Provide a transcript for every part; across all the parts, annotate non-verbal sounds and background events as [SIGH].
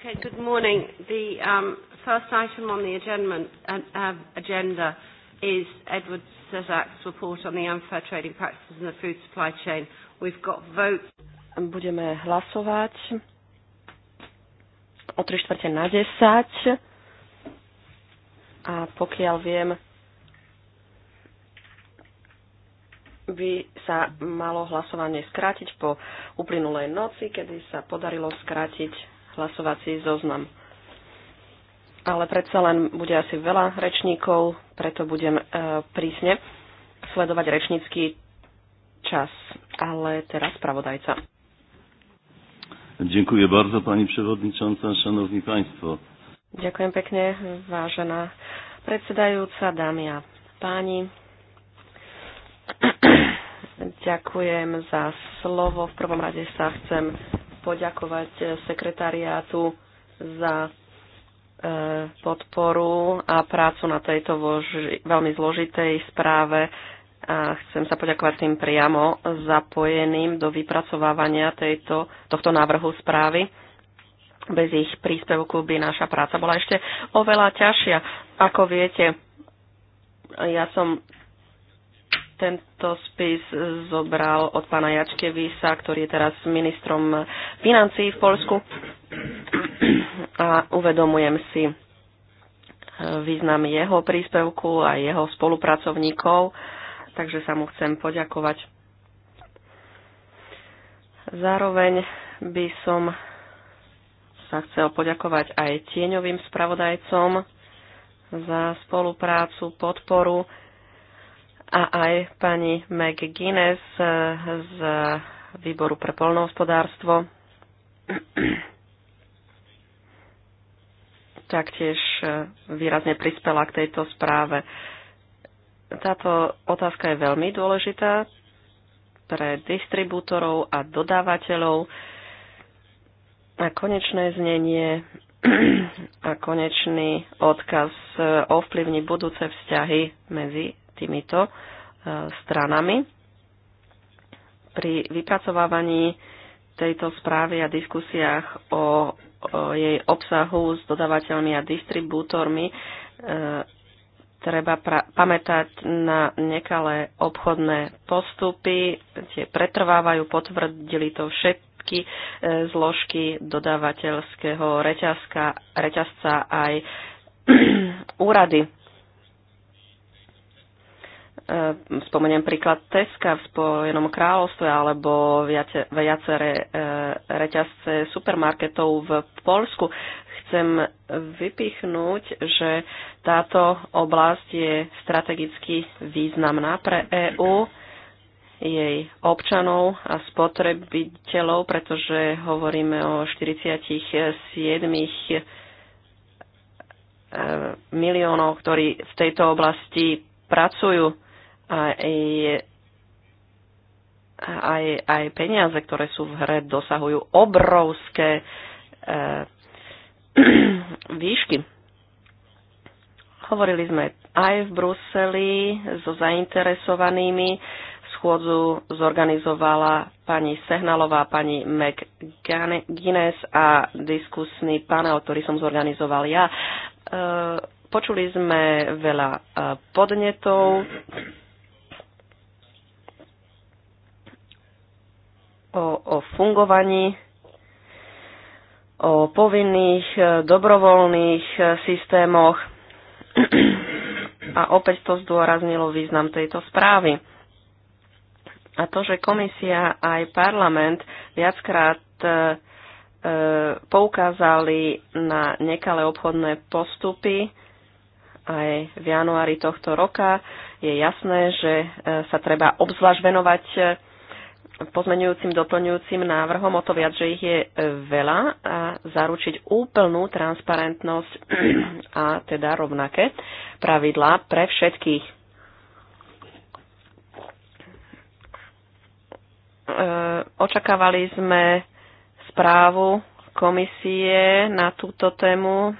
Okay, good morning. The um, first item on the agenda, uh, um, agenda is Edward Sazak's report on the unfair trading practices in the food supply chain. We've got votes. Um, budeme hlasovať o 3 čtvrte na 10. A pokiaľ viem, by sa malo hlasovanie skrátiť po uplynulej noci, kedy sa podarilo skrátiť hlasovací zoznam. Ale predsa len bude asi veľa rečníkov, preto budem e, prísne sledovať rečnícky čas. Ale teraz pravodajca. Ďakujem bardzo Pani Przewodnicząca, Szanowni Państwo. Ďakujem pekne, vážená predsedajúca, dámy a páni. [CLEARS THROAT] Ďakujem za slovo. V prvom rade sa chcem poďakovať sekretariátu za e, podporu a prácu na tejto voži, veľmi zložitej správe a chcem sa poďakovať tým priamo zapojeným do vypracovávania tejto, tohto návrhu správy. Bez ich príspevku by naša práca bola ešte oveľa ťažšia. Ako viete, ja som tento spis zobral od pána Jačkevisa, ktorý je teraz ministrom financií v Polsku. A uvedomujem si eh, význam jeho príspevku a jeho spolupracovníkov, takže sa mu chcem poďakovať. Zároveň by som sa chcel poďakovať aj tieňovým spravodajcom za spoluprácu, podporu a aj pani Guinness eh, z výboru pre polnohospodárstvo. [CLEARS THROAT] Taktiež eh, výrazne prispela k tejto správe. Táto otázka je veľmi dôležitá pre distribútorov a dodávateľov a konečné znenie [CLEARS THROAT] a konečný odkaz eh, ovplyvní budúce vzťahy medzi týmito e, stranami. Pri vypracovávaní tejto správy a diskusiách o, jej obsahu s dodávateľmi a distribútormi e, treba pamätať na nekalé obchodné postupy, tie pretrvávajú, potvrdili to všetky e, zložky dodávateľského reťazka, reťazca aj [CLEARS THROAT] úrady Ehm, spomeniem príklad Teska v Spojenom kráľovstve alebo viaceré ehm, reťazce supermarketov v Polsku. Chcem vypichnúť, že táto oblasť je strategicky významná pre EÚ jej občanov a spotrebiteľov, pretože hovoríme o 47 ehm, miliónov, ktorí v tejto oblasti pracujú aj, aj, aj peniaze, ktoré sú v hre, dosahujú obrovské eh, [CLEARS THROAT] výšky. Hovorili sme aj v Bruseli so zainteresovanými. Schôdzu zorganizovala pani Sehnalová, pani McGuinness a diskusný panel, ktorý som zorganizoval ja. Eh, počuli sme veľa eh, podnetov o, o fungovaní, o povinných e, dobrovoľných e, systémoch [CLEARS THROAT] a opäť to zdôraznilo význam tejto správy. A to, že komisia aj parlament viackrát e, e poukázali na nekalé obchodné postupy aj v januári tohto roka, je jasné, že sa treba obzvlášť venovať pozmenujúcim, doplňujúcim návrhom, o to viac, že ich je e, veľa a zaručiť úplnú transparentnosť [CLEARS THROAT] a teda rovnaké pravidlá pre všetkých. E, očakávali sme správu komisie na túto tému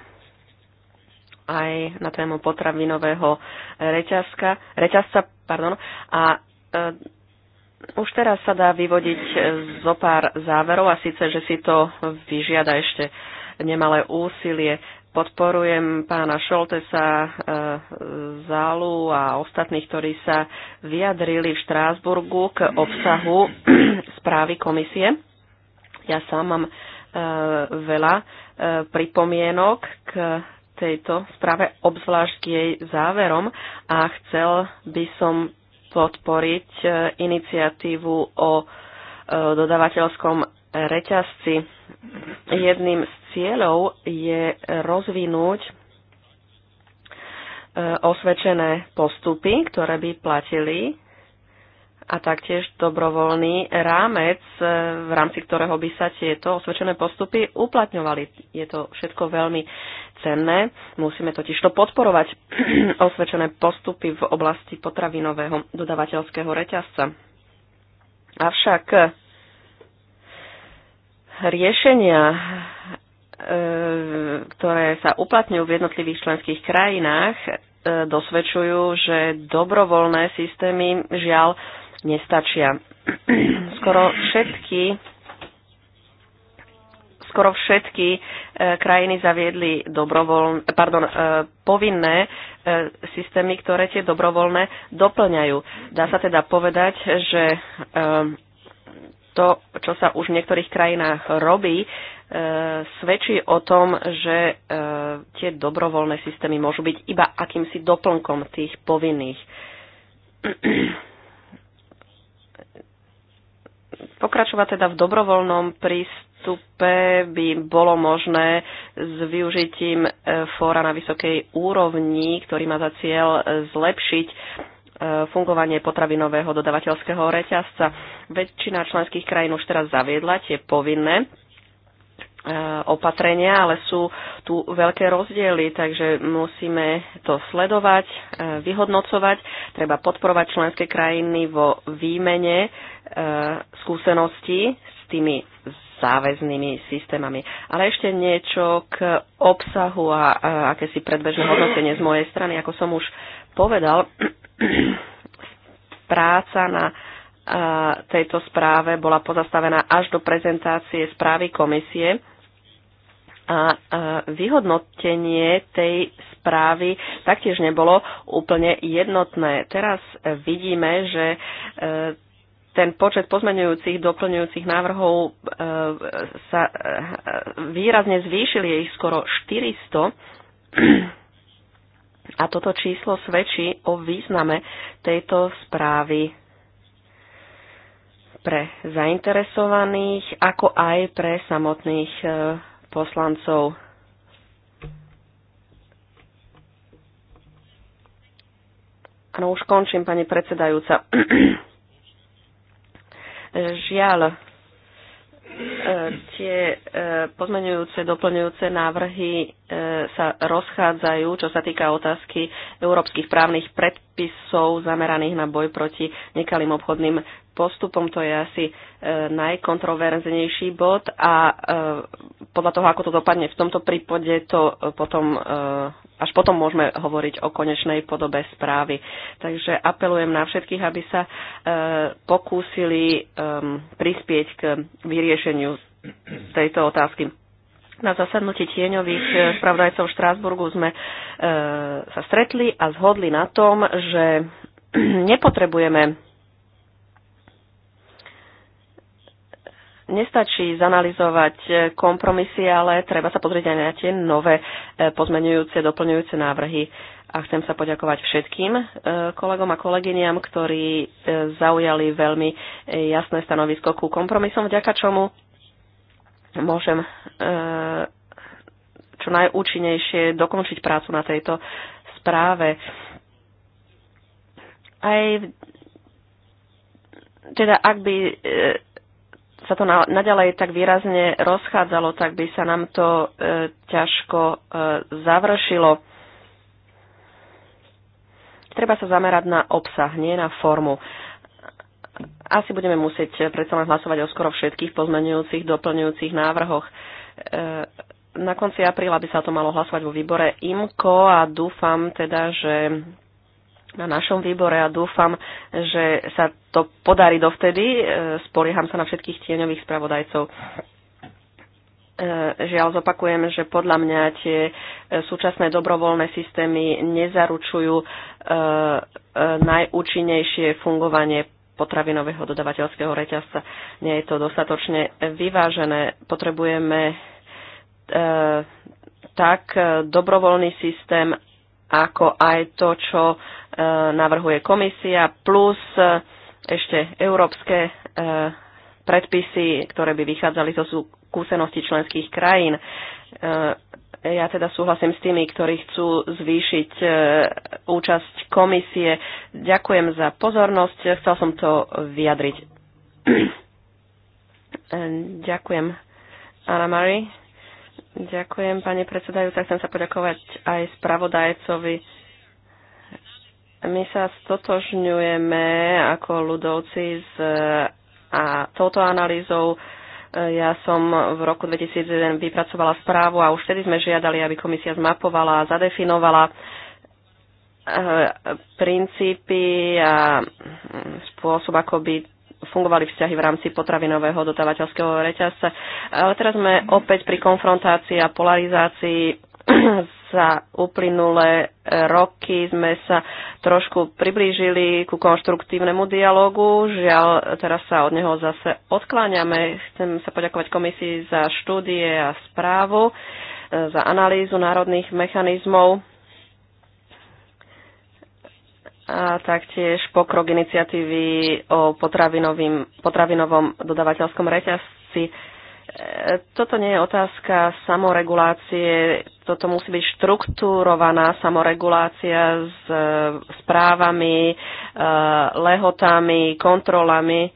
aj na tému potravinového reťazka, reťazca pardon, a e, už teraz sa dá vyvodiť e, zo pár záverov a síce, že si to vyžiada ešte nemalé úsilie. Podporujem pána Šoltesa, e, Zálu a ostatných, ktorí sa vyjadrili v Štrásburgu k obsahu [CLEARS THROAT] správy komisie. Ja sám mám e, veľa pripomienok k tejto správe, obzvlášť k jej záverom a chcel by som podporiť e, iniciatívu o e, dodavateľskom reťazci. Jedným z cieľov je rozvinúť e, osvedčené postupy, ktoré by platili a taktiež dobrovoľný rámec, e, v rámci ktorého by sa tieto osvedčené postupy uplatňovali. Je to všetko veľmi cenné. Musíme totiž to podporovať [CLEARS THROAT] osvedčené postupy v oblasti potravinového dodavateľského reťazca. Avšak e, riešenia, e, ktoré sa uplatňujú v jednotlivých členských krajinách, dosvedčujú, že dobrovoľné systémy žiaľ nestačia. [CLEARS THROAT] Skoro všetky skoro všetky e, krajiny zaviedli e, pardon, e, povinné systémy, ktoré tie dobrovoľné doplňajú. Dá sa teda povedať, že to, čo sa už v niektorých krajinách robí, svedčí o tom, že tie dobrovoľné systémy môžu byť iba akýmsi doplnkom tých povinných. [CLEARS THROAT] Pokračovať teda v dobrovoľnom prístupe by bolo možné s využitím e, fóra na vysokej úrovni, ktorý má za cieľ e, zlepšiť e, fungovanie potravinového dodavateľského reťazca. Väčšina členských krajín už teraz zaviedla tie povinné E, opatrenia, ale sú tu veľké rozdiely, takže musíme to sledovať, e, vyhodnocovať. Treba podporovať členské krajiny vo výmene e, skúseností s tými záväznými systémami. Ale ešte niečo k obsahu a akési predbežné hodnotenie z mojej strany. Ako som už povedal, [CLEARS THROAT] práca na tejto správe bola pozastavená až do prezentácie správy komisie a vyhodnotenie tej správy taktiež nebolo úplne jednotné. Teraz vidíme, že e, ten počet pozmeňujúcich, doplňujúcich návrhov e, sa e, výrazne zvýšil, je ich skoro 400. A toto číslo svedčí o význame tejto správy pre zainteresovaných, ako aj pre samotných e, poslancov. Áno, už končím, pani predsedajúca. [CLEARS THROAT] Žiaľ, e, tie e, pozmenujúce, doplňujúce návrhy sa rozchádzajú, čo sa týka otázky európskych právnych predpisov zameraných na boj proti nekalým obchodným postupom, to je asi e, najkontroverznejší bod a e, podľa toho, ako to dopadne v tomto prípade, to e, potom, až potom môžeme hovoriť o konečnej podobe správy. Takže apelujem na všetkých, aby sa pokúsili prispieť k vyriešeniu tejto otázky. Na zasadnutí tieňových spravodajcov v Štrásburgu sme e, sa stretli a zhodli na tom, že [CLEARS THROAT] nepotrebujeme nestačí zanalizovať e, kompromisy, ale treba sa pozrieť aj na tie nové e, pozmenujúce, doplňujúce návrhy. A chcem sa poďakovať všetkým e, kolegom a kolegyniam, ktorí zaujali veľmi jasné stanovisko ku kompromisom, vďaka čomu môžem čo najúčinnejšie dokončiť prácu na tejto správe. Aj teda ak by sa to na, naďalej tak výrazne rozchádzalo, tak by sa nám to e, ťažko e, završilo. Treba sa zamerať na obsah, nie na formu. Asi budeme musieť e, predsa len hlasovať o skoro všetkých pozmenujúcich, doplňujúcich návrhoch. E, na konci apríla by sa to malo hlasovať vo výbore IMKO a dúfam teda, že na našom výbore a dúfam, že sa to podarí dovtedy. E, spolieham sa na všetkých tieňových spravodajcov. E, žiaľ zopakujem, že podľa mňa tie e, súčasné dobrovoľné systémy nezaručujú najúčinnejšie fungovanie potravinového dodavateľského reťazca. Nie je to dostatočne vyvážené. Potrebujeme tak dobrovoľný systém, ako aj to, čo E, navrhuje komisia, plus e, ešte európske e, predpisy, ktoré by vychádzali zo skúsenosti členských krajín. Ja teda súhlasím s tými, ktorí chcú zvýšiť účasť komisie. Ďakujem za pozornosť. Chcel som to vyjadriť. Ďakujem. Anna Marie. Ďakujem, pani predsedajúca. Chcem sa poďakovať aj spravodajcovi my sa stotožňujeme ako ľudovci s a touto analýzou e, ja som v roku 2001 vypracovala správu a už vtedy sme žiadali, aby komisia zmapovala a zadefinovala e, princípy a spôsob, ako by fungovali vzťahy v rámci potravinového dodávateľského reťazca. Ale teraz sme opäť pri konfrontácii a polarizácii [COUGHS] za uplynulé roky sme sa trošku priblížili ku konštruktívnemu dialogu. Žiaľ, teraz sa od neho zase odkláňame. Chcem sa poďakovať komisii za štúdie a správu, e, za analýzu národných mechanizmov a taktiež pokrok iniciatívy o potravinovom dodavateľskom reťazci toto nie je otázka samoregulácie, toto musí byť štruktúrovaná samoregulácia s e, správami, e, lehotami, kontrolami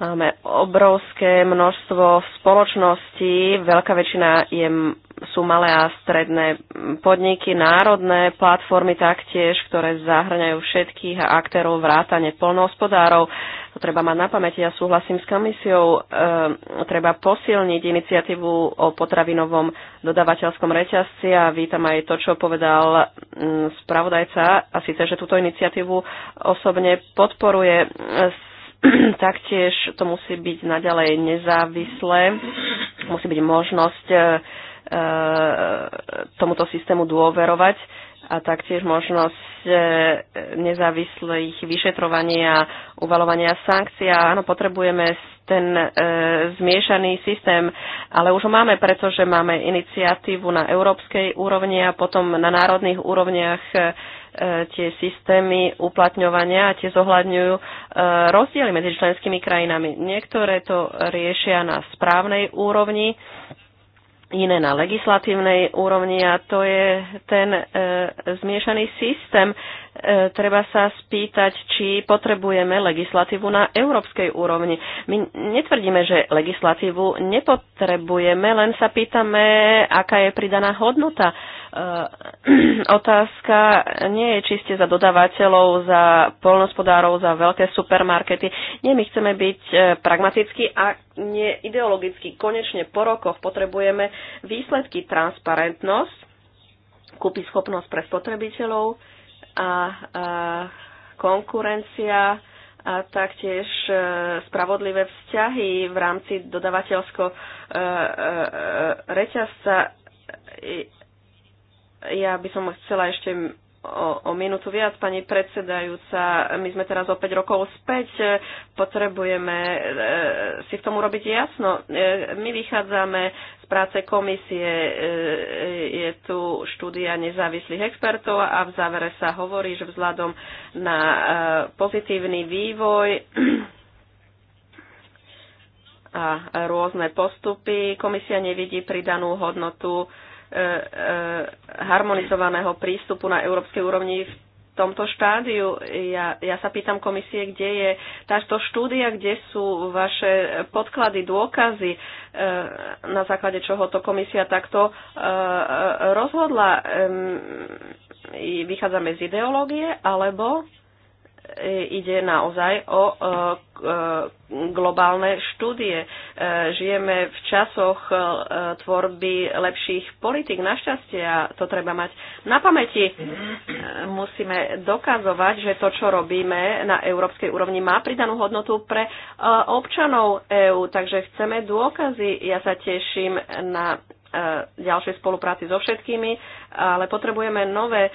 Máme obrovské množstvo spoločností, veľká väčšina je, sú malé a stredné podniky, národné platformy taktiež, ktoré zahrňajú všetkých aktérov vrátane polnohospodárov. To treba mať na pamäti, ja súhlasím s komisiou, e, treba posilniť iniciatívu o potravinovom dodavateľskom reťazci a vítam aj to, čo povedal mm, spravodajca, a síce, že túto iniciatívu osobne podporuje. E, [CLEARS THROAT] Taktiež to musí byť naďalej nezávislé, musí byť možnosť e, e, tomuto systému dôverovať a taktiež možnosť e, nezávislých vyšetrovaní a uvalovania sankcií. Áno, potrebujeme ten e, zmiešaný systém, ale už ho máme, pretože máme iniciatívu na európskej úrovni a potom na národných úrovniach e, tie systémy uplatňovania a tie zohľadňujú e, rozdiely medzi členskými krajinami. Niektoré to riešia na správnej úrovni, iné na legislatívnej úrovni a to je ten e, zmiešaný systém. E, treba sa spýtať, či potrebujeme legislatívu na európskej úrovni. My netvrdíme, že legislatívu nepotrebujeme, len sa pýtame, aká je pridaná hodnota. E, [CLEARS THROAT] otázka nie je čiste za dodávateľov, za polnospodárov, za veľké supermarkety. Nie, my chceme byť e, pragmatickí a nie ideologicky. Konečne po rokoch potrebujeme výsledky, transparentnosť, kúpy schopnosť pre spotrebiteľov, a, konkurencia a taktiež e, spravodlivé vzťahy v rámci dodavateľsko e, e, reťazca. Ja by som chcela ešte o, o minútu viac, pani predsedajúca. My sme teraz o 5 rokov späť. Potrebujeme e, si v tom urobiť jasno. E, my vychádzame z práce komisie. E, je tu štúdia nezávislých expertov a v závere sa hovorí, že vzhľadom na e, pozitívny vývoj a rôzne postupy komisia nevidí pridanú hodnotu e, Eh, harmonizovaného prístupu na európskej úrovni v tomto štádiu. Ja, ja sa pýtam komisie, kde je táto štúdia, kde sú vaše podklady, dôkazy, eh, na základe čoho to komisia takto eh, rozhodla. Vychádzame z ideológie, alebo E, ide naozaj o e, e, globálne štúdie. Žijeme v časoch tvorby lepších politik, našťastie, a to treba mať na pamäti. Musíme dokazovať, že to, čo robíme na európskej úrovni, má pridanú hodnotu pre občanov EÚ, takže chceme dôkazy. Ja sa teším na E, ďalšej spolupráci so všetkými, ale potrebujeme nové e,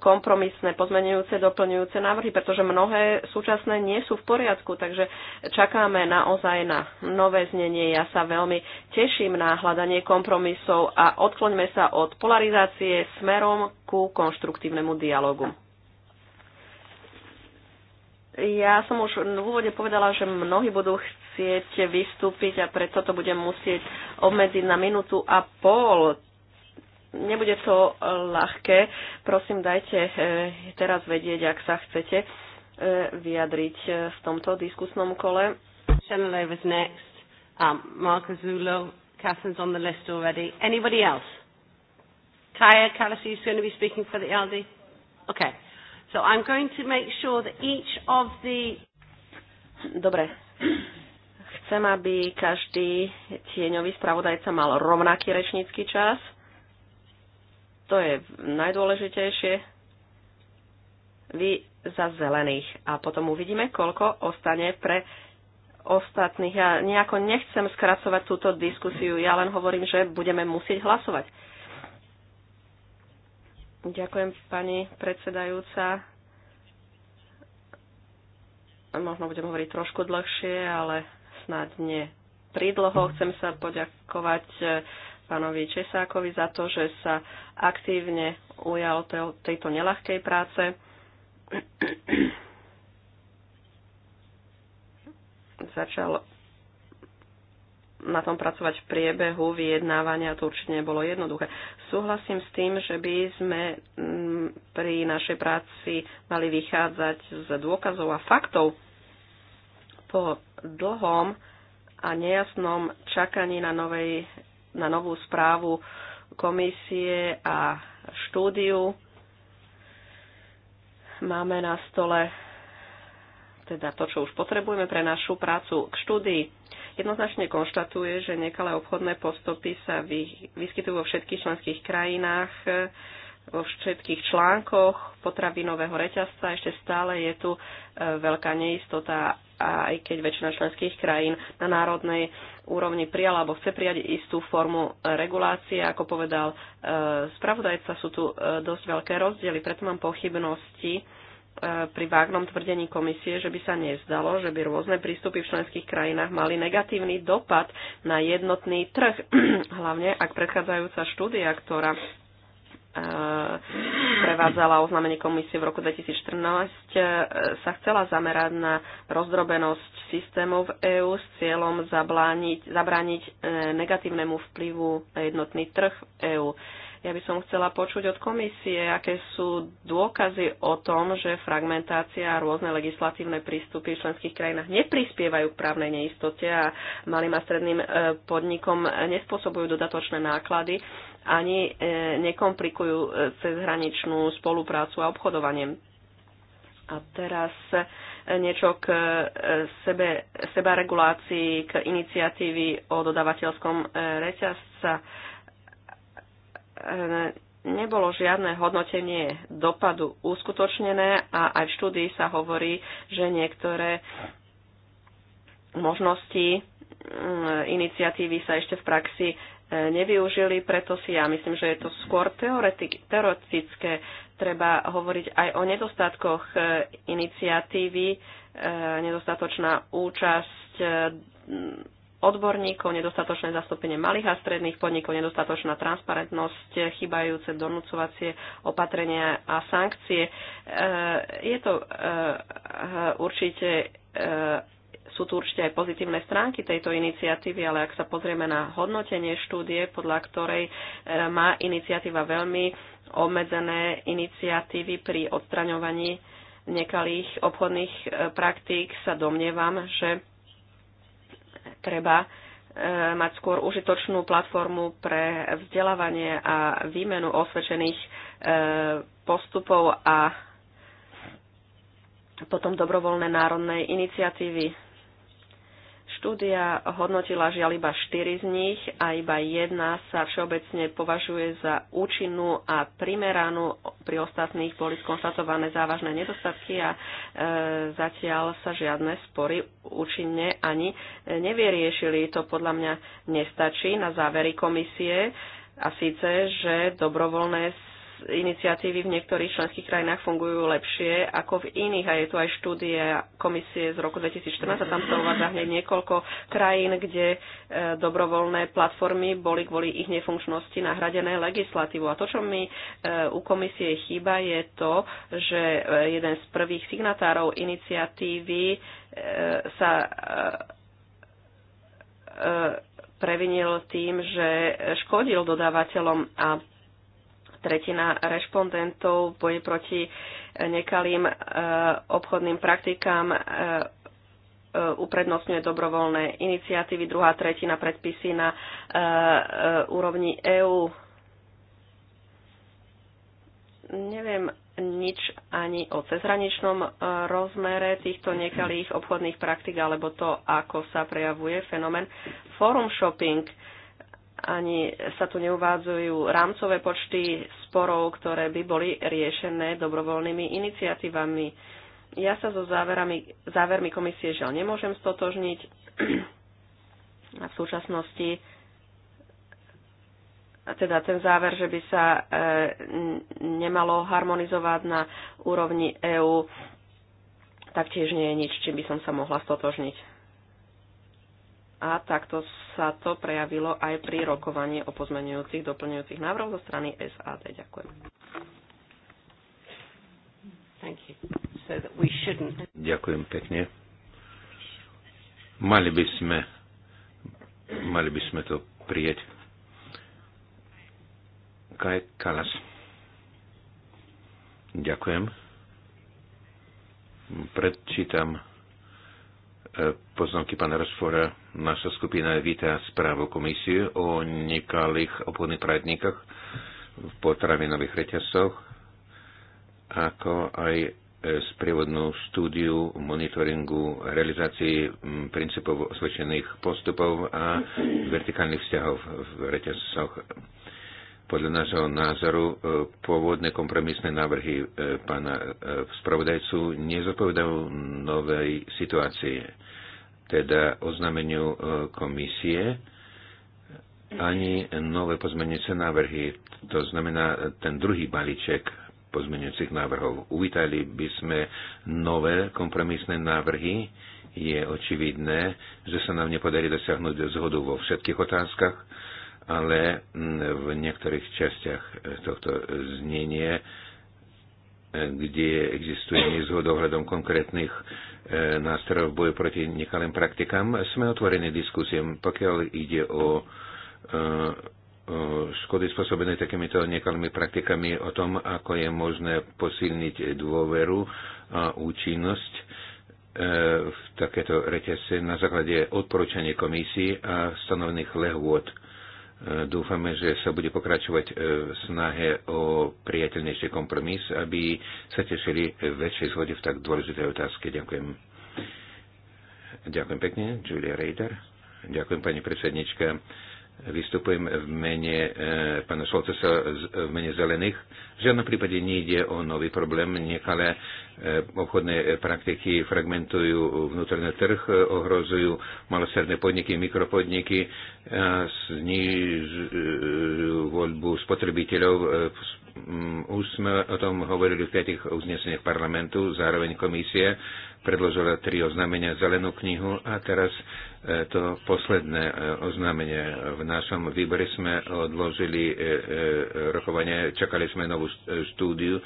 kompromisné, pozmenujúce, doplňujúce návrhy, pretože mnohé súčasné nie sú v poriadku, takže čakáme naozaj na nové znenie. Ja sa veľmi teším na hľadanie kompromisov a odkloňme sa od polarizácie smerom ku konštruktívnemu dialogu. Ja som už v úvode povedala, že mnohí budú chcieť vystúpiť a preto to budem musieť obmedziť na minútu a pol. Nebude to ľahké. Prosím, dajte eh, teraz vedieť, ak sa chcete eh, vyjadriť eh, v tomto diskusnom kole. Shanalova next. Um, Anybody else? Kaya Kalasi is going to be speaking for the LD? Okay. So I'm going to make sure that each of the... Dobre. Chcem, aby každý tieňový spravodajca mal rovnaký rečnícky čas. To je najdôležitejšie. Vy za zelených. A potom uvidíme, koľko ostane pre ostatných. Ja nejako nechcem skracovať túto diskusiu, ja len hovorím, že budeme musieť hlasovať. Ďakujem, pani predsedajúca. Možno budem hovoriť trošku dlhšie, ale snad nie pridlho. Chcem sa poďakovať eh, pánovi Česákovi za to, že sa aktívne ujal tejto nelahkej práce. [CLEARS THROAT] Začal na tom pracovať v priebehu vyjednávania, to určite nebolo jednoduché. Súhlasím s tým, že by sme mm, pri našej práci mali vychádzať z dôkazov a faktov. Po dlhom a nejasnom čakaní na, novej, na novú správu komisie a štúdiu máme na stole teda to, čo už potrebujeme pre našu prácu k štúdii jednoznačne konštatuje, že nekalé obchodné postupy sa vyskytujú vo všetkých členských krajinách, vo všetkých článkoch potravinového reťazca. Ešte stále je tu e, veľká neistota, aj keď väčšina členských krajín na národnej úrovni prijala alebo chce prijať istú formu regulácie. Ako povedal e, spravodajca, sú tu e, dosť veľké rozdiely, preto mám pochybnosti E, pri vágnom tvrdení komisie, že by sa nezdalo, že by rôzne prístupy v členských krajinách mali negatívny dopad na jednotný trh, [CLEARS THROAT] hlavne ak predchádzajúca štúdia, ktorá e, prevádzala oznámenie komisie v roku 2014, e, sa chcela zamerať na rozdrobenosť systémov v EÚ s cieľom zabrániť, negatívnemu vplyvu na jednotný trh v EÚ. Ja by som chcela počuť od komisie, aké sú dôkazy o tom, že fragmentácia a rôzne legislatívne prístupy v členských krajinách neprispievajú k právnej neistote a malým a stredným e, podnikom nespôsobujú dodatočné náklady ani e, nekomplikujú e, cezhraničnú spoluprácu a obchodovanie. A teraz niečo k sebe, sebaregulácii, k iniciatívy o dodavateľskom reťazca nebolo žiadne hodnotenie dopadu uskutočnené a aj v štúdii sa hovorí, že niektoré možnosti mm, iniciatívy sa ešte v praxi e, nevyužili, preto si ja myslím, že je to skôr teoretické. Treba hovoriť aj o nedostatkoch e, iniciatívy, e, nedostatočná účasť odborníkov, nedostatočné zastúpenie malých a stredných podnikov, nedostatočná transparentnosť, chybajúce donúcovacie opatrenia a sankcie. E, je to e, e, určite sú tu určite aj pozitívne stránky tejto iniciatívy, ale ak sa pozrieme na hodnotenie štúdie, podľa ktorej má iniciatíva veľmi obmedzené iniciatívy pri odstraňovaní nekalých obchodných praktík, sa domnievam, že Treba e, mať skôr užitočnú platformu pre vzdelávanie a výmenu osvedčených e, postupov a potom dobrovoľné národné iniciatívy Štúdia hodnotila žiaľ iba 4 z nich a iba jedna sa všeobecne považuje za účinnú a primeranú. Pri ostatných boli skonštatované závažné nedostatky a e, zatiaľ sa žiadne spory účinne ani nevyriešili. To podľa mňa nestačí na závery komisie a síce, že dobrovoľné iniciatívy v niektorých členských krajinách fungujú lepšie ako v iných. A je tu aj štúdie komisie z roku 2014 a tam sa uvádza hneď niekoľko krajín, kde e, dobrovoľné platformy boli kvôli ich nefunkčnosti nahradené legislatívu. A to, čo mi e, u komisie chýba, je to, že e, jeden z prvých signatárov iniciatívy sa previnil tým, že škodil dodávateľom a tretina rešpondentov v boji proti e, nekalým e, obchodným praktikám e, uprednostňuje dobrovoľné iniciatívy, druhá tretina predpisy na úrovni EÚ. Neviem nič ani o cezhraničnom rozmere týchto nekalých obchodných praktik, alebo to, ako sa prejavuje fenomén forum shopping ani sa tu neuvádzajú rámcové počty sporov, ktoré by boli riešené dobrovoľnými iniciatívami. Ja sa so záverami, závermi komisie žiaľ nemôžem stotožniť. A v súčasnosti a teda ten záver, že by sa e, nemalo harmonizovať na úrovni EÚ, taktiež nie je nič, čím by som sa mohla stotožniť. A takto sa to prejavilo aj pri rokovaní o pozmenujúcich, doplňujúcich návrhoch zo strany SAD. Ďakujem. So Ďakujem pekne. Mali by sme, mali by sme to prijať. Kaj Kalas. Ďakujem. Predčítam E, poznámky pána Rosfora. Naša skupina víta správu komisie o nekalých obchodných prajedníkach v potravinových reťazoch, ako aj e, sprievodnú štúdiu monitoringu realizácii princípov osvedčených postupov a vertikálnych vzťahov v reťazcoch. Podľa nášho názoru e, pôvodné kompromisné návrhy e, pána e, spravodajcu nezodpovedajú novej situácii, teda oznámeniu komisie ani nové pozmenujúce návrhy. To znamená ten druhý balíček pozmenujúcich návrhov. Uvítali by sme nové kompromisné návrhy. Je očividné, že sa nám nepodarí dosiahnuť zhodu vo všetkých otázkach ale v niektorých častiach tohto znenie, kde existuje nezhod ohľadom konkrétnych e, nástrojov boju proti nekalým praktikám, sme otvorení diskusiem, pokiaľ ide e, o škody spôsobené takýmito nekalými praktikami, o tom, ako je možné posilniť dôveru a účinnosť e, v takéto reťazce na základe odporúčania komisii a stanovených lehôd Dúfame, že sa bude pokračovať v snahe o priateľnejší kompromis, aby sa tešili väčšej zhode v tak dôležitej otázke. Ďakujem. Ďakujem pekne, Julia Rejder. Ďakujem, pani predsednička vystupujem v mene eh, pána Šolcesa, v mene zelených. V žiadnom prípade nejde o nový problém. Nekalé eh, obchodné praktiky fragmentujú vnútorný trh, eh, ohrozujú malosredné podniky, mikropodniky, znižujú voľbu spotrebiteľov, Mm, už sme o tom hovorili v piatich uzneseniach parlamentu, zároveň komisie predložila tri oznámenia zelenú knihu a teraz e, to posledné e, oznámenie. V našom výbore sme odložili e, rokovanie, čakali sme novú štúdiu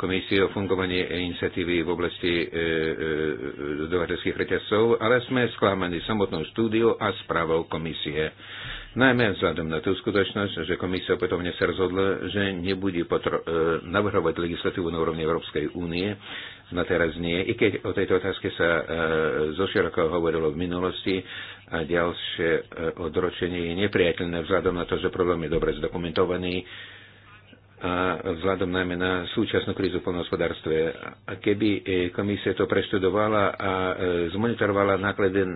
komisie o fungovaní iniciatívy v oblasti dodavateľských reťazcov, ale sme sklamaní samotnou štúdiou a správou komisie. Najmä vzhľadom na tú skutočnosť, že komisia opätovne sa rozhodla, že nebude e, navrhovať legislatívu na úrovni Európskej únie, na teraz nie. I keď o tejto otázke sa e, zoširoko hovorilo v minulosti a ďalšie e, odročenie je nepriateľné vzhľadom na to, že problém je dobre zdokumentovaný, a vzhľadom najmä na súčasnú krízu v polnohospodárstve. A keby e, komisia to preštudovala a e, zmonitorovala náklady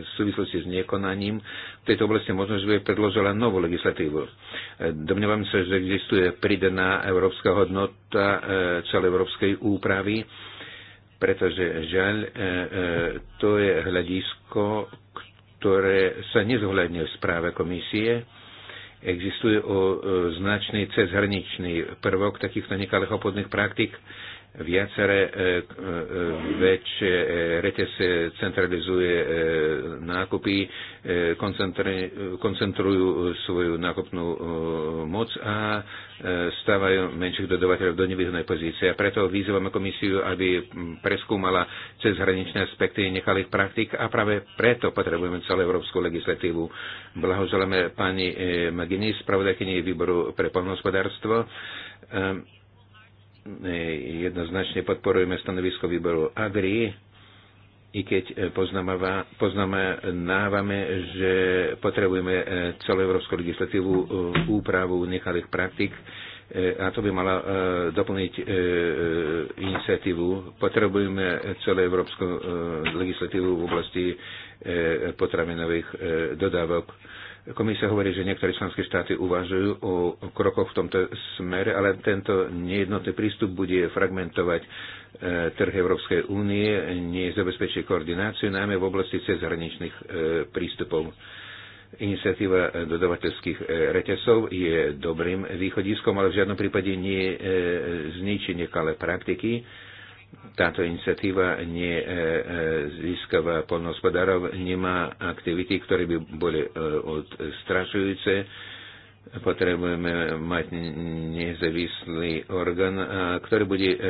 v súvislosti s nekonaním, v tejto oblasti možno, že by predložila novú legislatívu. E, domnievam sa, že existuje pridaná európska hodnota celej Európskej úpravy, pretože žiaľ, to je hľadisko, ktoré sa nezohľadňuje v správe komisie, Existuje o e, značný cezhraničný prvok takýchto nekalých obchodných praktik viaceré e, e, väčšie e, reťazce centralizuje nákupy, koncentrujú svoju nákupnú moc a stávajú menších dodavateľov do nevýhodnej pozície. A preto vyzývame komisiu, aby preskúmala cez hraničné aspekty nechalých praktik a práve preto potrebujeme celú európsku legislatívu. Blahoželáme pani Magini, spravodajkyni výboru pre poľnohospodárstvo jednoznačne podporujeme stanovisko výboru Agri, i keď e, poznamenávame, že potrebujeme e, európsku legislatívu e, úpravu nechalých praktik a to by mala doplniť iniciatívu. Potrebujeme celoeurópsku legislatívu v oblasti potravinových dodávok Komisia hovorí, že niektoré členské štáty uvažujú o krokoch v tomto smere, ale tento nejednotný prístup bude fragmentovať eh, trh Európskej únie, nezabezpečí koordináciu, najmä v oblasti cezhraničných eh, prístupov. Iniciatíva dodavateľských eh, reťazov je dobrým východiskom, ale v žiadnom prípade nie zničí nekalé praktiky táto iniciatíva nie e, e, získava poľnohospodárov, nemá aktivity, ktoré by boli e, odstrašujúce potrebujeme mať nezávislý orgán, ktorý bude e, e,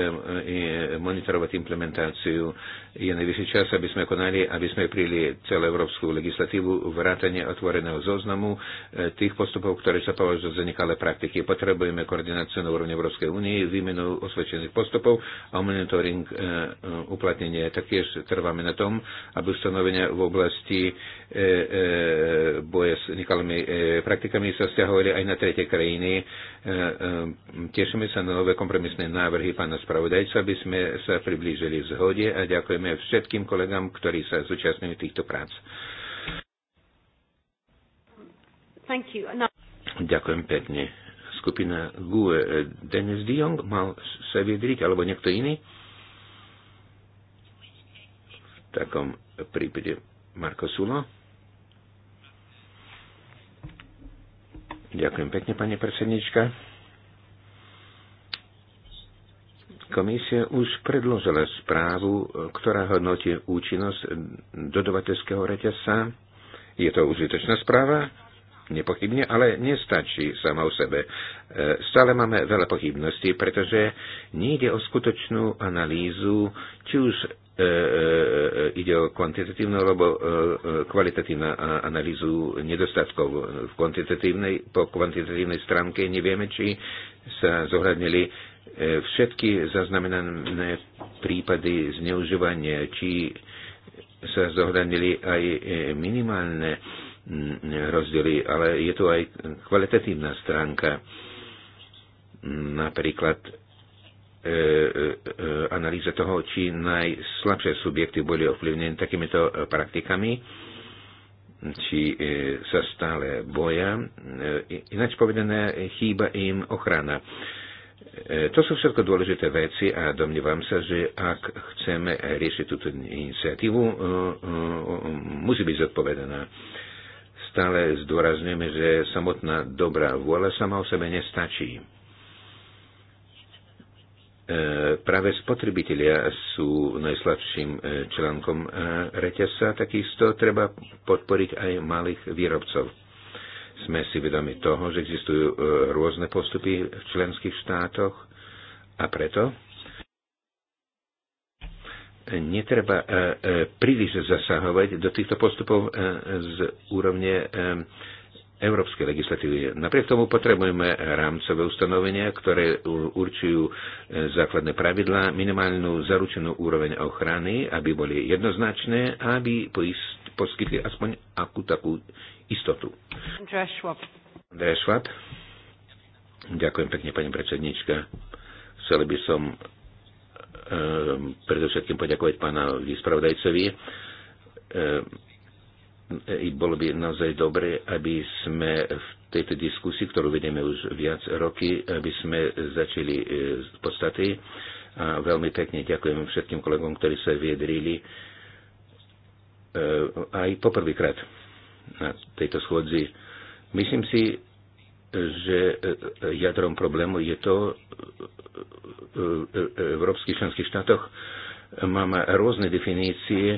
monitorovať implementáciu. Je najvyšší čas, aby sme konali, aby sme prijeli celú európsku legislatívu, vrátanie otvoreného zoznamu e, tých postupov, ktoré sa považujú za nekalé praktiky. Potrebujeme koordináciu na úrovni Európskej únie, výmenu osvedčených postupov a monitoring uplatnenia. Taktiež trváme na tom, aby ustanovenia v oblasti boja s nekalými praktikami sa stiahovali vzťahovali aj na tretie krajiny. E, e, tešíme sa na nové kompromisné návrhy pána spravodajca, aby sme sa priblížili v zhode a ďakujeme všetkým kolegám, ktorí sa zúčastňujú týchto prác. No... Ďakujem pekne. Skupina GUE. E, Denis Diong mal sa vyjadriť, alebo niekto iný? V takom prípade Marko Sulo. Ďakujem pekne, pani predsednička. Komisia už predložila správu, ktorá hodnotí účinnosť dodavateľského reťazca. Je to užitočná správa nepochybne, ale nestačí sama o sebe. E, stále máme veľa pochybností, pretože nejde o skutočnú analýzu, či už e, e, ide o kvantitatívnu alebo kvalitatívnu analýzu nedostatkov. V kvantitatívnej, po kvantitatívnej stránke nevieme, či sa zohľadnili všetky zaznamenané prípady zneužívania, či sa zohľadnili aj minimálne rozdiely, ale je tu aj kvalitatívna stránka. Napríklad e, e, e analýza toho, či najslabšie subjekty boli ovplyvnené takýmito praktikami, či e, sa stále boja. E, ináč povedané, chýba im ochrana. E, to sú všetko dôležité veci a domnívam sa, že ak chceme riešiť túto iniciatívu, e, e, musí byť zodpovedaná. Stále zdôrazňujeme, že samotná dobrá vôľa sama o sebe nestačí. E, práve spotrebitelia sú najslabším e, článkom e, reťasa, takisto treba podporiť aj malých výrobcov. Sme si vedomi toho, že existujú rôzne postupy v členských štátoch a preto netreba e, e, príliš zasahovať do týchto postupov e, z úrovne európskej legislatívy. Napriek tomu potrebujeme rámcové ustanovenia, ktoré určujú základné pravidlá, minimálnu zaručenú úroveň ochrany, aby boli jednoznačné a aby poskytli aspoň akú takú istotu. Andrea Schwab. Ďakujem pekne, pani predsednička. Chceli by som Ehm, predovšetkým poďakovať pánovi spravodajcovi. Ehm, I bolo by naozaj dobre, aby sme v tejto diskusii, ktorú vedeme už viac roky, aby sme začali e, z podstaty. A veľmi pekne ďakujem všetkým kolegom, ktorí sa viedrili e, aj poprvýkrát na tejto schôdzi. Myslím si, že e, e, jadrom problému je to, e, v európskych členských štátoch máme rôzne definície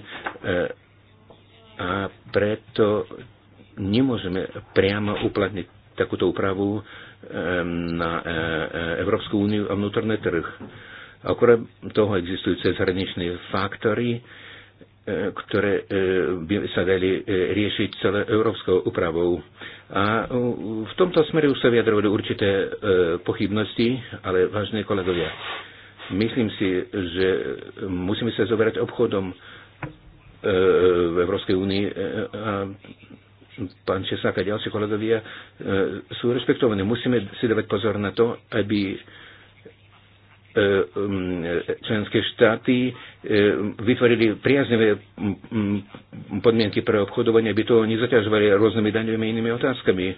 a preto nemôžeme priamo uplatniť takúto úpravu na Európsku úniu a vnútorný trh. Okrem toho existujú cezhraničné faktory, ktoré e, by sa dali e, riešiť celé európskou úpravou. A e, v tomto smere už sa vyjadrovali určité pochybnosti, ale vážne kolegovia, myslím si, že musíme sa zoberať obchodom v Európskej únii a pán Česák a ďalší kolegovia sú rešpektovaní. Musíme si dávať pozor na to, aby E, um, členské štáty e, vytvorili priaznivé podmienky pre obchodovanie, aby to nezaťažovali rôznymi daňovými inými otázkami.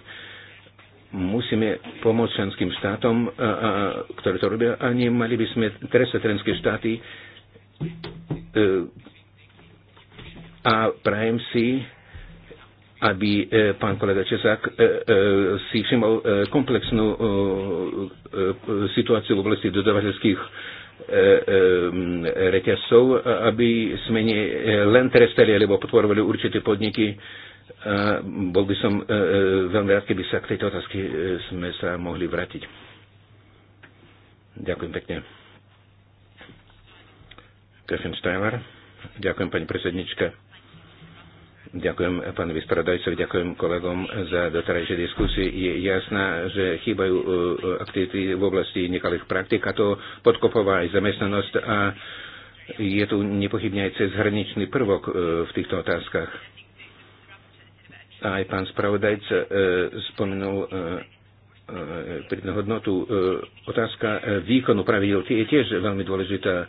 Musíme pomôcť členským štátom, ktoré to robia, a nemali by sme trestať členské štáty. E, a prajem si, aby e, pán kolega Česák e, e, si všimol komplexnú situáciu v oblasti dodavateľských reťazcov, aby sme nie len trestali alebo potvorovali určité podniky. Bol by som veľmi rád, keby sa k tejto otázke sme sa mohli vrátiť. Ďakujem pekne. Kefin Steiner. Ďakujem, pani predsednička Ďakujem pánovi spravodajcovi, ďakujem kolegom za doterajšie diskusie. Je jasná, že chýbajú e, aktivity v oblasti nekalých praktik a to podkopová aj zamestnanosť a je tu nepochybne aj cezhraničný prvok e, v týchto otázkach. Aj pán spravodajca e, spomenul pridnú hodnotu. E, otázka e, výkonu pravidel je tiež veľmi dôležitá. E,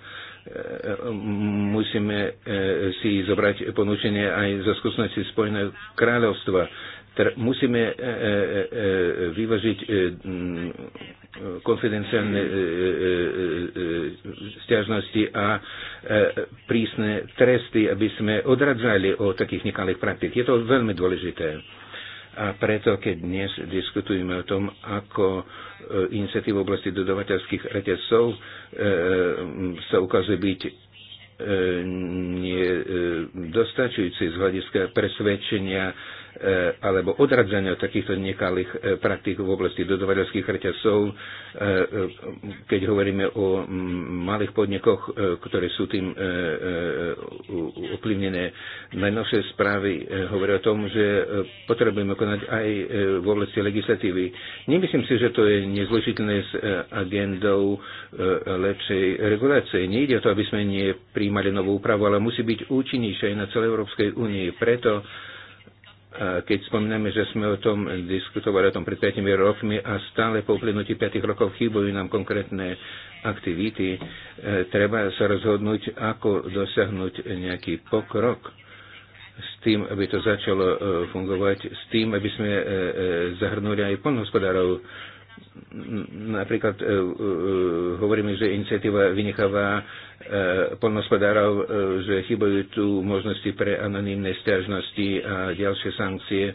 musíme si zobrať ponúčenie aj zo skúsenosti Spojeného kráľovstva. Musíme vyvažiť konfidenciálne stiažnosti a prísne tresty, aby sme odradzali o takých nekalých praktik. Je to veľmi dôležité a preto, keď dnes diskutujeme o tom, ako e, iniciatív v oblasti dodavateľských reťazcov e, e, sa ukazuje byť nedostačujúci z hľadiska presvedčenia Eh, alebo odradzania od takýchto nekalých eh, praktík v oblasti dodavateľských reťazcov, eh, keď hovoríme o mm, malých podnikoch, ktoré sú tým ovplyvnené. Najnovšie správy hovoria o tom, že potrebujeme konať aj v oblasti legislatívy. Nemyslím si, že to je nezlučiteľné s agendou lepšej regulácie. Nejde o to, aby sme nepríjmali novú úpravu, ale musí byť účinnejšia aj na celej Európskej únii. Preto keď spomíname, že sme o tom diskutovali o tom pred 5 rokmi a stále po uplynutí 5 rokov chýbajú nám konkrétne aktivity, e, treba sa rozhodnúť, ako dosiahnuť nejaký pokrok s tým, aby to začalo e, fungovať, s tým, aby sme e, zahrnuli aj polnohospodárov napríklad e, e, hovoríme, že iniciatíva vynecháva e, polnospodárov, e, že chybajú tu možnosti pre anonimné stiažnosti a ďalšie sankcie. E,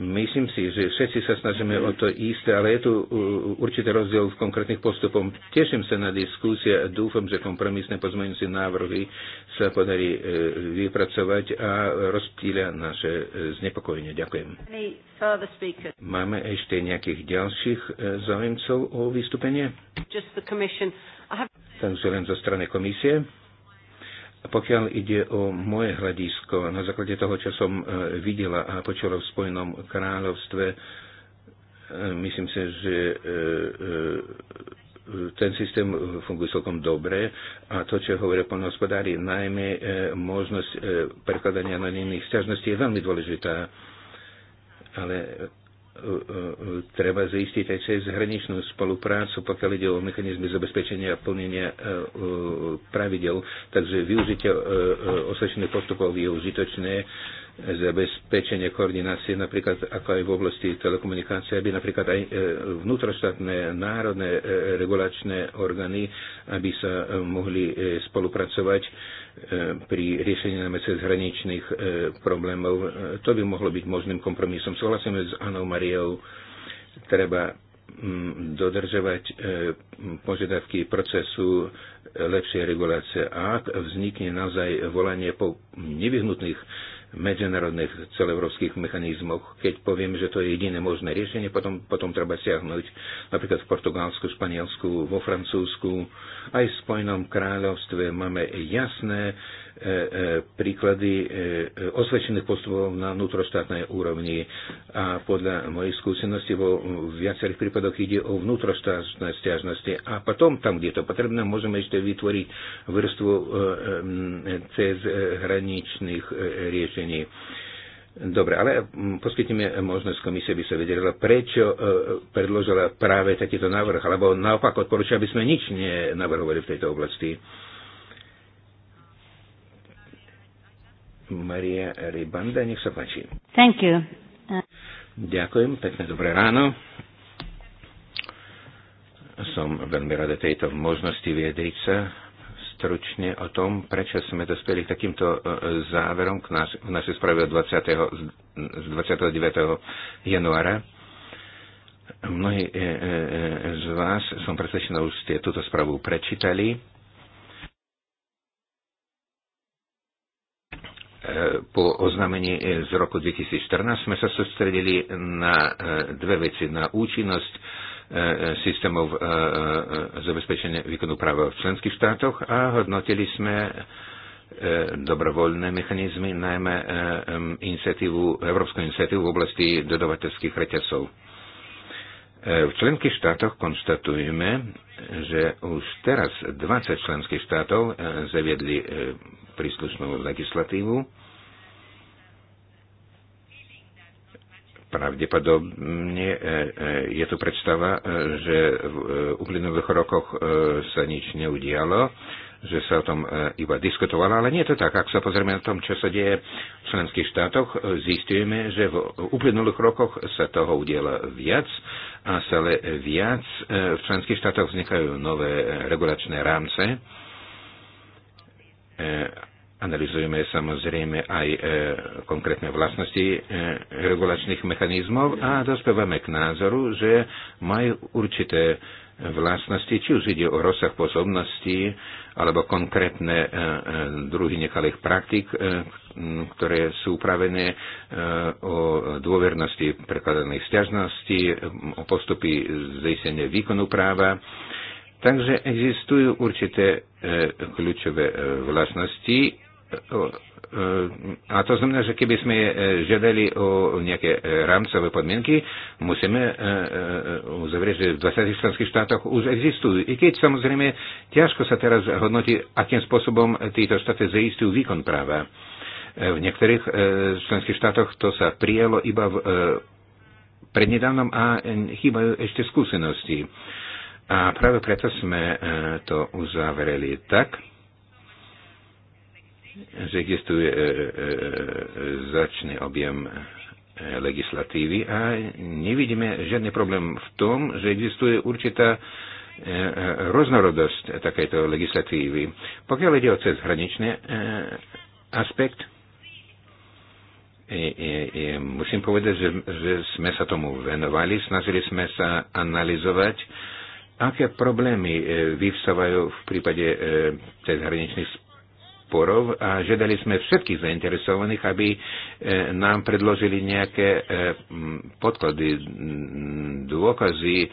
Myslím si, že všetci sa snažíme o to isté, ale je tu uh, určitý rozdiel v konkrétnych postupom. Teším sa na diskusie a dúfam, že kompromisné pozmeňujúce návrhy sa podarí uh, vypracovať a rozptýlia naše uh, znepokojenie. Ďakujem. Máme ešte nejakých ďalších záujemcov o vystúpenie? Takže len zo strany komisie. Pokiaľ ide o moje hľadisko, na základe toho, čo som e, videla a počula v Spojenom kráľovstve, e, myslím si, že e, ten systém funguje celkom dobre a to, čo hovorí hovoria poľnohospodári, najmä možnosť prekladania na iných stiažností je veľmi dôležitá. Ale treba zistiť aj cez hraničnú spoluprácu, pokiaľ ide o mechanizmy zabezpečenia a plnenia e, e, pravidel. Takže využitie e, osvedčených postupov je užitočné zabezpečenie koordinácie napríklad ako aj v oblasti telekomunikácie, aby napríklad aj e, vnútroštátne národné e, regulačné orgány, aby sa e, mohli spolupracovať pri riešení najmä cezhraničných problémov. To by mohlo byť možným kompromisom. Súhlasíme s Anou Mariou. Treba mm, dodržovať požiadavky procesu lepšej regulácie. A ak vznikne naozaj volanie po nevyhnutných medzinárodných celoeurópskych mechanizmoch. Keď poviem, že to je jediné možné riešenie, potom, potom treba siahnuť napríklad v Portugalsku, Španielsku, vo Francúzsku, aj v Spojenom kráľovstve máme jasné e, e, príklady e, osvedčených postupov na vnútroštátnej úrovni. A podľa mojej skúsenosti vo viacerých prípadoch ide o vnútroštátne stiažnosti. A potom, tam, kde je to potrebné, môžeme ešte vytvoriť vrstvu cez hraničných riešení Dobre, ale mm, poskytneme možnosť komisie, aby sa vedela, prečo e, predložila práve takýto návrh, alebo naopak odporúča, aby sme nič nenavrhovali v tejto oblasti. Maria Ribanda, nech sa páči. Thank you. Ďakujem, pekné dobré ráno. Som veľmi rada tejto možnosti vyjadriť sa stručne o tom, prečo sme dospeli k takýmto e, záverom k naš- v našej správe 20. z 29. januára. Mnohí e, e, z vás, som presvedčená, už ste túto správu prečítali. po oznámení z roku 2014 sme sa sústredili na dve veci. Na účinnosť E, e, systémov e, zabezpečenia výkonu práva v členských štátoch a hodnotili sme dobrovoľné mechanizmy, najmä iniciatívu, Európsku iniciatívu v oblasti dodavateľských reťazov. V členských štátoch konštatujeme, že už teraz 20 členských štátov zaviedli príslušnú legislatívu Pravdepodobne e, e, je tu predstava, e, že v uplynulých rokoch sa nič neudialo, že sa o tom iba diskutovalo, ale nie je to tak. Ak sa pozrieme na tom, čo sa deje v členských štátoch, zistujeme, že v uplynulých rokoch sa toho udiela viac a stále viac v členských štátoch vznikajú nové regulačné rámce Analizujeme samozrejme aj e, konkrétne vlastnosti e, regulačných mechanizmov a dospievame k názoru, že majú určité vlastnosti, či už ide o rozsah pôsobnosti alebo konkrétne e, e, druhy nekalých praktik, e, ktoré sú upravené e, o dôvernosti prekladaných stiažností, o postupy zaistenia výkonu práva. Takže existujú určité e, kľúčové e, vlastnosti a to znamená, že keby sme eh, žiadali o nejaké eh, rámcové podmienky, musíme eh, uzavrieť, že v 20 členských štátoch už existujú. I keď samozrejme ťažko sa teraz hodnotí, akým spôsobom títo štáty zaistujú výkon práva. V niektorých členských štátoch to sa prijalo iba v prednedávnom a chýbajú ešte skúsenosti. A práve preto sme to uzavreli tak, že existuje e, e, e, značný objem legislatívy a nevidíme žiadny problém v tom, že existuje určitá roznorodosť takéto legislatívy. Pokiaľ ide o cezhraničný aspekt, musím povedať, že, že sme sa tomu venovali, snažili sme sa analyzovať, aké problémy vyvstávajú v prípade cezhraničných sporov a žiadali sme všetkých zainteresovaných, aby e, nám predložili nejaké e, podklady, dôkazy e,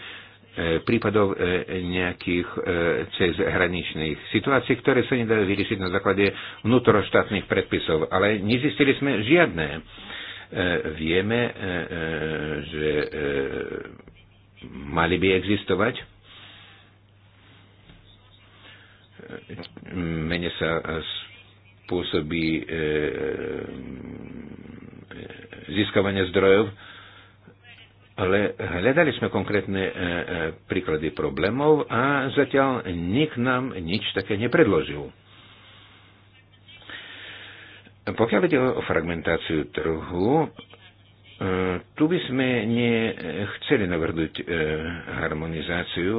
prípadov nejakých cezhraničných situácií, ktoré sa nedajú vyriešiť na základe vnútroštátnych predpisov. Ale nezistili sme žiadne. Vieme, že mali by existovať mene sa spôsoby e, e, e, získavania zdrojov, ale hľadali sme konkrétne príklady problémov a zatiaľ nik nám nič také nepredložil. Pokiaľ ide o fragmentáciu trhu, tu by sme nechceli navrduť harmonizáciu.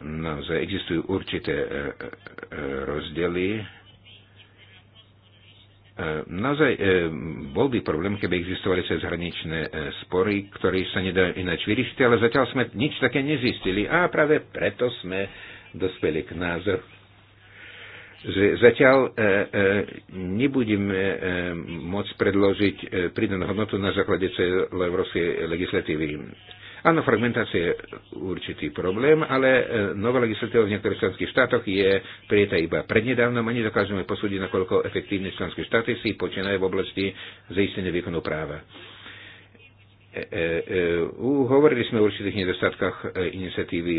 Naozaj existujú určité rozdiely Ehm, naozaj ehm, bol by problém, keby existovali cez hraničné e, spory, ktoré sa nedá ináč vyriešiť, ale zatiaľ sme nič také nezistili a práve preto sme dospeli k názoru, že zatiaľ e, e, nebudeme môcť predložiť pridanú hodnotu na základe celoevropskej legislatívy. Áno, fragmentácia je určitý problém, ale e, nová legislatíva v niektorých členských štátoch je prijeta iba prednedávnom a nedokážeme posúdiť, nakoľko efektívne členské štáty si počínajú v oblasti zaistenia výkonu práva. e, e, e hovorili sme o určitých nedostatkách iniciatívy,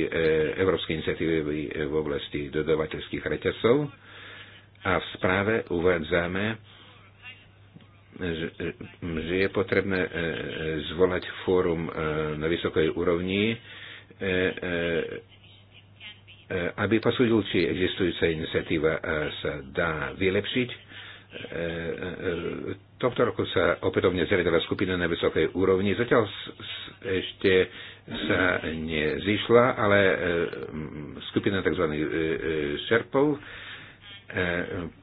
európskej iniciatívy v oblasti dodavateľských reťazcov a v správe uvádzame, že je potrebné e, e, zvolať fórum e, na vysokej úrovni, aby posúdil, či existujúca iniciatíva sa dá vylepšiť. Tohto roku sa opätovne zredala skupina na vysokej úrovni. Zatiaľ ešte sa nezišla, ale skupina tzv. šerpov E,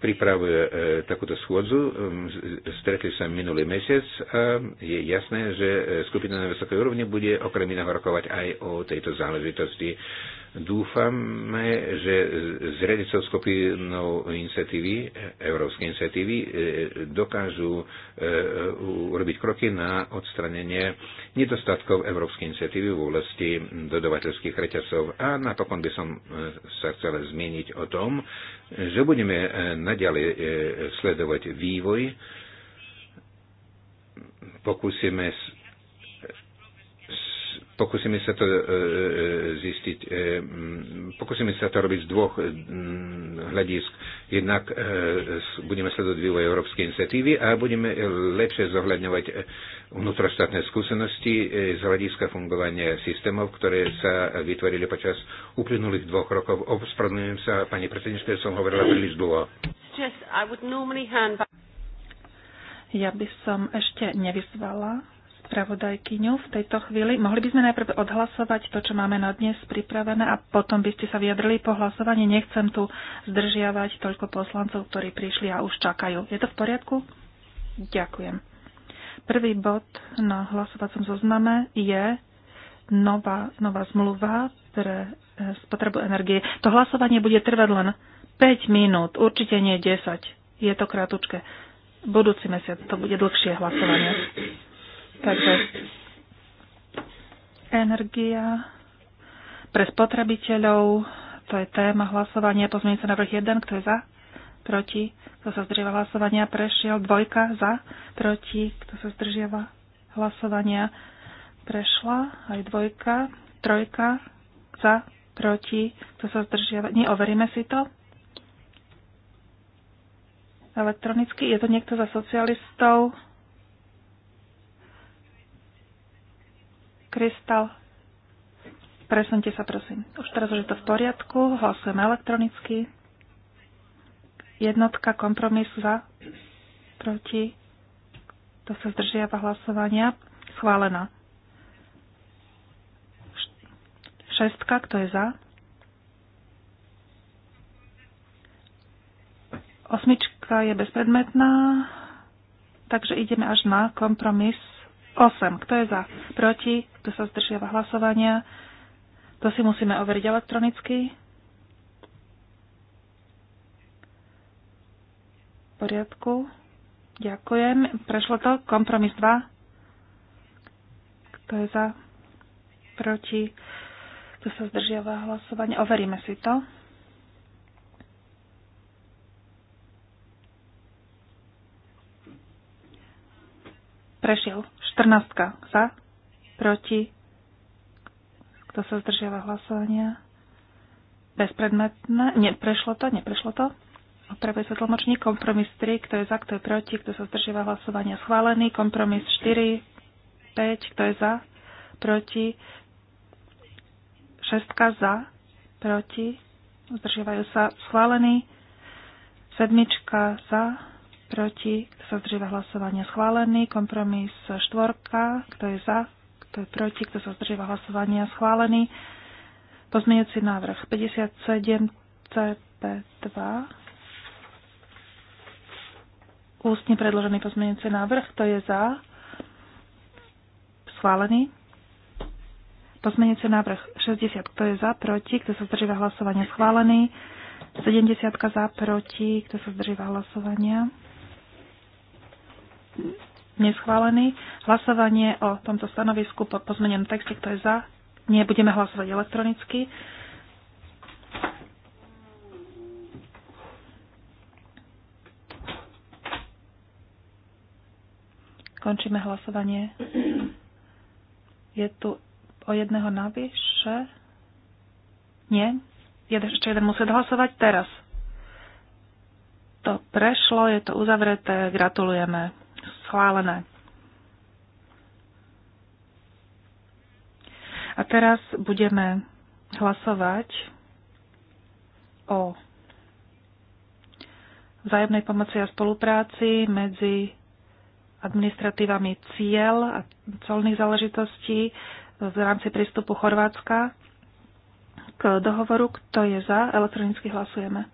pripravuje e, takúto schôdzu. E, stretli sa minulý mesiac a je jasné, že skupina na vysokej úrovni bude okrem iného rokovať aj o tejto záležitosti. Dúfame, že z riadicou skupinou iniciatívy, európskej iniciatívy, e, dokážu e, urobiť kroky na odstranenie nedostatkov európskej iniciatívy v oblasti dodavateľských reťazov. A napokon by som e, sa chcel zmieniť o tom, že budeme naďalej sledovať vývoj, pokúsime Pokúsime sa to e, e, e zistiť. E, Pokúsime sa to robiť z dvoch e, hľadisk. Jednak e, budeme sledovať vývoj európskej iniciatívy a budeme lepšie zohľadňovať e, vnútroštátne skúsenosti e, z hľadiska fungovania systémov, ktoré sa vytvorili počas uplynulých dvoch rokov. Ospravedlňujem sa, pani predsednička, som hovorila príliš dlho. Ja by som ešte nevyzvala spravodajkyňu v tejto chvíli. Mohli by sme najprv odhlasovať to, čo máme na dnes pripravené a potom by ste sa vyjadrili po hlasovaní. Nechcem tu zdržiavať toľko poslancov, ktorí prišli a už čakajú. Je to v poriadku? Ďakujem. Prvý bod na hlasovacom zozname je nová, nová zmluva pre eh, spotrebu energie. To hlasovanie bude trvať len 5 minút, určite nie 10. Je to kratučké. Budúci mesiac to bude dlhšie hlasovanie. Takže energia pre spotrebiteľov, to je téma hlasovania, na návrh 1, kto je za, proti, kto sa zdržiava hlasovania, prešiel, dvojka, za, proti, kto sa zdržiava hlasovania, prešla, aj dvojka, trojka, za, proti, kto sa zdržiava, nie, overíme si to. Elektronicky, je to niekto za socialistov, Kristal, presunte sa prosím. Už teraz už je to v poriadku, hlasujeme elektronicky. Jednotka, kompromis za, proti, to sa zdržiava hlasovania, schválená. Šestka, kto je za? Osmička je bezpredmetná, takže ideme až na kompromis 8. Kto je za? Proti? Kto sa zdržiava hlasovania? To si musíme overiť elektronicky. V poriadku. Ďakujem. Prešlo to. Kompromis 2. Kto je za? Proti? Kto sa zdržiava hlasovania? Overíme si to. prešiel. 14 za, proti, kto sa zdržiava hlasovania. Bezpredmetné, neprešlo to, neprešlo to. Opravuje sa tlmočník, kompromis 3, kto je za, kto je proti, kto sa zdržiava hlasovania. Schválený, kompromis 4, 5, kto je za, proti, 6 za, proti, zdržiavajú sa schválený, sedmička za, proti, sa zdržíva hlasovania schválený, kompromis štvorka, kto je za, kto je proti, kto sa zdržíva hlasovania schválený, pozmeňujúci návrh 57 CP2, ústne predložený pozmeňujúci návrh, kto je za, schválený, pozmeňujúci návrh 60, kto je za, proti, kto sa zdržíva hlasovania schválený, 70 za, proti, kto sa zdržíva hlasovania neschválený. Hlasovanie o tomto stanovisku po pozmenenom texte, kto je za, nie budeme hlasovať elektronicky. Končíme hlasovanie. Je tu o jedného navyše? Nie? Ešte jeden musí hlasovať teraz. To prešlo, je to uzavreté, gratulujeme schválené. A teraz budeme hlasovať o vzájomnej pomoci a spolupráci medzi administratívami cieľ a colných záležitostí v rámci prístupu Chorvátska k dohovoru, kto je za, elektronicky hlasujeme.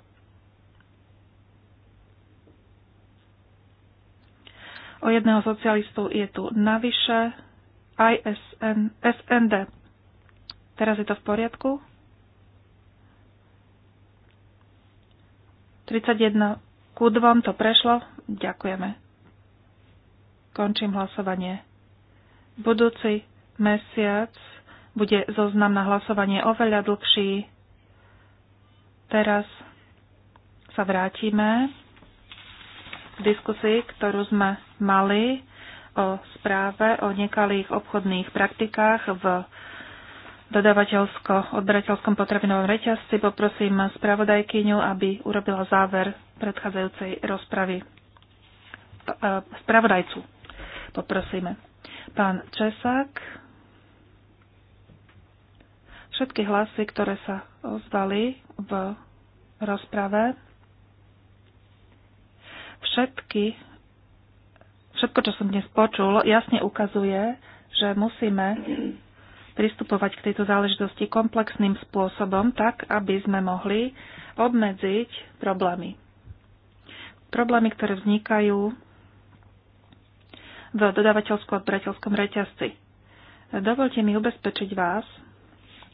o jedného socialistu je tu navyše ISN SND. Teraz je to v poriadku. 31 ku 2 to prešlo. Ďakujeme. Končím hlasovanie. Budúci mesiac bude zoznam na hlasovanie oveľa dlhší. Teraz sa vrátime diskusii, ktorú sme mali o správe o nekalých obchodných praktikách v dodavateľsko-odberateľskom potravinovom reťazci. Poprosím spravodajkyňu, aby urobila záver predchádzajúcej rozpravy. E, spravodajcu poprosíme. Pán Česák, všetky hlasy, ktoré sa ozvali v rozprave, všetky, všetko, čo som dnes počul, jasne ukazuje, že musíme pristupovať k tejto záležitosti komplexným spôsobom, tak, aby sme mohli obmedziť problémy. Problémy, ktoré vznikajú v dodávateľsko-odberateľskom reťazci. Dovolte mi ubezpečiť vás,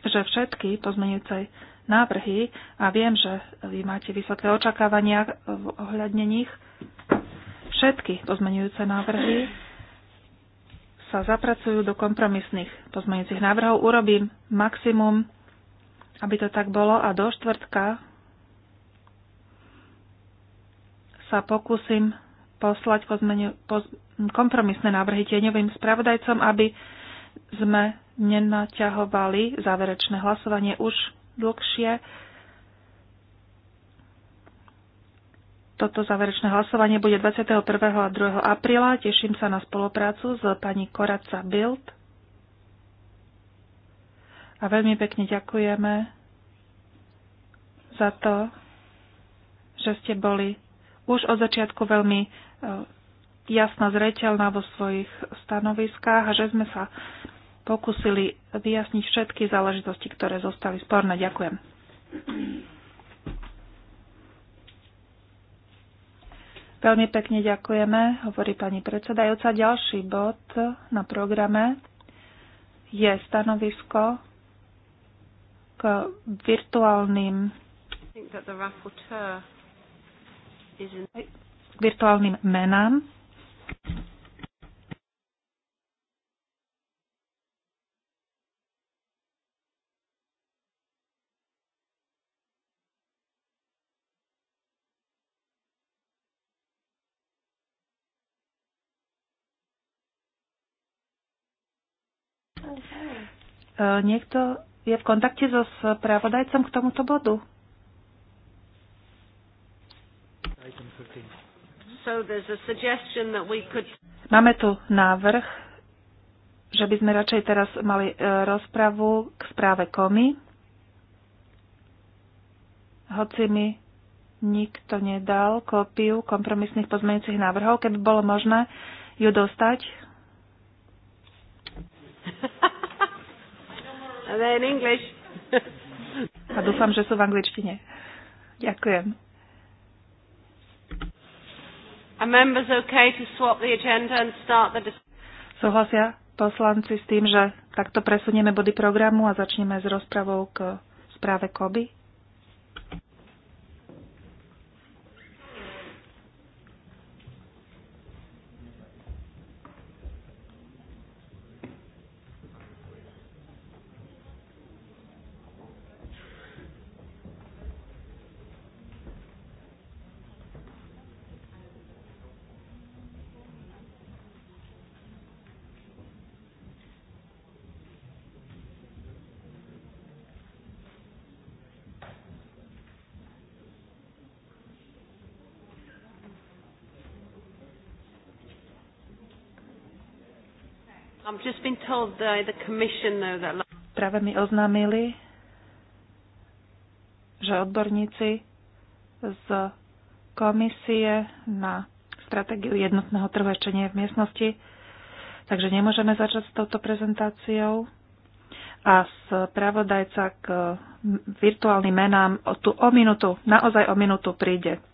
že všetky pozmenujúce návrhy, a viem, že vy máte vysoké očakávania ohľadne nich, Všetky pozmenujúce návrhy sa zapracujú do kompromisných pozmenujúcich návrhov. Urobím maximum, aby to tak bolo a do štvrtka sa pokúsim poslať pozmeniu, poz, kompromisné návrhy tieňovým spravodajcom, aby sme nenaťahovali záverečné hlasovanie už dlhšie. Toto záverečné hlasovanie bude 21. a 2. apríla. Teším sa na spoluprácu s pani Koraca Bild. A veľmi pekne ďakujeme za to, že ste boli už od začiatku veľmi e, jasná zreteľná vo svojich stanoviskách a že sme sa pokúsili vyjasniť všetky záležitosti, ktoré zostali sporné. Ďakujem. Veľmi pekne ďakujeme, hovorí pani predsedajúca. Ďalší bod na programe je stanovisko k virtuálnym virtuálnym menám. E, niekto je v kontakte so spravodajcom k tomuto bodu? So could... Máme tu návrh, že by sme radšej teraz mali e, rozpravu k správe komy. Hoci mi nikto nedal kópiu kompromisných pozmeňujúcich návrhov, keby bolo možné ju dostať in English. A dúfam, že sú v angličtine. Ďakujem. Are members okay to swap the agenda and start the Súhlasia poslanci s tým, že takto presunieme body programu a začneme s rozpravou k správe COBY? Práve mi oznámili, že odborníci z komisie na stratégiu jednotného trhu ešte nie je v miestnosti, takže nemôžeme začať s touto prezentáciou. A spravodajca k virtuálnym menám tu o minútu, naozaj o minútu príde.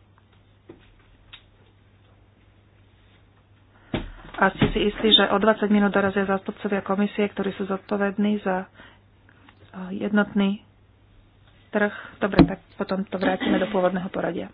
A ste si istí, že o 20 minút dorazia zástupcovia komisie, ktorí sú zodpovední za e, jednotný trh. Dobre, tak potom to vrátime do pôvodného poradia.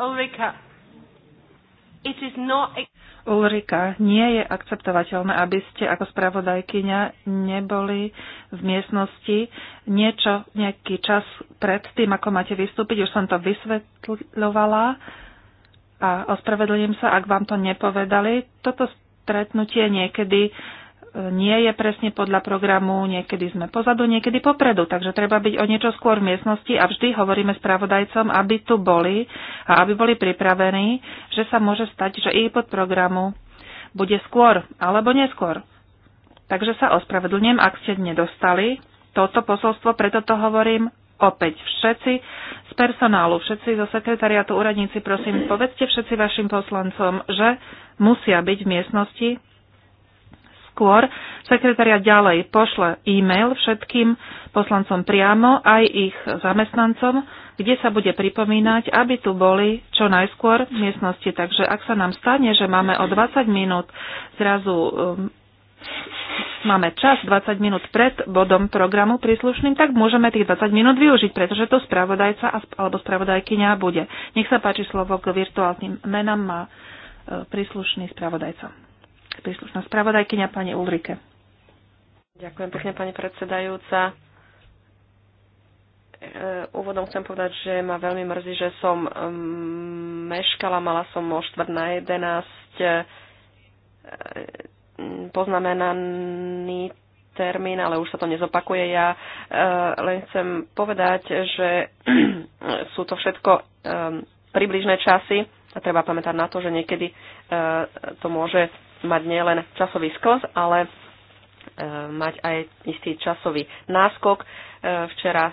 Ulrika, it is not... Ulrika, nie je akceptovateľné, aby ste ako spravodajkyňa neboli v miestnosti niečo, nejaký čas pred tým, ako máte vystúpiť. Už som to vysvetľovala a ospravedlním sa, ak vám to nepovedali. Toto stretnutie niekedy e, nie je presne podľa programu, niekedy sme pozadu, niekedy popredu, takže treba byť o niečo skôr v miestnosti a vždy hovoríme spravodajcom, aby tu boli a aby boli pripravení, že sa môže stať, že pod podprogramu bude skôr alebo neskôr. Takže sa ospravedlňujem, ak ste nedostali toto posolstvo, preto to hovorím opäť. Všetci z personálu, všetci zo sekretariatu úradníci, prosím, povedzte všetci vašim poslancom, že musia byť v miestnosti skôr sekretária ďalej pošle e-mail všetkým poslancom priamo, aj ich zamestnancom, kde sa bude pripomínať, aby tu boli čo najskôr v miestnosti. Takže ak sa nám stane, že máme o 20 minút zrazu um, máme čas 20 minút pred bodom programu príslušným, tak môžeme tých 20 minút využiť, pretože to spravodajca alebo spravodajkyňa bude. Nech sa páči slovo k virtuálnym menám má e, príslušný spravodajca príslušná spravodajkyňa pani Ulrike. Ďakujem pekne, pani predsedajúca. E, úvodom chcem povedať, že ma veľmi mrzí, že som mm, meškala, mala som o štvrt na jedenáct e, poznamenaný termín, ale už sa to nezopakuje. Ja e, len chcem povedať, že [CLEARS THROAT] sú to všetko približné časy a treba pamätať na to, že niekedy to môže mať nielen časový sklos, ale e, mať aj istý časový náskok. E, včera e,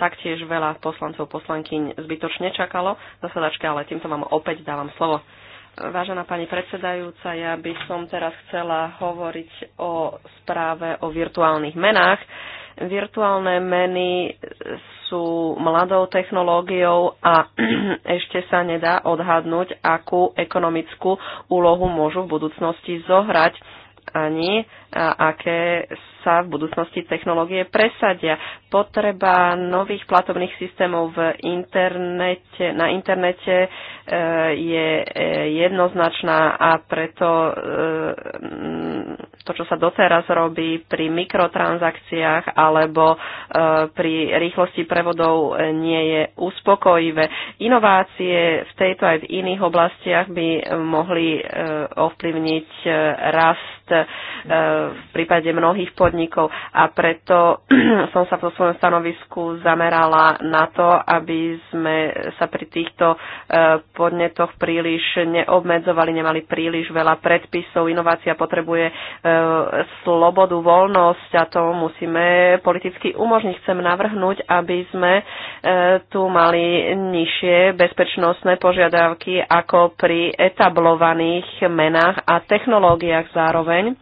taktiež veľa poslancov, poslankyň zbytočne čakalo sedačke, ale týmto vám opäť dávam slovo. Vážená pani predsedajúca, ja by som teraz chcela hovoriť o správe o virtuálnych menách. Virtuálne meny sú mladou technológiou a [CLEARS THROAT] ešte sa nedá odhadnúť, akú ekonomickú úlohu môžu v budúcnosti zohrať ani a aké sa v budúcnosti technológie presadia. Potreba nových platobných systémov v internete, na internete e, je e, jednoznačná a preto e, to, čo sa doteraz robí pri mikrotransakciách alebo pri rýchlosti prevodov nie je uspokojivé. Inovácie v tejto aj v iných oblastiach by mohli ovplyvniť rast v prípade mnohých podnikov a preto [CLEARS THROAT] som sa po svojom stanovisku zamerala na to, aby sme sa pri týchto e, podnetoch príliš neobmedzovali, nemali príliš veľa predpisov. Inovácia potrebuje e, slobodu, voľnosť a to musíme politicky umožniť. Chcem navrhnúť, aby sme e, tu mali nižšie bezpečnostné požiadavky ako pri etablovaných menách a technológiách zároveň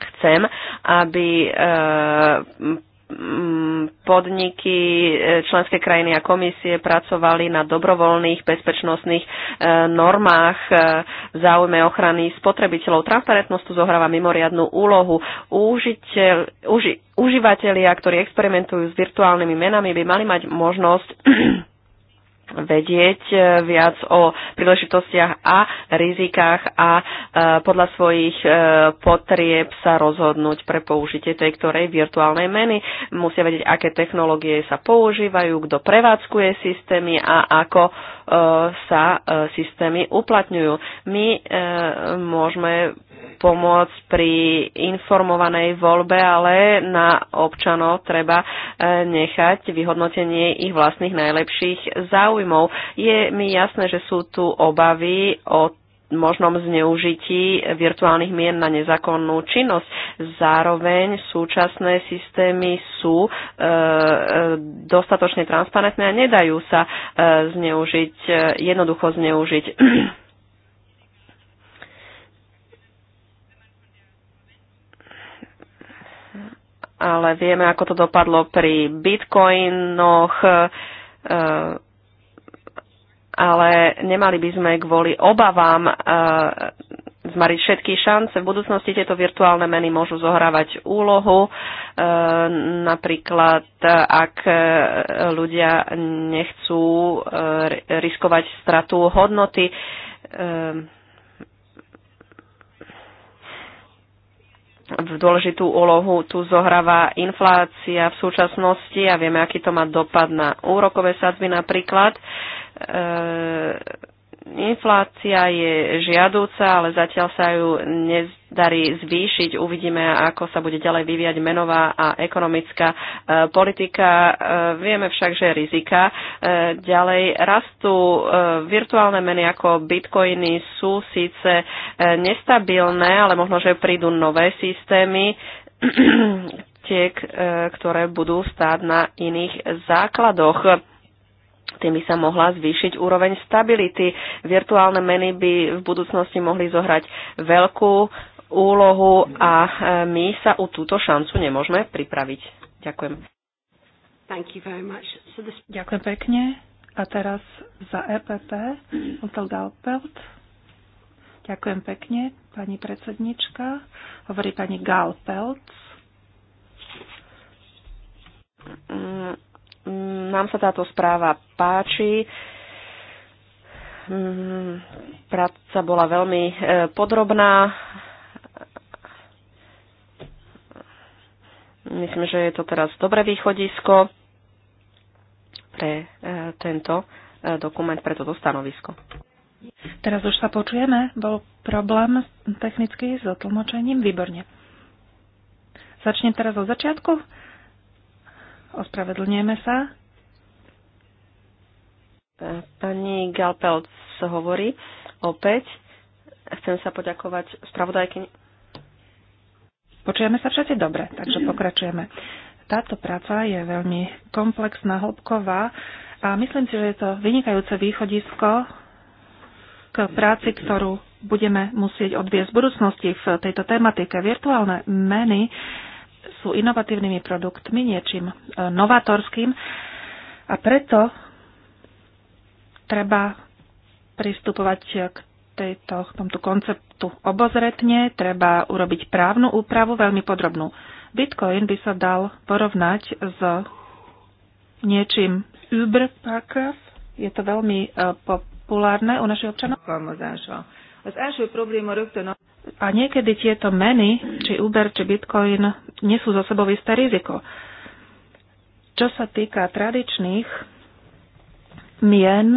chcem, aby eh, podniky, eh, členské krajiny a komisie pracovali na dobrovoľných bezpečnostných eh, normách v záujme ochrany spotrebiteľov. Transparentnosť tu zohráva mimoriadnú úlohu. Užiteľ, uži, užívateľia, ktorí experimentujú s virtuálnymi menami, by mali mať možnosť vedieť e, viac o príležitostiach a rizikách a e, podľa svojich e, potrieb sa rozhodnúť pre použitie tej ktorej virtuálnej meny. Musia vedieť, aké technológie sa používajú, kto prevádzkuje systémy a ako sa e, systémy uplatňujú. My e, môžeme pomôcť pri informovanej voľbe, ale na občanov treba e, nechať vyhodnotenie ich vlastných najlepších záujmov. Je mi jasné, že sú tu obavy od možnom zneužití virtuálnych mien na nezákonnú činnosť. Zároveň súčasné systémy sú e, e, dostatočne transparentné a nedajú sa e, zneužiť, e, jednoducho zneužiť. Ale vieme, ako to dopadlo pri bitcoinoch. E, ale nemali by sme kvôli obavám uh, zmariť všetky šance. V budúcnosti tieto virtuálne meny môžu zohrávať úlohu, uh, napríklad ak eh, ľudia nechcú uh, riskovať stratu hodnoty. Uh, v dôležitú úlohu tu zohráva inflácia v súčasnosti a vieme, aký to má dopad na úrokové sadzby napríklad. E, E, inflácia je žiadúca, ale zatiaľ sa ju nezdarí zvýšiť. Uvidíme, ako sa bude ďalej vyvíjať menová a ekonomická e, politika. E, vieme však, že rizika ďalej rastú. Virtuálne meny ako bitcoiny sú síce nestabilné, ale možno, že prídu nové systémy [CLEARS THROAT] tie, ktoré budú stáť na iných základoch tým by sa mohla zvýšiť úroveň stability. Virtuálne meny by v budúcnosti mohli zohrať veľkú úlohu a e, my sa u túto šancu nemôžeme pripraviť. Ďakujem. Thank you very much. So this... Ďakujem pekne. A teraz za EPP, Hotel Galpelt. Ďakujem pekne, pani predsednička. Hovorí pani Galpelt. Mm Mm, nám sa táto správa páči. Mm, práca bola veľmi e, podrobná. Myslím, že je to teraz dobré východisko pre e, tento e, dokument, pre toto stanovisko. Teraz už sa počujeme. Bol problém technicky s otlmočením. Výborne. Začnem teraz od začiatku. Ospravedlňujeme sa. Pani sa hovorí opäť. Chcem sa poďakovať spravodajky. Počujeme sa všetci dobre, takže pokračujeme. Táto práca je veľmi komplexná, hĺbková a myslím si, že je to vynikajúce východisko k práci, ktorú budeme musieť odviesť v budúcnosti v tejto tematike. Virtuálne meny sú inovatívnymi produktmi, niečím e, novatorským a preto treba pristupovať k tejto, k tomto konceptu obozretne, treba urobiť právnu úpravu veľmi podrobnú. Bitcoin by sa dal porovnať s niečím Uber Parkers. Je to veľmi e, populárne u našich občanov. A niekedy tieto meny, či Uber, či Bitcoin, nesú za sebou isté riziko. Čo sa týka tradičných mien,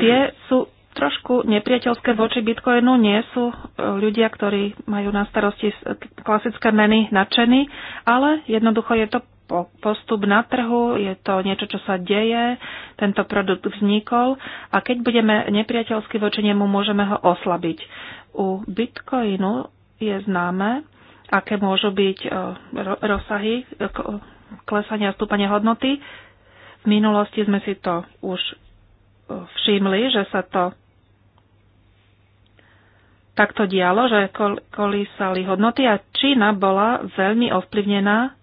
tie sú trošku nepriateľské voči Bitcoinu. Nie sú e, ľudia, ktorí majú na starosti e, klasické meny nadšení, ale jednoducho je to postup na trhu, je to niečo, čo sa deje, tento produkt vznikol a keď budeme nepriateľsky voči nemu, môžeme ho oslabiť. U Bitcoinu je známe, aké môžu byť e, rozsahy e, klesania a stúpania hodnoty. V minulosti sme si to už e, všimli, že sa to takto dialo, že kolísali hodnoty a Čína bola veľmi ovplyvnená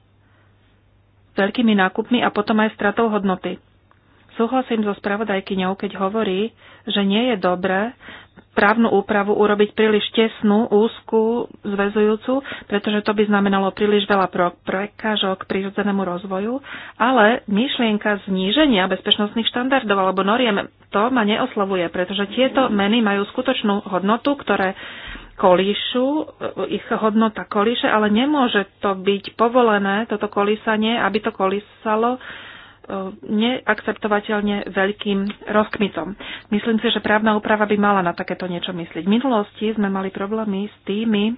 veľkými nákupmi a potom aj stratou hodnoty. Súhlasím so spravodajkyňou, keď hovorí, že nie je dobré právnu úpravu urobiť príliš tesnú, úzku, zväzujúcu, pretože to by znamenalo príliš veľa prekážok prírodzenému rozvoju, ale myšlienka zníženia bezpečnostných štandardov alebo noriem to ma neoslovuje, pretože tieto meny majú skutočnú hodnotu, ktoré kolíšu, ich hodnota kolíše, ale nemôže to byť povolené, toto kolísanie, aby to kolísalo E, neakceptovateľne veľkým rozkmitom. Myslím si, že právna úprava by mala na takéto niečo myslieť. V minulosti sme mali problémy s tými,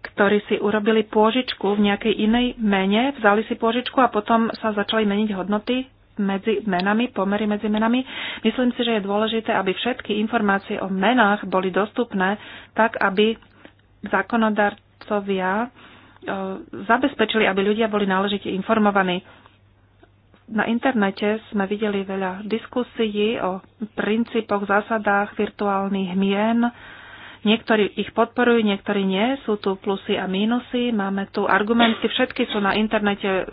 ktorí si urobili pôžičku v nejakej inej mene, vzali si pôžičku a potom sa začali meniť hodnoty medzi menami, pomery medzi menami. Myslím si, že je dôležité, aby všetky informácie o menách boli dostupné tak, aby zákonodarcovia E, zabezpečili, aby ľudia boli náležite informovaní. Na internete sme videli veľa diskusií o princípoch, zásadách virtuálnych mien. Niektorí ich podporujú, niektorí nie. Sú tu plusy a mínusy. Máme tu argumenty. Všetky sú na internete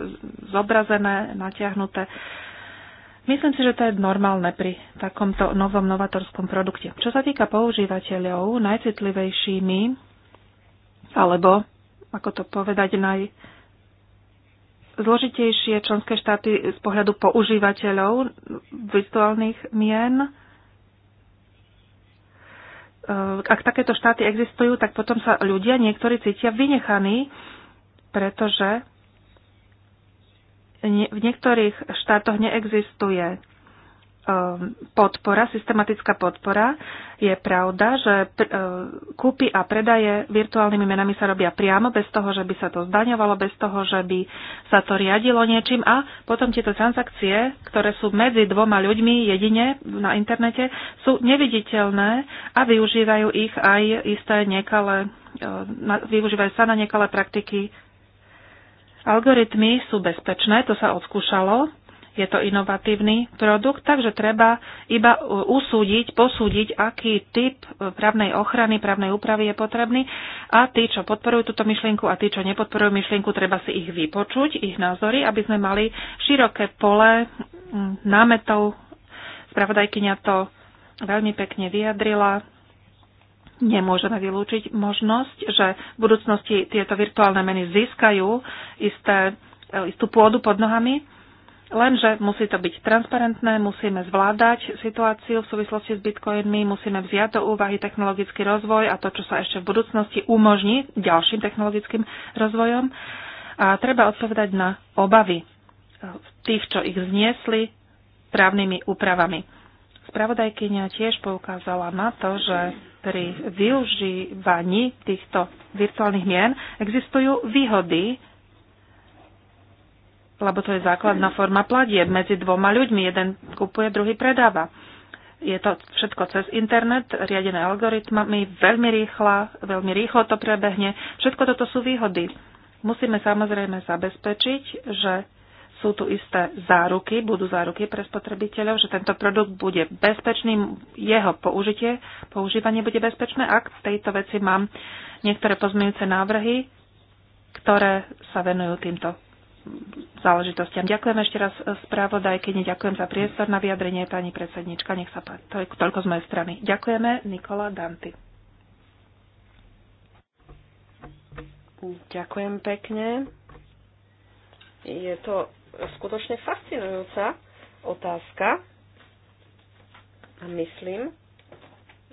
zobrazené, natiahnuté. Myslím si, že to je normálne pri takomto novom novatorskom produkte. Čo sa týka používateľov, najcitlivejšími alebo ako to povedať, naj zložitejšie členské štáty z pohľadu používateľov virtuálnych mien. E, ak takéto štáty existujú, tak potom sa ľudia niektorí cítia vynechaní, pretože v niektorých štátoch neexistuje Ehm, podpora, systematická podpora. Je pravda, že ehm, kúpy a predaje virtuálnymi menami sa robia priamo, bez toho, že by sa to zdaňovalo, bez toho, že by sa to riadilo niečím a potom tieto transakcie, ktoré sú medzi dvoma ľuďmi jedine na internete, sú neviditeľné a využívajú ich aj isté nekale, ehm, využívajú sa na nekalé praktiky. Algoritmy sú bezpečné, to sa odskúšalo, je to inovatívny produkt, takže treba iba e, usúdiť, posúdiť, aký typ e, právnej ochrany, právnej úpravy je potrebný a tí, čo podporujú túto myšlienku a tí, čo nepodporujú myšlienku, treba si ich vypočuť, ich názory, aby sme mali široké pole námetov. Spravodajkyňa to veľmi pekne vyjadrila. Nemôžeme vylúčiť možnosť, že v budúcnosti tieto virtuálne meny získajú isté, e, istú pôdu pod nohami Lenže musí to byť transparentné, musíme zvládať situáciu v súvislosti s bitcoinmi, musíme vziať do úvahy technologický rozvoj a to, čo sa ešte v budúcnosti umožní ďalším technologickým rozvojom. A treba odpovedať na obavy tých, čo ich zniesli právnymi úpravami. Spravodajkynia tiež poukázala na to, že pri využívaní týchto virtuálnych mien existujú výhody lebo to je základná forma platieb medzi dvoma ľuďmi. Jeden kupuje, druhý predáva. Je to všetko cez internet, riadené algoritmami, veľmi rýchla, veľmi rýchlo to prebehne. Všetko toto sú výhody. Musíme samozrejme zabezpečiť, že sú tu isté záruky, budú záruky pre spotrebiteľov, že tento produkt bude bezpečný, jeho použitie, používanie bude bezpečné. Ak v tejto veci mám niektoré pozmeňujúce návrhy, ktoré sa venujú týmto záležitostiam. Ďakujem ešte raz e, správodajkyni, ďakujem za priestor na vyjadrenie pani predsednička, nech sa páči. To je toľko z mojej strany. Ďakujeme, Nikola Danty. Ďakujem pekne. Je to skutočne fascinujúca otázka a myslím,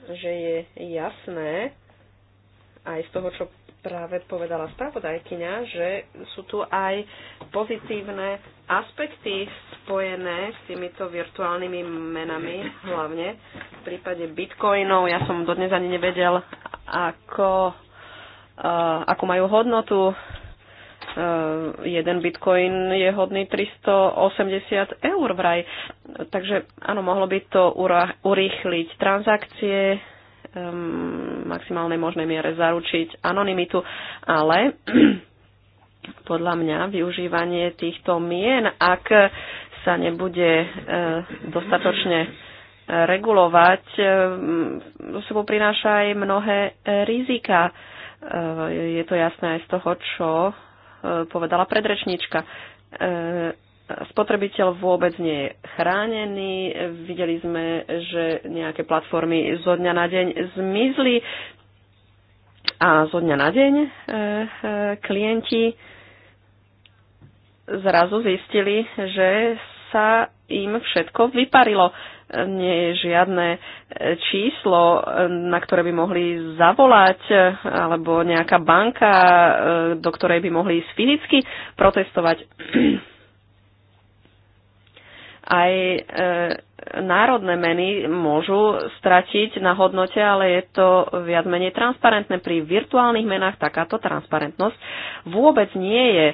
že je jasné aj z toho, čo práve povedala spravodajkyňa, že sú tu aj pozitívne aspekty spojené s týmito virtuálnymi menami, hlavne v prípade bitcoinov. Ja som dodnes ani nevedel, ako, uh, eh, ako majú hodnotu. Uh, jeden bitcoin je hodný 380 eur vraj. Takže áno, mohlo by to urýchliť transakcie, Um, maximálnej možnej miere zaručiť anonymitu, ale [CLEARS THROAT] podľa mňa využívanie týchto mien, ak sa nebude uh, dostatočne regulovať, do um, sebou prináša aj mnohé uh, rizika. Uh, je to jasné aj z toho, čo povedala predrečníčka spotrebiteľ vôbec nie je chránený. Videli sme, že nejaké platformy zo dňa na deň zmizli a zo dňa na deň e, e, klienti zrazu zistili, že sa im všetko vyparilo. Nie je žiadne eh, číslo, na ktoré by mohli zavolať, alebo nejaká banka, do ktorej by mohli ísť fyzicky protestovať [CLEARS THROAT] Aj e, národné meny môžu stratiť na hodnote, ale je to viac menej transparentné. Pri virtuálnych menách takáto transparentnosť vôbec nie je.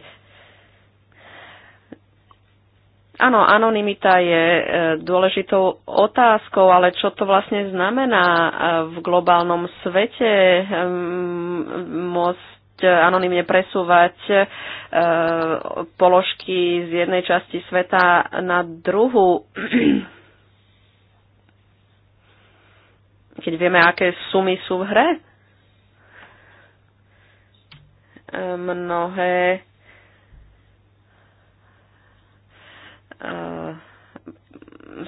Áno, anonimita je e, dôležitou otázkou, ale čo to vlastne znamená e, v globálnom svete? Hm, most Eh, anonymne presúvať eh, položky z jednej časti sveta na druhú. [CLEARS THROAT] Keď vieme, aké sumy sú v hre, eh, mnohé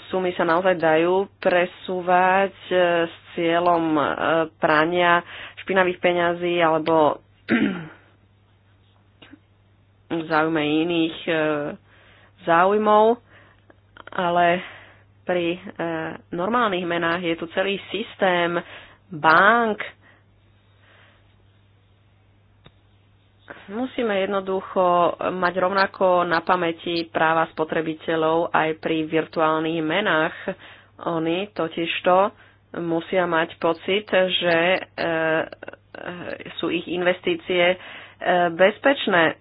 sumy sa naozaj dajú presúvať s cieľom prania špinavých peňazí alebo v záujme iných e, záujmov, ale pri e, normálnych menách je tu celý systém bank. Musíme jednoducho mať rovnako na pamäti práva spotrebiteľov aj pri virtuálnych menách. Oni totižto musia mať pocit, že e, Eh, sú ich investície eh, bezpečné.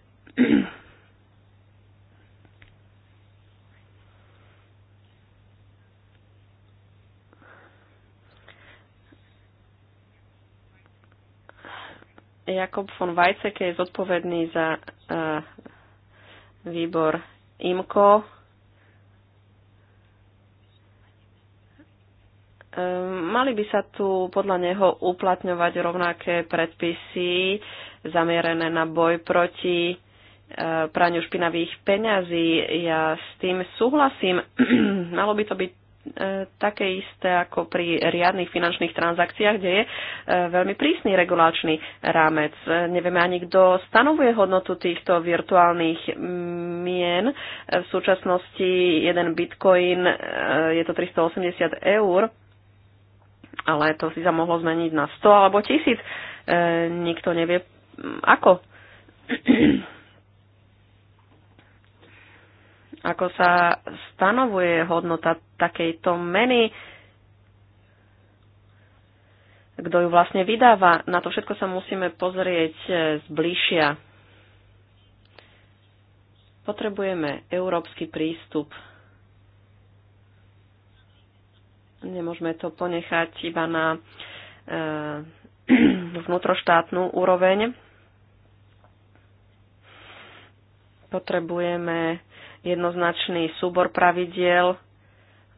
Jakob von Weizsäcker je zodpovedný za eh, výbor IMCO Ehm, mali by sa tu podľa neho uplatňovať rovnaké predpisy zamierené na boj proti ehm, praniu špinavých peňazí. Ja s tým súhlasím. [CLEARS THROAT] Malo by to byť ehm, také isté ako pri riadnych finančných transakciách, kde je veľmi prísny regulačný rámec. Nevieme ani, kto stanovuje hodnotu týchto virtuálnych mien. V súčasnosti jeden bitcoin je to 380 eur ale to si sa mohlo zmeniť na 100 alebo 1000. E, nikto nevie ako. [CLEARS THROAT] ako sa stanovuje hodnota takejto meny, kto ju vlastne vydáva. Na to všetko sa musíme pozrieť e, zbližšia. Potrebujeme európsky prístup Nemôžeme to ponechať iba na eh, [CLEARS THROAT] vnútroštátnu úroveň. Potrebujeme jednoznačný súbor pravidiel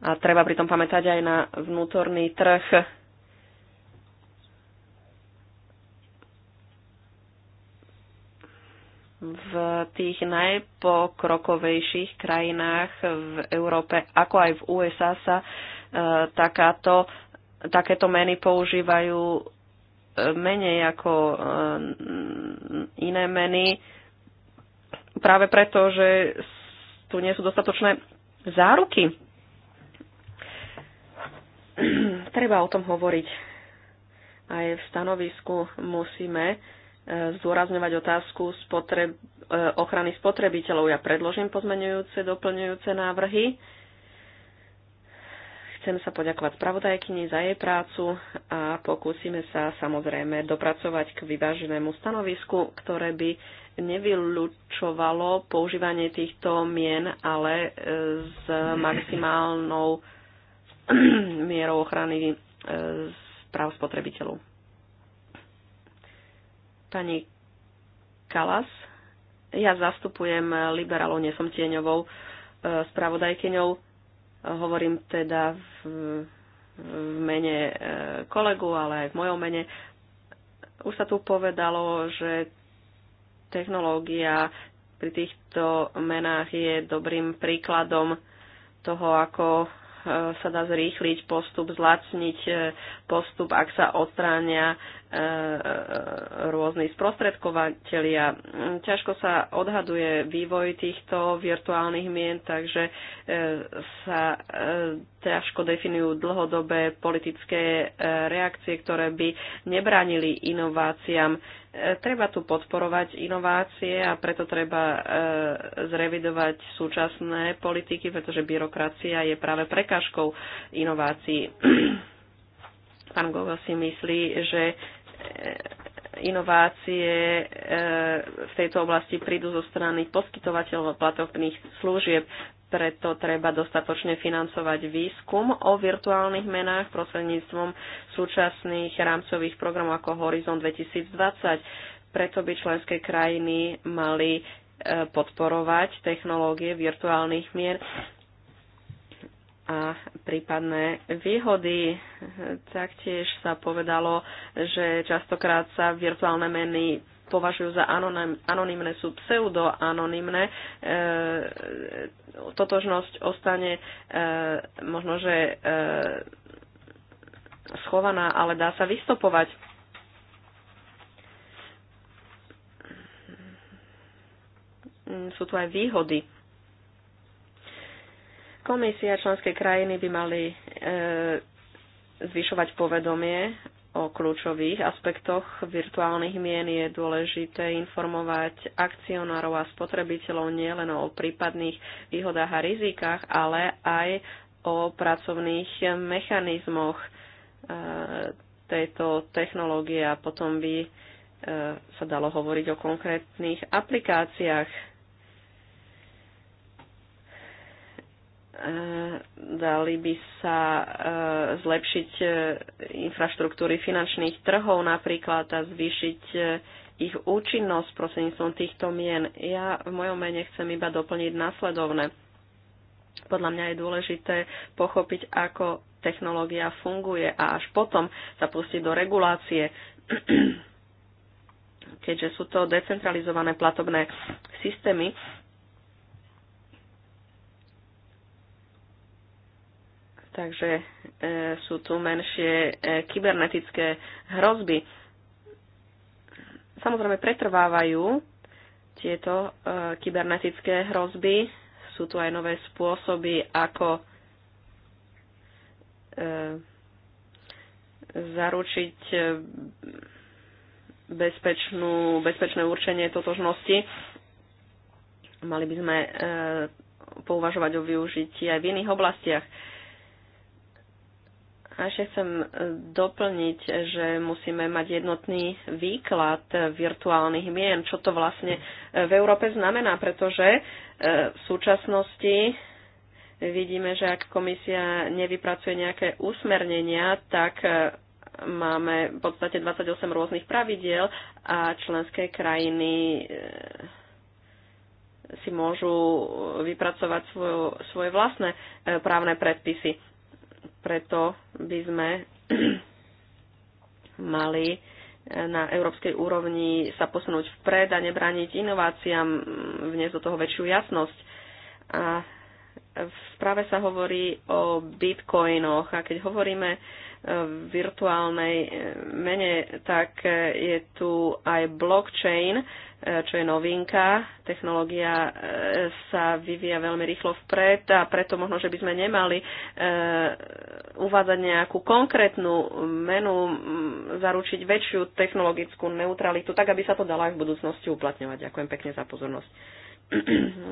a treba pritom pamätať aj na vnútorný trh. V tých najpokrokovejších krajinách v Európe, ako aj v USA, sa uh, takáto, takéto meny používajú e, menej ako e, iné meny, práve preto, že tu nie sú dostatočné záruky. [CLEARS THROAT] Treba o tom hovoriť. Aj v stanovisku musíme e, zdôrazňovať otázku spotreb, ochrany spotrebiteľov. Ja predložím pozmenujúce, doplňujúce návrhy Chcem sa poďakovať spravodajkyni za jej prácu a pokúsime sa samozrejme dopracovať k vyváženému stanovisku, ktoré by nevylučovalo používanie týchto mien, ale e, s maximálnou [CLEARS THROAT] mierou ochrany e, práv spotrebiteľov. Pani Kalas, ja zastupujem liberálov, nie som tieňovou e, spravodajkyňou Hovorím teda v, v mene e, kolegu, ale aj v mojom mene. Už sa tu povedalo, že technológia pri týchto menách je dobrým príkladom toho, ako E, sa dá zrýchliť postup, zlacniť e, postup, ak sa odstránia e, rôzni sprostredkovateľia. Mm, ťažko sa odhaduje vývoj týchto virtuálnych mien, takže sa ťažko definujú dlhodobé politické reakcie, ktoré by nebránili inováciám E, treba tu podporovať inovácie a preto treba e, zrevidovať súčasné politiky, pretože byrokracia je práve prekažkou inovácií. [CLEARS THROAT] Pán Gogo si myslí, že e, inovácie v tejto oblasti prídu zo strany poskytovateľov platobných služieb preto treba dostatočne financovať výskum o virtuálnych menách prostredníctvom súčasných rámcových programov ako Horizon 2020. Preto by členské krajiny mali e, podporovať technológie virtuálnych mier a prípadné výhody. Taktiež sa povedalo, že častokrát sa virtuálne meny považujú za anonimné, sú pseudoanonymné. E, totožnosť ostane e, možno, že e, schovaná, ale dá sa vystopovať. Mm, sú tu aj výhody. Komisia členské krajiny by mali e, zvyšovať povedomie o kľúčových aspektoch virtuálnych mien je dôležité informovať akcionárov a spotrebiteľov nielen o prípadných výhodách a rizikách, ale aj o pracovných mechanizmoch e, tejto technológie a potom by e, sa dalo hovoriť o konkrétnych aplikáciách Eh, dali by sa eh, zlepšiť eh, infraštruktúry finančných trhov napríklad a zvýšiť ich účinnosť prostredníctvom týchto mien. Ja v mojom mene chcem iba doplniť následovné. Podľa mňa je dôležité pochopiť, ako technológia funguje a až potom sa pustiť do regulácie, [CLEARS THROAT] keďže sú to decentralizované platobné systémy, takže e, sú tu menšie e, kybernetické hrozby. Samozrejme pretrvávajú tieto e, kybernetické hrozby, sú tu aj nové spôsoby, ako zaručiť bezpečnú, bezpečné určenie totožnosti. Mali by sme pouvažovať o využití aj v iných oblastiach. A ešte chcem e, doplniť, že musíme mať jednotný výklad virtuálnych mien, čo to vlastne e, v Európe znamená, pretože e, v súčasnosti vidíme, že ak komisia nevypracuje nejaké usmernenia, tak máme v podstate 28 rôznych pravidiel a členské krajiny si môžu vypracovať svoje vlastné právne predpisy. Preto by sme [CLEARS THROAT] mali e, na európskej úrovni sa posunúť vpred a nebrániť inováciám, vniesť do toho väčšiu jasnosť. A v správe sa hovorí o bitcoinoch a keď hovoríme e, virtuálnej e, mene, tak je tu aj blockchain, E, čo je novinka. Technológia e, sa vyvíja veľmi rýchlo vpred a preto možno, že by sme nemali e, uvádzať nejakú konkrétnu menu, zaručiť väčšiu technologickú neutralitu, tak aby sa to dalo aj v budúcnosti uplatňovať. Ďakujem pekne za pozornosť.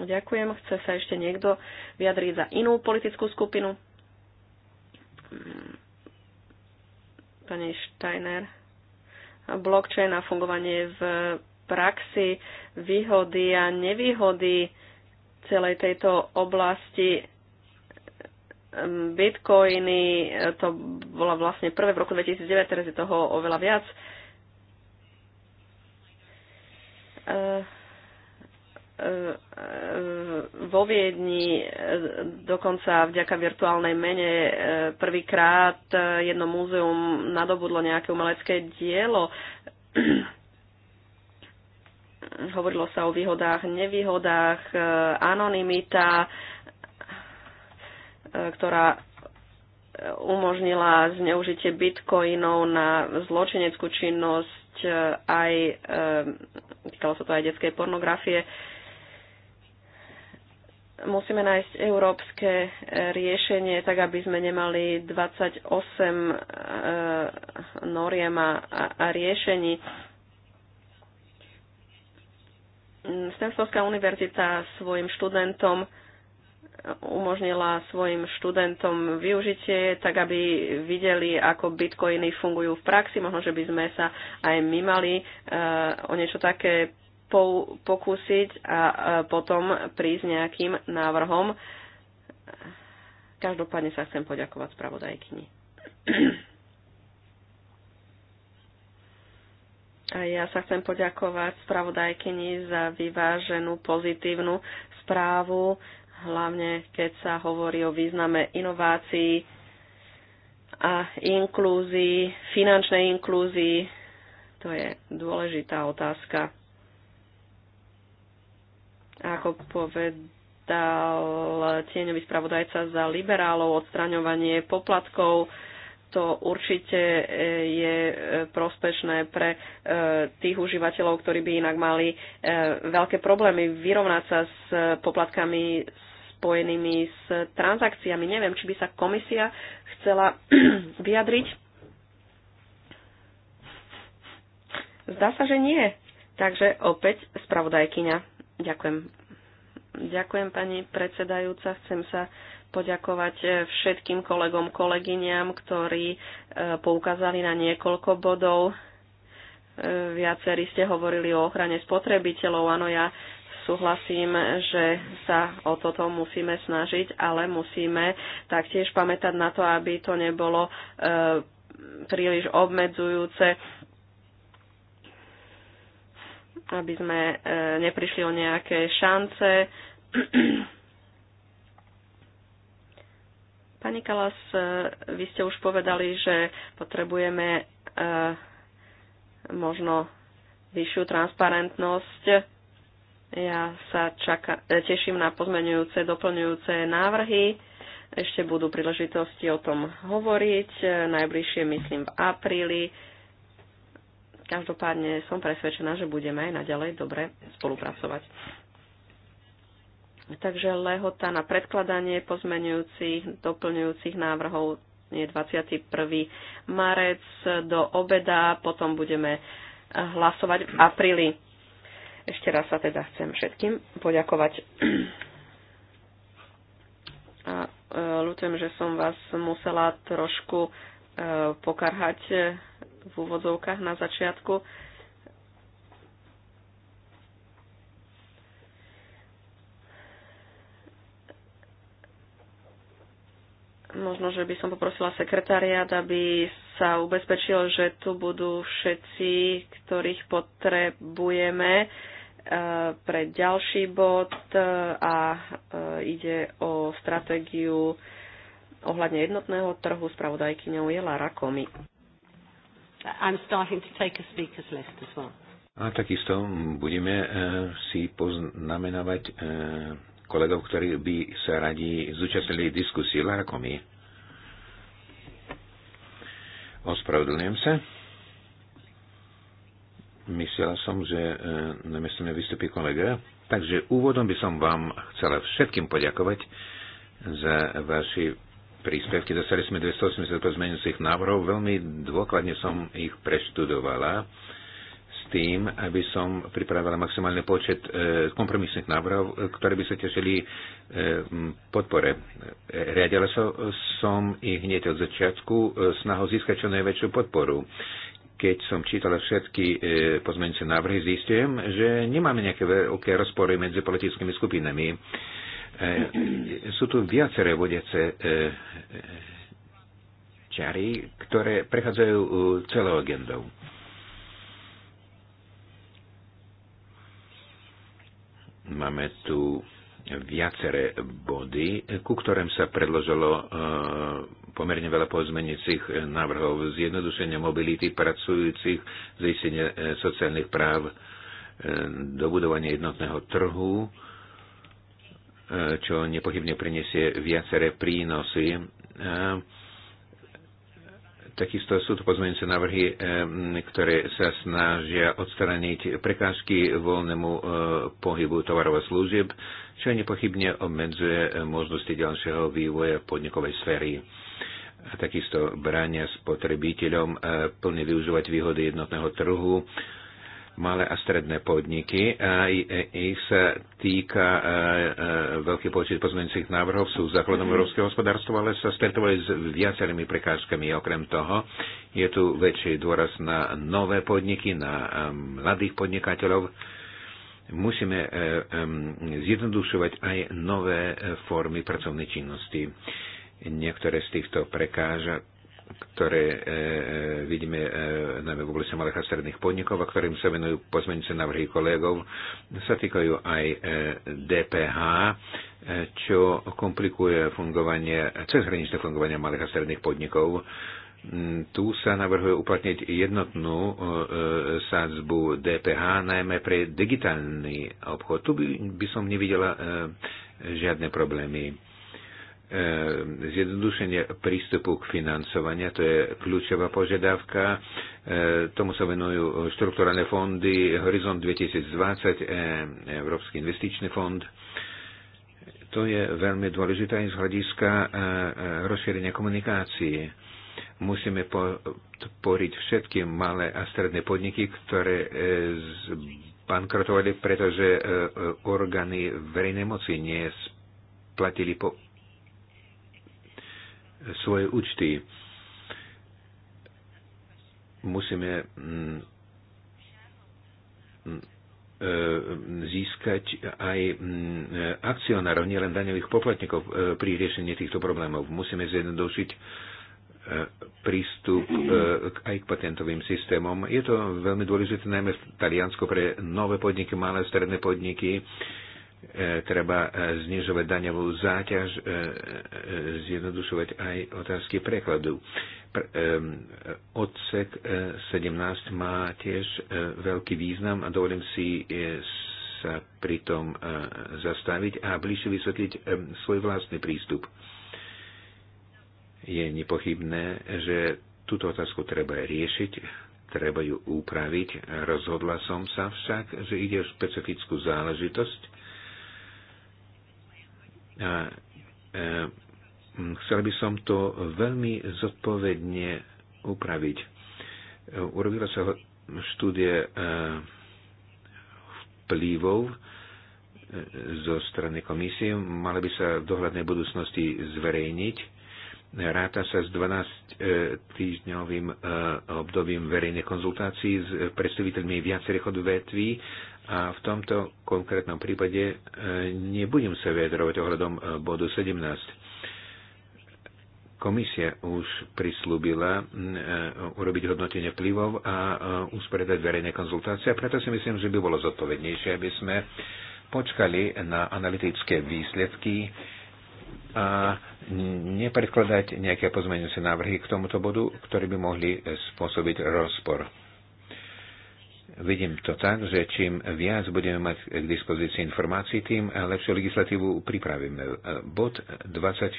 [CLEARS THROAT] Ďakujem. Chce sa ešte niekto vyjadriť za inú politickú skupinu? Pani Steiner. Blockchain a fungovanie v praxi výhody a nevýhody celej tejto oblasti. Ehm, bitcoiny, e, to bola vlastne prvé v roku 2009, teraz je toho oveľa viac. E, e, vo Viedni dokonca vďaka virtuálnej mene prvýkrát jedno múzeum nadobudlo nejaké umelecké dielo Hovorilo sa o výhodách, nevýhodách, e, anonimita, e, ktorá umožnila zneužitie bitcoinov na zločineckú činnosť, e, aj týkalo sa to aj detskej pornografie. Musíme nájsť európske riešenie, tak aby sme nemali 28 noriem a, a riešení Mm, Stanfordská univerzita svojim študentom umožnila svojim študentom využitie, tak aby videli, ako bitcoiny fungujú v praxi. Možno, že by sme sa aj my mali e, o niečo také pokúsiť a e, potom prísť nejakým návrhom. Každopádne sa chcem poďakovať spravodajkyni. A ja sa chcem poďakovať spravodajkyni za vyváženú pozitívnu správu, hlavne keď sa hovorí o význame inovácií a inklúzii, finančnej inklúzii. To je dôležitá otázka. Ako povedal tieňový spravodajca za liberálov, odstraňovanie poplatkov, to určite e, je e, prospešné pre e, tých užívateľov, ktorí by inak mali veľké problémy vyrovnať sa s poplatkami spojenými s transakciami. Neviem, či by sa komisia chcela [CLEARS THROAT] vyjadriť. Zdá sa, že nie. Takže opäť spravodajkyňa. Ďakujem. Ďakujem, pani predsedajúca. Chcem sa poďakovať e, všetkým kolegom, kolegyňam, ktorí e, poukázali na niekoľko bodov. E, viacerí ste hovorili o ochrane spotrebiteľov. Áno, ja súhlasím, že sa o toto musíme snažiť, ale musíme taktiež pamätať na to, aby to nebolo príliš obmedzujúce, aby sme e, neprišli o nejaké šance. [CLEARS THROAT] Pani Kalas, e, vy ste už povedali, že potrebujeme e, možno vyššiu transparentnosť. Ja sa čaká, e, teším na pozmenujúce, doplňujúce návrhy. Ešte budú príležitosti o tom hovoriť. Najbližšie myslím v apríli. Každopádne som presvedčená, že budeme aj naďalej dobre spolupracovať. Takže lehota na predkladanie pozmenujúcich, doplňujúcich návrhov je 21. marec do obeda, potom budeme hlasovať v apríli. Ešte raz sa teda chcem všetkým poďakovať. A e, ľutujem, že som vás musela trošku e, pokarhať v úvodzovkách na začiatku možno, že by som poprosila sekretariat, aby sa ubezpečil, že tu budú všetci, ktorých potrebujeme eh, pre ďalší bod eh, a eh, ide o stratégiu ohľadne jednotného trhu spravodajkyňou je Lara Komi. I'm starting to take a speaker's list as well. A takisto budeme e, si poznamenávať e, kolegov, ktorí by sa radi zúčastnili diskusie. Lara Komi. Ospravedlňujem sa. Myslela som, že e, na mesto vystupí kolega. Takže úvodom by som vám chcela všetkým poďakovať za vaši príspevky. Dostali sme 280 pozmeňujúcich návrhov. Veľmi dôkladne som ich preštudovala. E, tým, aby som pripravila maximálny počet e, kompromisných návrhov, e, ktoré by sa tešili e, podpore. Riadila som ich hneď od začiatku snahou získať čo najväčšiu podporu. Keď som čítala všetky pozmeňujúce návrhy, zistujem, že nemáme nejaké veľké rozpory medzi politickými skupinami. Sú tu viaceré vodiace čiary, ktoré prechádzajú celou agendou. Máme tu viaceré body, ku ktorým sa predložilo eh, pomerne veľa pozmeniacich návrhov, zjednodušenia mobility pracujúcich, zistenie eh, sociálnych práv, eh, dobudovanie jednotného trhu, čo nepochybne prinesie viaceré prínosy. Takisto sú to pozmeňujúce návrhy, ktoré sa snažia odstraniť prekážky voľnému e, pohybu tovarov a služieb, čo nepochybne obmedzuje e, možnosti ďalšieho vývoja v podnikovej sféry a takisto bráňa spotrebiteľom e, plne využívať výhody jednotného trhu malé a stredné podniky. A e, e, ich sa týka e, veľký počet pozmeňujúcich návrhov sú základom mhm. európskeho hospodárstva, ale sa stretovali s viacerými prekážkami. Okrem toho je tu väčší dôraz na nové podniky, na mladých podnikateľov. Musíme zjednodušovať aj nové formy pracovnej činnosti. Niektoré z týchto prekážok ktoré e, e, vidíme e, najmä v oblasti malých a stredných podnikov a ktorým sa venujú pozmeňujúce návrhy kolegov, sa týkajú aj DPH, čo komplikuje fungovanie, cezhraničné fungovanie malých a stredných podnikov. Mm, tu sa navrhuje uplatniť jednotnú sadzbu DPH, najmä pre digitálny obchod. Tu by, by som nevidela žiadne problémy Ehm, zjednodušenie prístupu k financovania, to je kľúčová požiadavka. Ehm, tomu sa venujú štrukturálne fondy, Horizont 2020, ehm, Európsky investičný fond. To je veľmi dôležité aj z hľadiska rozšírenia komunikácií. Musíme podporiť všetky malé a stredné podniky, ktoré bankrotovali, pretože orgány verejnej moci platili po svoje účty. Musíme mm, mm, e, získať aj mm, e, akcionárov, nielen daňových poplatníkov e, pri riešení týchto problémov. Musíme zjednodušiť prístup aj k patentovým systémom. Je to veľmi dôležité najmä v Taliansku pre nové podniky, malé a stredné podniky E, treba e, znižovať daňovú záťaž, e, zjednodušovať aj otázky prekladu. Odsek 17 má tiež veľký význam a dovolím si sa pritom zastaviť a bližšie vysvetliť svoj vlastný prístup. Je nepochybné, že túto otázku treba riešiť, treba ju upraviť. Rozhodla som sa však, že ide o špecifickú záležitosť, a eh, eh, chcel by som to veľmi zodpovedne upraviť. Eh, Urobila sa štúdie vplyvov zo strany komisie. Mala by sa v dohľadnej budúcnosti zverejniť ráta sa s 12-týždňovým obdobím verejnej konzultácií s predstaviteľmi viacerých odvetví a v tomto konkrétnom prípade e, nebudem sa vyjadrovať ohľadom e, bodu 17. Komisia už prislúbila e, urobiť hodnotenie vplyvov a usporiadať verejné konzultácie, preto si myslím, že by bolo zodpovednejšie, aby sme počkali na analytické výsledky a nepredkladať nejaké pozmeňujúce návrhy k tomuto bodu, ktoré by mohli spôsobiť rozpor. Vidím to tak, že čím viac budeme mať k dispozícii informácií, tým lepšiu legislatívu pripravíme. Bod 24.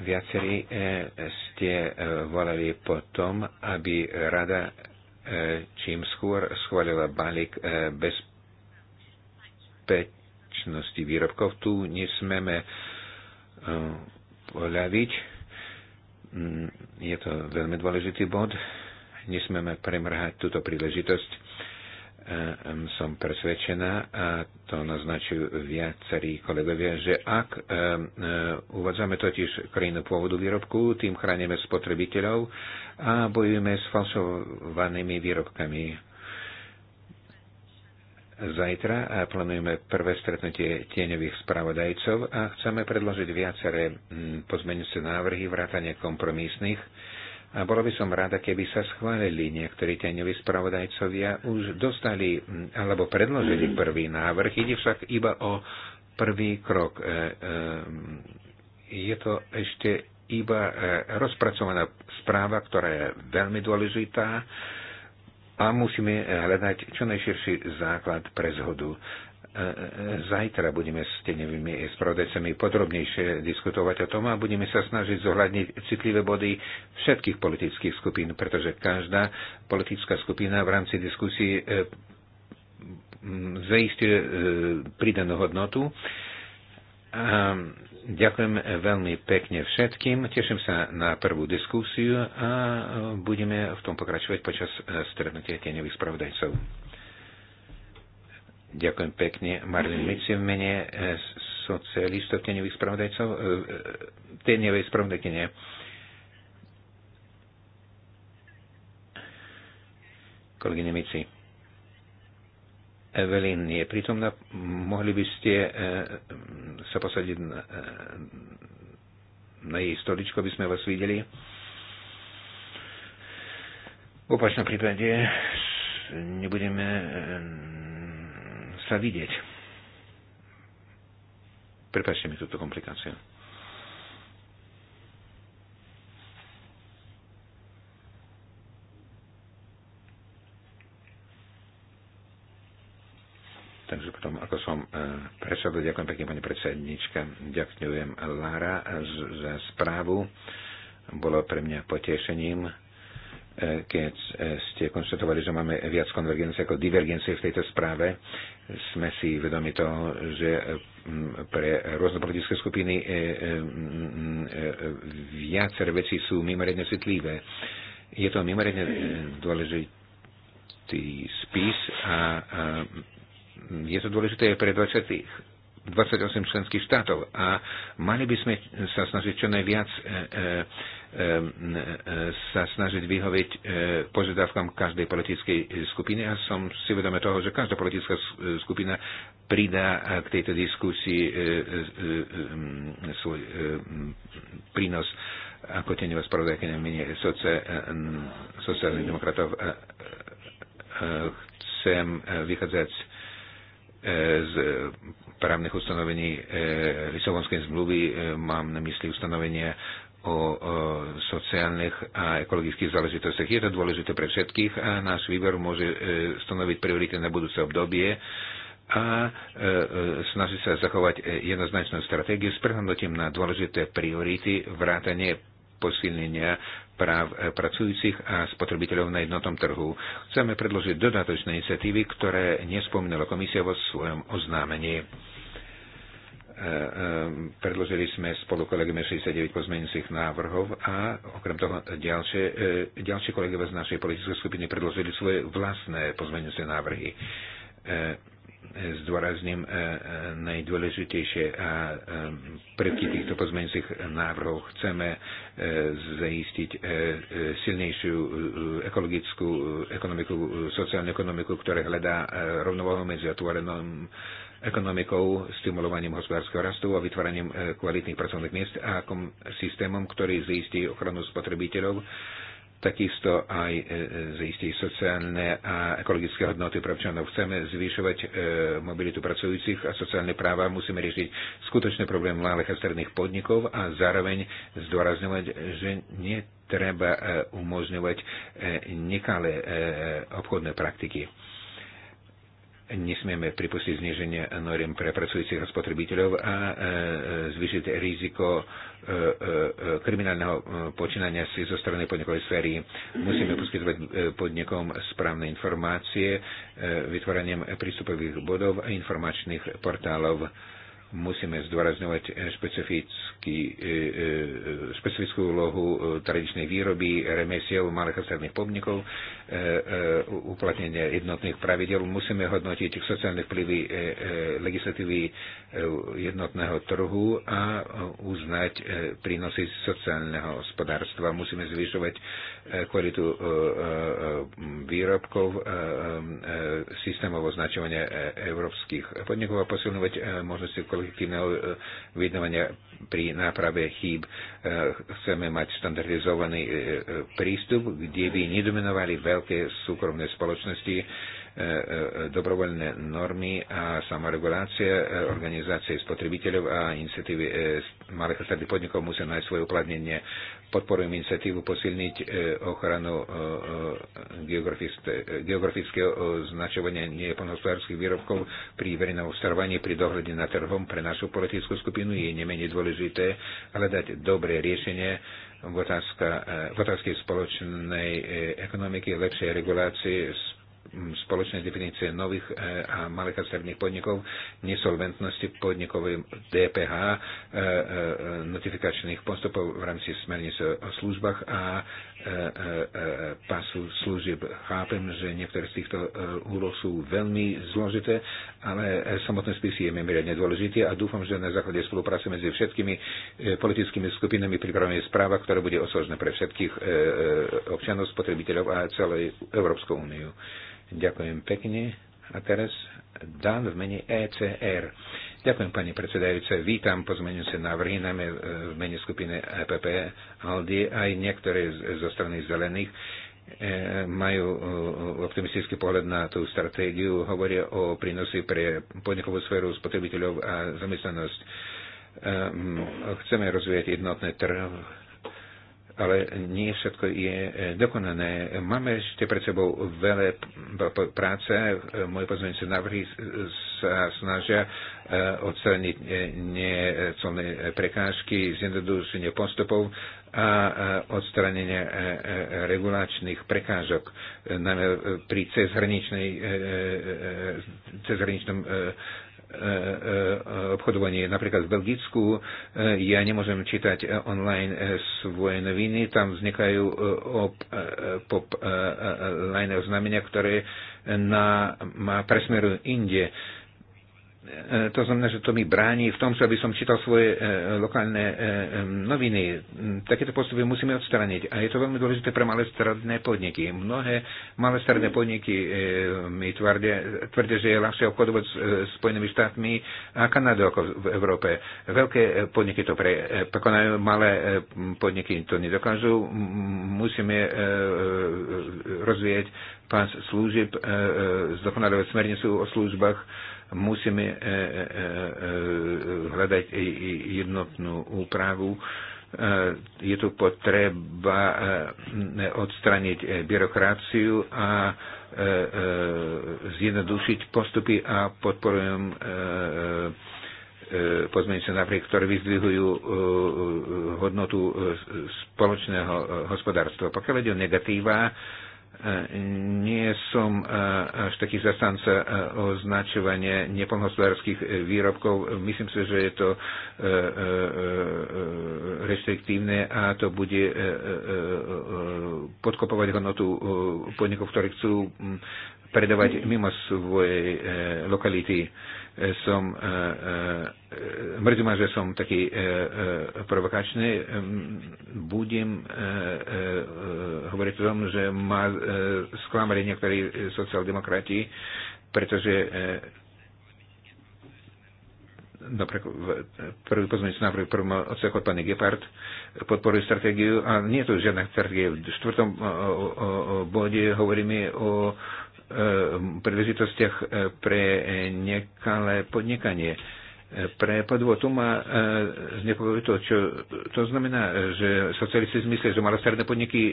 Viacerí eh, ste eh, volali po tom, aby rada eh, čím skôr schválila balík bezpečnosti výrobkov. Tu nesmeme poľaviť. Mm, je to veľmi dôležitý bod. Nesmieme premrhať túto príležitosť. Ehm, som presvedčená, a to naznačujú viacerí kolegovia, že ak ehm, e, uvádzame totiž krajinu pôvodu výrobku, tým chránime spotrebiteľov a bojujeme s falšovanými výrobkami Zajtra plánujeme prvé stretnutie tieňových spravodajcov a chceme predložiť viaceré mm, pozmeňujúce návrhy, vrátanie kompromisných, a bola by som rada, keby sa schválili niektorí teňoví spravodajcovia, už dostali alebo predložili mm. prvý návrh, ide však iba o prvý krok. E, e, je to ešte iba e, rozpracovaná správa, ktorá je veľmi dôležitá a musíme hľadať čo najširší základ pre zhodu. Zajtra budeme s tenevými spravodajcami podrobnejšie diskutovať o tom a budeme sa snažiť zohľadniť citlivé body všetkých politických skupín, pretože každá politická skupina v rámci diskusie eh, zaistuje eh, pridanú hodnotu. ďakujem veľmi pekne všetkým. Teším sa na prvú diskusiu a budeme v tom pokračovať počas eh, stretnutia tenevých spravodajcov. Ďakujem pekne. Marlin Mici v mene e, socialistov, tenových spravodajcov, e, e, tenevej spravodajkyne. Kolegyne Mici. Evelyn je prítomná. Mohli by ste sa posadiť na, na jej stoličko, aby sme vás videli? V opačnom prípade nebudeme sa vidieť. Prepačte mi túto komplikáciu. Takže potom, ako som e, predsedol, ďakujem pekne pani predsednička, ďakujem Lara za správu. Bolo pre mňa potešením E, keď e, ste konštatovali, že máme viac konvergencie ako divergencie v tejto správe. Sme si vedomi toho, že e, pre rôzne politické skupiny viacer veci sú mimoriadne citlivé. Je to mimoriadne dôležitý spis a je to dôležité aj pre 20 28 členských štátov a mali by sme sa snažiť čo najviac e, e, e, sa snažiť vyhoviť e, požiadavkám každej politickej skupiny a som si vedomý toho, že každá politická e, skupina pridá e, k tejto diskusii e, e, e, svoj e, prínos ako teňová spravodajkynia mene e, sociálnych demokratov chcem vychádzať z právnych ustanovení e, Lisabonskej zmluvy, e, mám na mysli ustanovenia o sociálnych a ekologických záležitostiach. Je to dôležité pre všetkých a náš výber môže e, stanoviť priority na budúce obdobie a snaží sa zachovať jednoznačnú stratégiu s prehľadnutím na dôležité priority vrátanie posilnenia práv pracujúcich a spotrebiteľov na jednotnom trhu. Chceme predložiť dodatočné iniciatívy, ktoré nespomínala komisia vo svojom oznámení. E, e, predložili sme spolu kolegami 69 pozmeňujúcich návrhov a okrem toho ďalšie, e, ďalšie kolegovia z našej politickej skupiny predložili svoje vlastné pozmeňujúce návrhy. Zdôrazním najdôležitejšie a prvky týchto pozmeňujúcich návrhov. Chceme zaistiť silnejšiu ekologickú ekonomiku, sociálnu ekonomiku, ktorá hľadá rovnováhu medzi otvorenou ekonomikou, stimulovaním hospodárskeho rastu a vytváraním e, kvalitných pracovných miest a systémom, ktorý zistí ochranu spotrebiteľov, takisto aj e, e, zistí sociálne a ekologické hodnoty pre občanov. Chceme zvyšovať mobilitu pracujúcich a sociálne práva, musíme riešiť skutočné problémy malých a stredných podnikov a zároveň zdôrazňovať, že netreba umožňovať nekalé obchodné praktiky nesmieme pripustiť zniženie noriem pre pracujúcich a spotrebiteľov a e, e, zvýšiť riziko e, kriminálneho počínania si zo strany podnikovej sféry. Musíme poskytovať podnikom správne informácie vytvorením prístupových bodov a informačných portálov musíme zdôrazňovať eh, eh, eh, špecifickú úlohu tradičnej výroby, remesiel malých a stredných podnikov, uplatnenie jednotných pravidel. Musíme hodnotiť sociálne vplyvy legislatívy jednotného trhu a uznať prínosy sociálneho hospodárstva. Musíme zvyšovať kvalitu e, e, e, výrobkov, systémov označovania európskych podnikov a posilňovať možnosti kolektívneho vyjednávania pri náprave chýb. Chceme mať štandardizovaný prístup, kde by nedominovali veľké súkromné spoločnosti, E, e, dobrovoľné normy a samoregulácie e, organizácie spotrebiteľov a iniciatívy malých a stredných podnikov musia nájsť svoje uplatnenie. Podporujem iniciatívu posilniť ochranu geografického značovania nepoľnohospodárských výrobkov pri verejnom obstarovaní, pri dohľade na trhom pre našu politickú skupinu je nemenej dôležité ale dať dobré riešenie v, v otázke spoločnej ekonomiky, lepšej regulácie spoločnej definície nových e, a malých a stredných podnikov, nesolventnosti podnikov DPH, e, e, notifikačných postupov v rámci smernice o službách a pasu služieb. Chápem, že niektoré z týchto úloh sú veľmi zložité, ale samotné spisy je mimoriadne dôležité a dúfam, že na základe spolupráce medzi všetkými politickými skupinami pripravíme správa, ktorá bude osožná pre všetkých občanov, spotrebiteľov a celej Európsku úniu. Ďakujem pekne. A teraz Dan v mene ECR. Ďakujem, pani predsedajúce. Vítam pozmeňujúce návrhy, najmä e, v mene skupiny EPP, ALDI, aj niektoré zo strany zelených e, majú e, optimistický pohľad na tú stratégiu, hovoria o prínosi pre podnikovú sféru spotrebiteľov a zamestnanosť. Chceme rozvíjať jednotné trh, ale nie všetko je e, dokonané. Máme ešte pred sebou veľa práce. E, moje pozornice návrhy sa snažia e, odstraniť necelné prekážky, zjednodušenie postupov a odstranenie regulačných prekážok, najmä pri cezhraničnej, cezhraničnom E, e, obchodovanie. Napríklad v Belgicku e, ja nemôžem čítať online svoje noviny, tam vznikajú pop line oznámenia, ktoré ma presmerujú inde E, to znamená, že to mi bráni v tom, že aby som čítal svoje e, lokálne e, e noviny. Mm, takéto postupy musíme odstraniť. A je to veľmi dôležité pre malé stredné podniky. Mnohé malé stredné podniky e, mi tvrdia, tvrdia, že je ľahšie obchodovať s e, Spojenými štátmi a Kanadou ako v, Európe. Veľké e, podniky to pre, e, prekonajú, malé e, podniky to nedokážu. Musíme e, e, rozvíjať služieb, e, e, zdokonalovať smernicu o službách musíme e, e, e, hľadať jednotnú úpravu. Je tu potreba odstraniť byrokraciu a zjednodušiť postupy a podporujem pozmeňujúce návrhy, ktoré vyzdvihujú hodnotu spoločného hospodárstva. Pokiaľ ide o negatíva, E, nie som e, až taký zastanca e, označovania nepolnohospodárských výrobkov. Myslím si, že je to restriktívne a to bude podkopovať hodnotu podnikov, ktorí chcú predávať mimo svojej lokality E, som, e, e, mrzí ma, že som taký provokačný, budem hovoriť o tom, že ma sklamali niektorí sociáldemokrati, pretože napríklad prvý pozmeňujúci návrh prvom odseku od pani Gepard podporuje stratégiu a nie je tu žiadna stratégia. V čtvrtom bode hovoríme o Eh, príležitostiach eh, pre nekalé podnikanie. Eh, pre podvod tu ma znepokojuje to, čo to znamená, že socialisti myslia, že malostredné podniky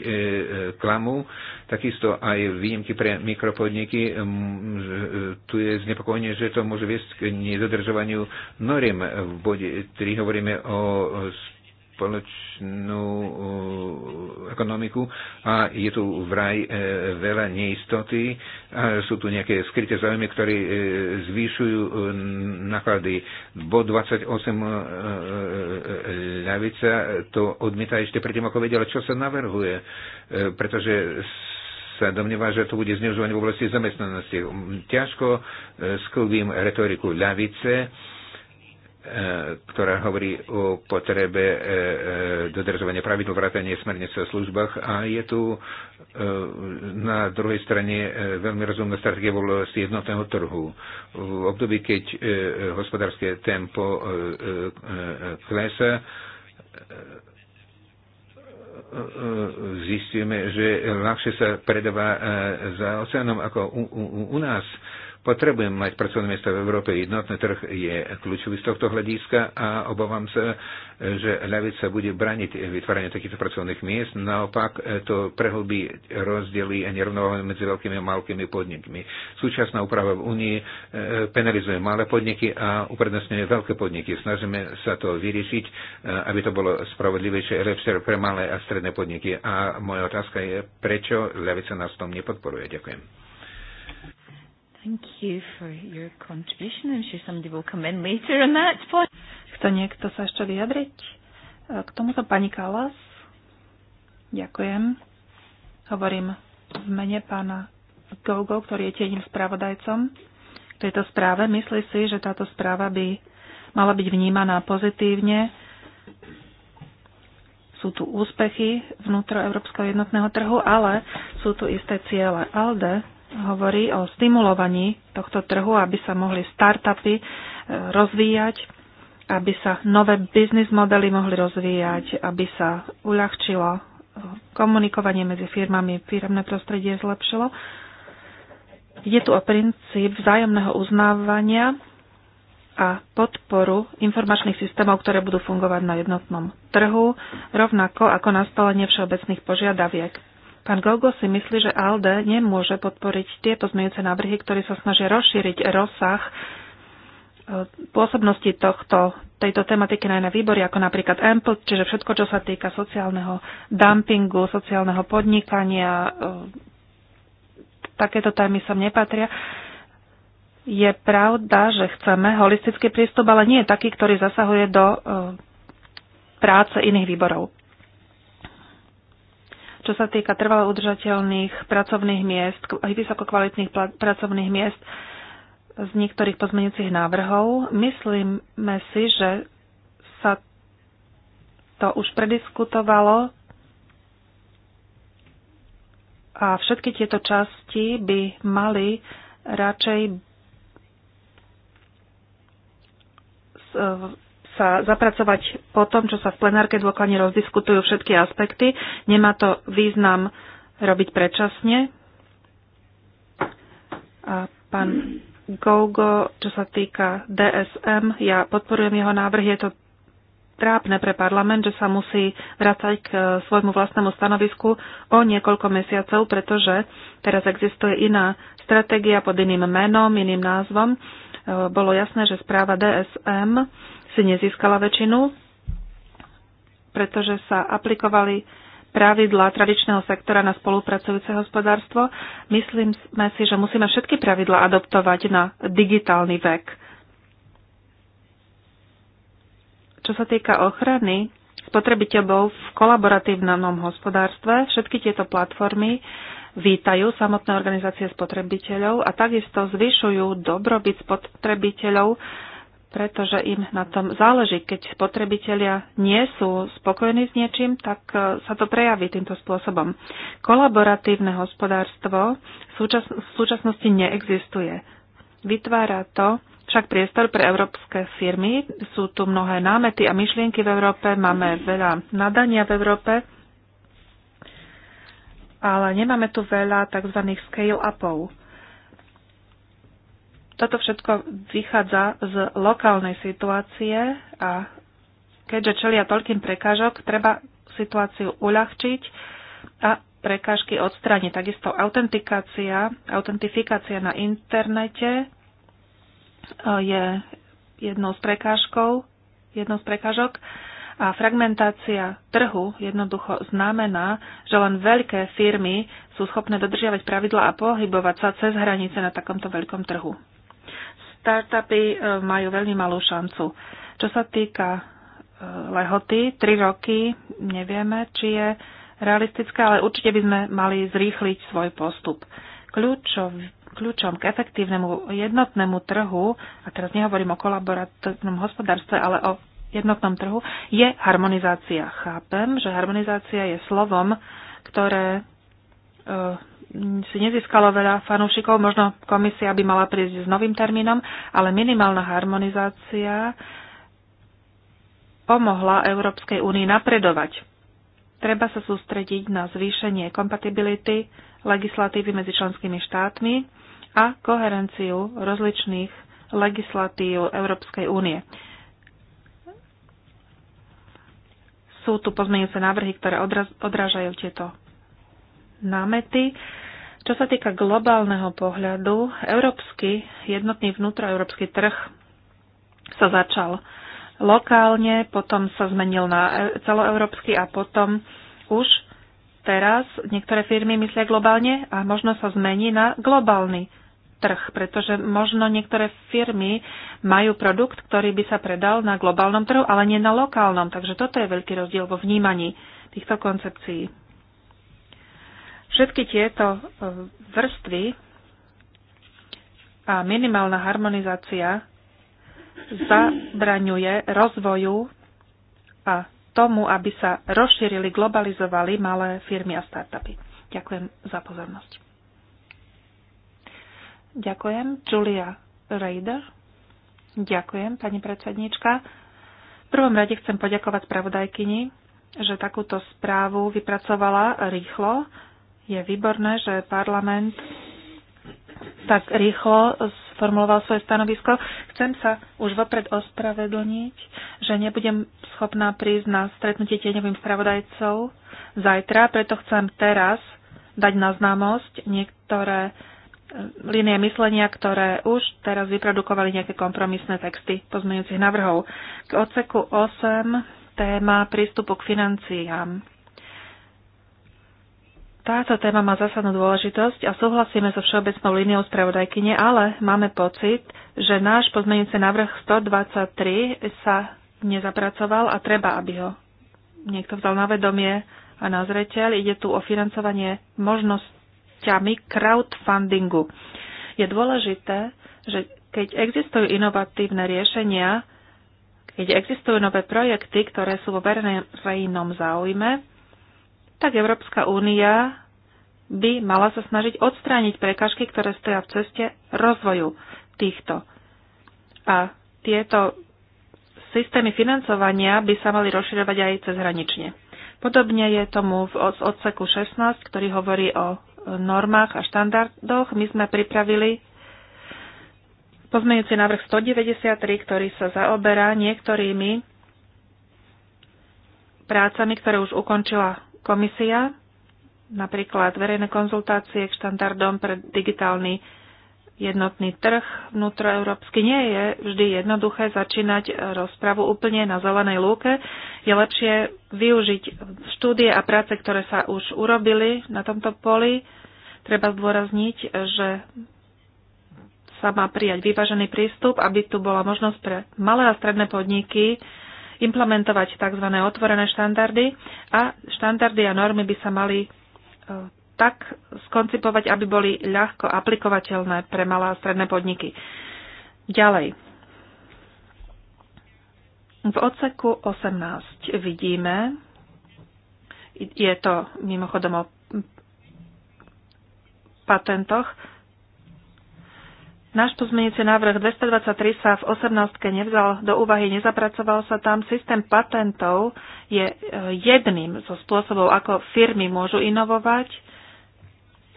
klamú, takisto aj výnimky pre mikropodniky. Mm, tu je znepokojenie, že to môže viesť k nedodržovaniu noriem. V bode 3 hovoríme o spoločnú eh, ekonomiku a je tu vraj eh, veľa neistoty a sú tu nejaké skryté záujmy, ktoré eh, zvýšujú náklady. Bod 28 ľavica to odmieta ešte predtým, ako vedela, čo sa navrhuje, pretože sa domnieva, že to bude zneužívanie v oblasti zamestnanosti. Hm, ťažko sklbím retoriku ľavice, E, ktorá hovorí o potrebe e, e, dodržovania pravidl vrátania smernice o službách a je tu na druhej strane veľmi rozumná strategia v jednotného trhu. V období, keď hospodárske tempo klesa, zistíme, že ľahšie sa predáva za oceánom ako u, u, u nás. E, Potrebujeme mať pracovné miesta v Európe. Jednotný trh je kľúčový z tohto hľadiska a obávam sa, že ľavica bude braniť vytváranie takýchto pracovných miest. Naopak to prehlbí rozdiely a nerovnováhy medzi veľkými a malkými podnikmi. Súčasná úprava v Únii e, penalizuje malé podniky a uprednostňuje veľké podniky. Snažíme sa to vyriešiť, e, aby to bolo spravodlivejšie, lepšie pre malé a stredné podniky. A moja otázka je, prečo ľavica nás v tom nepodporuje? Ďakujem. Thank you for your contribution. I'm sure somebody will come in later on that point. Chce niekto sa ešte vyjadriť? E, k tomuto pani Kalas. Ďakujem. Hovorím v mene pána Gogo, ktorý je tieným spravodajcom k tejto správe. Myslí si, že táto správa by mala byť vnímaná pozitívne. Sú tu úspechy vnútro Európskeho jednotného trhu, ale sú tu isté ciele. ALDE hovorí o stimulovaní tohto trhu, aby sa mohli startupy e, rozvíjať, aby sa nové biznis modely mohli rozvíjať, aby sa uľahčilo e, komunikovanie medzi firmami, firmné prostredie zlepšilo. Ide tu o princíp vzájomného uznávania a podporu informačných systémov, ktoré budú fungovať na jednotnom trhu, rovnako ako nastolenie všeobecných požiadaviek. Pán Gogo si myslí, že ALDE nemôže podporiť tie pozmejúce návrhy, ktoré sa snažia rozšíriť rozsah e, pôsobnosti tohto, tejto tematiky na iné výbory, ako napríklad EMPL, čiže všetko, čo sa týka sociálneho dumpingu, sociálneho podnikania, e, takéto témy sa nepatria. Je pravda, že chceme holistický prístup, ale nie je taký, ktorý zasahuje do e, práce iných výborov čo sa týka trvalo udržateľných pracovných miest, vysokokvalitných pracovných miest z niektorých pozmeňujúcich návrhov. Myslíme si, že sa to už prediskutovalo a všetky tieto časti by mali radšej sa zapracovať po tom, čo sa v plenárke dôkladne rozdiskutujú všetky aspekty. Nemá to význam robiť predčasne. A pán Gogo, čo sa týka DSM, ja podporujem jeho návrh. Je to trápne pre parlament, že sa musí vrácať k eh, svojmu vlastnému stanovisku o niekoľko mesiacov, pretože teraz existuje iná stratégia pod iným menom, iným názvom eh, bolo jasné, že správa DSM si nezískala väčšinu, pretože sa aplikovali pravidlá tradičného sektora na spolupracujúce hospodárstvo. Myslím si, že musíme všetky pravidlá adoptovať na digitálny vek. Čo sa týka ochrany spotrebiteľov v kolaboratívnom hospodárstve, všetky tieto platformy vítajú samotné organizácie spotrebiteľov a takisto zvyšujú dobrobyt spotrebiteľov pretože im na tom záleží. Keď spotrebitelia nie sú spokojní s niečím, tak e, sa to prejaví týmto spôsobom. Kolaboratívne hospodárstvo v súčasnosti neexistuje. Vytvára to však priestor pre európske firmy. Sú tu mnohé námety a myšlienky v Európe, máme veľa nadania v Európe, ale nemáme tu veľa tzv. scale-upov toto všetko vychádza z lokálnej situácie a keďže čelia toľkým prekážok, treba situáciu uľahčiť a prekážky odstrániť. Takisto autentikácia, autentifikácia na internete e, je jednou z prekážkov, jednou z prekážok a fragmentácia trhu jednoducho znamená, že len veľké firmy sú schopné dodržiavať pravidla a pohybovať sa cez hranice na takomto veľkom trhu startupy e, majú veľmi malú šancu. Čo sa týka e, lehoty, tri roky, nevieme, či je realistické, ale určite by sme mali zrýchliť svoj postup. Kľúčov, kľúčom k efektívnemu jednotnému trhu, a teraz nehovorím o kolaboratívnom hospodárstve, ale o jednotnom trhu, je harmonizácia. Chápem, že harmonizácia je slovom, ktoré e, Mm, si nezískalo veľa fanúšikov. Možno komisia by mala prísť s novým termínom, ale minimálna harmonizácia pomohla Európskej únii napredovať. Treba sa sústrediť na zvýšenie kompatibility legislatívy medzi členskými štátmi a koherenciu rozličných legislatív Európskej únie. Sú tu pozmeňujúce návrhy, ktoré odrážajú tieto námety. Čo sa týka globálneho pohľadu, európsky, jednotný vnútroeurópsky trh sa začal lokálne, potom sa zmenil na e, celoeurópsky a potom už teraz niektoré firmy myslia globálne a možno sa zmení na globálny trh, pretože možno niektoré firmy majú produkt, ktorý by sa predal na globálnom trhu, ale nie na lokálnom. Takže toto je veľký rozdiel vo vnímaní týchto koncepcií. Všetky tieto e, vrstvy a minimálna harmonizácia zabraňuje rozvoju a tomu, aby sa rozšírili, globalizovali malé firmy a startupy. Ďakujem za pozornosť. Ďakujem. Julia Raider. Ďakujem, pani predsedníčka. V prvom rade chcem poďakovať spravodajkyni, že takúto správu vypracovala rýchlo je výborné, že parlament tak rýchlo sformuloval svoje stanovisko. Chcem sa už vopred ospravedlniť, že nebudem schopná prísť na stretnutie tieňovým spravodajcov zajtra, preto chcem teraz dať na známosť niektoré e, línie myslenia, ktoré už teraz vyprodukovali nejaké kompromisné texty pozmeňujúcich návrhov. K odseku 8 téma prístupu k financiám. Táto téma má zásadnú dôležitosť a súhlasíme so všeobecnou líniou spravodajkyne, ale máme pocit, že náš pozmenujúci návrh 123 sa nezapracoval a treba, aby ho niekto vzal na vedomie a na zreteľ. Ide tu o financovanie možnosťami crowdfundingu. Je dôležité, že keď existujú inovatívne riešenia, keď existujú nové projekty, ktoré sú vo verejnom záujme, tak Európska únia by mala sa snažiť odstrániť prekažky, ktoré stoja v ceste rozvoju týchto. A tieto systémy financovania by sa mali rozširovať aj cezhranične. Podobne je tomu v odseku 16, ktorý hovorí o normách a štandardoch. My sme pripravili pozmeňujúci návrh 193, ktorý sa zaoberá niektorými prácami, ktoré už ukončila komisia, napríklad verejné konzultácie k štandardom pre digitálny jednotný trh vnútroeurópsky. Nie je vždy jednoduché začínať e, rozpravu úplne na zelenej lúke. Je lepšie využiť štúdie a práce, ktoré sa už urobili na tomto poli. Treba zdôrazniť, že sa má prijať vyvážený prístup, aby tu bola možnosť pre malé a stredné podniky implementovať tzv. otvorené štandardy a štandardy a normy by sa mali e, tak skoncipovať, aby boli ľahko aplikovateľné pre malé a stredné podniky. Ďalej. V odseku 18 vidíme, je to mimochodom o patentoch, Náš pozmeňujúci návrh 223 sa v 18. nevzal do úvahy, nezapracoval sa tam. Systém patentov je e, jedným zo spôsobov, ako firmy môžu inovovať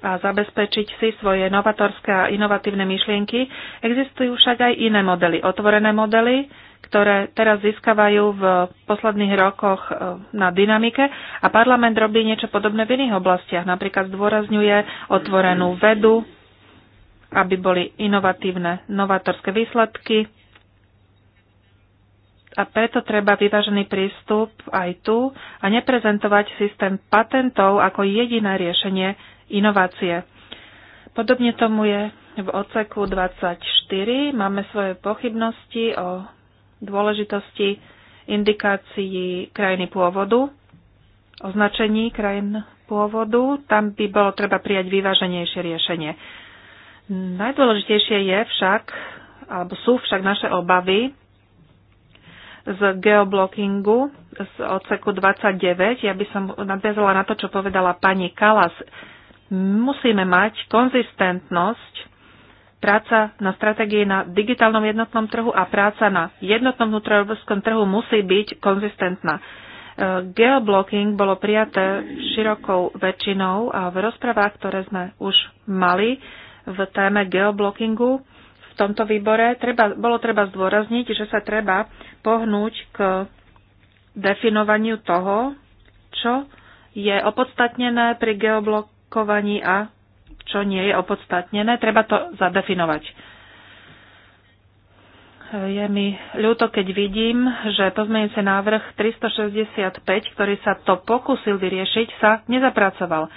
a zabezpečiť si svoje novatorské a inovatívne myšlienky. Existujú však aj iné modely, otvorené modely, ktoré teraz získavajú v posledných rokoch e, na dynamike a parlament robí niečo podobné v iných oblastiach. Napríklad zdôrazňuje otvorenú vedu, aby boli inovatívne, novatorské výsledky. A preto treba vyvážený prístup aj tu a neprezentovať systém patentov ako jediné riešenie inovácie. Podobne tomu je v oceku 24. Máme svoje pochybnosti o dôležitosti indikácií krajiny pôvodu, označení krajín pôvodu. Tam by bolo treba prijať vyváženejšie riešenie. Najdôležitejšie je však, alebo sú však naše obavy z geoblockingu z odseku 29. Ja by som nadviazala na to, čo povedala pani Kalas. Musíme mať konzistentnosť práca na stratégii na digitálnom jednotnom trhu a práca na jednotnom vnútroeurópskom trhu musí byť konzistentná. E, geoblocking bolo prijaté širokou väčšinou a v rozprávach, ktoré sme už mali, v téme geoblockingu v tomto výbore, treba, bolo treba zdôrazniť, že sa treba pohnúť k definovaniu toho, čo je opodstatnené pri geoblokovaní a čo nie je opodstatnené. Treba to zadefinovať. Je mi ľúto, keď vidím, že pozmeňujúci návrh 365, ktorý sa to pokusil vyriešiť, sa nezapracoval.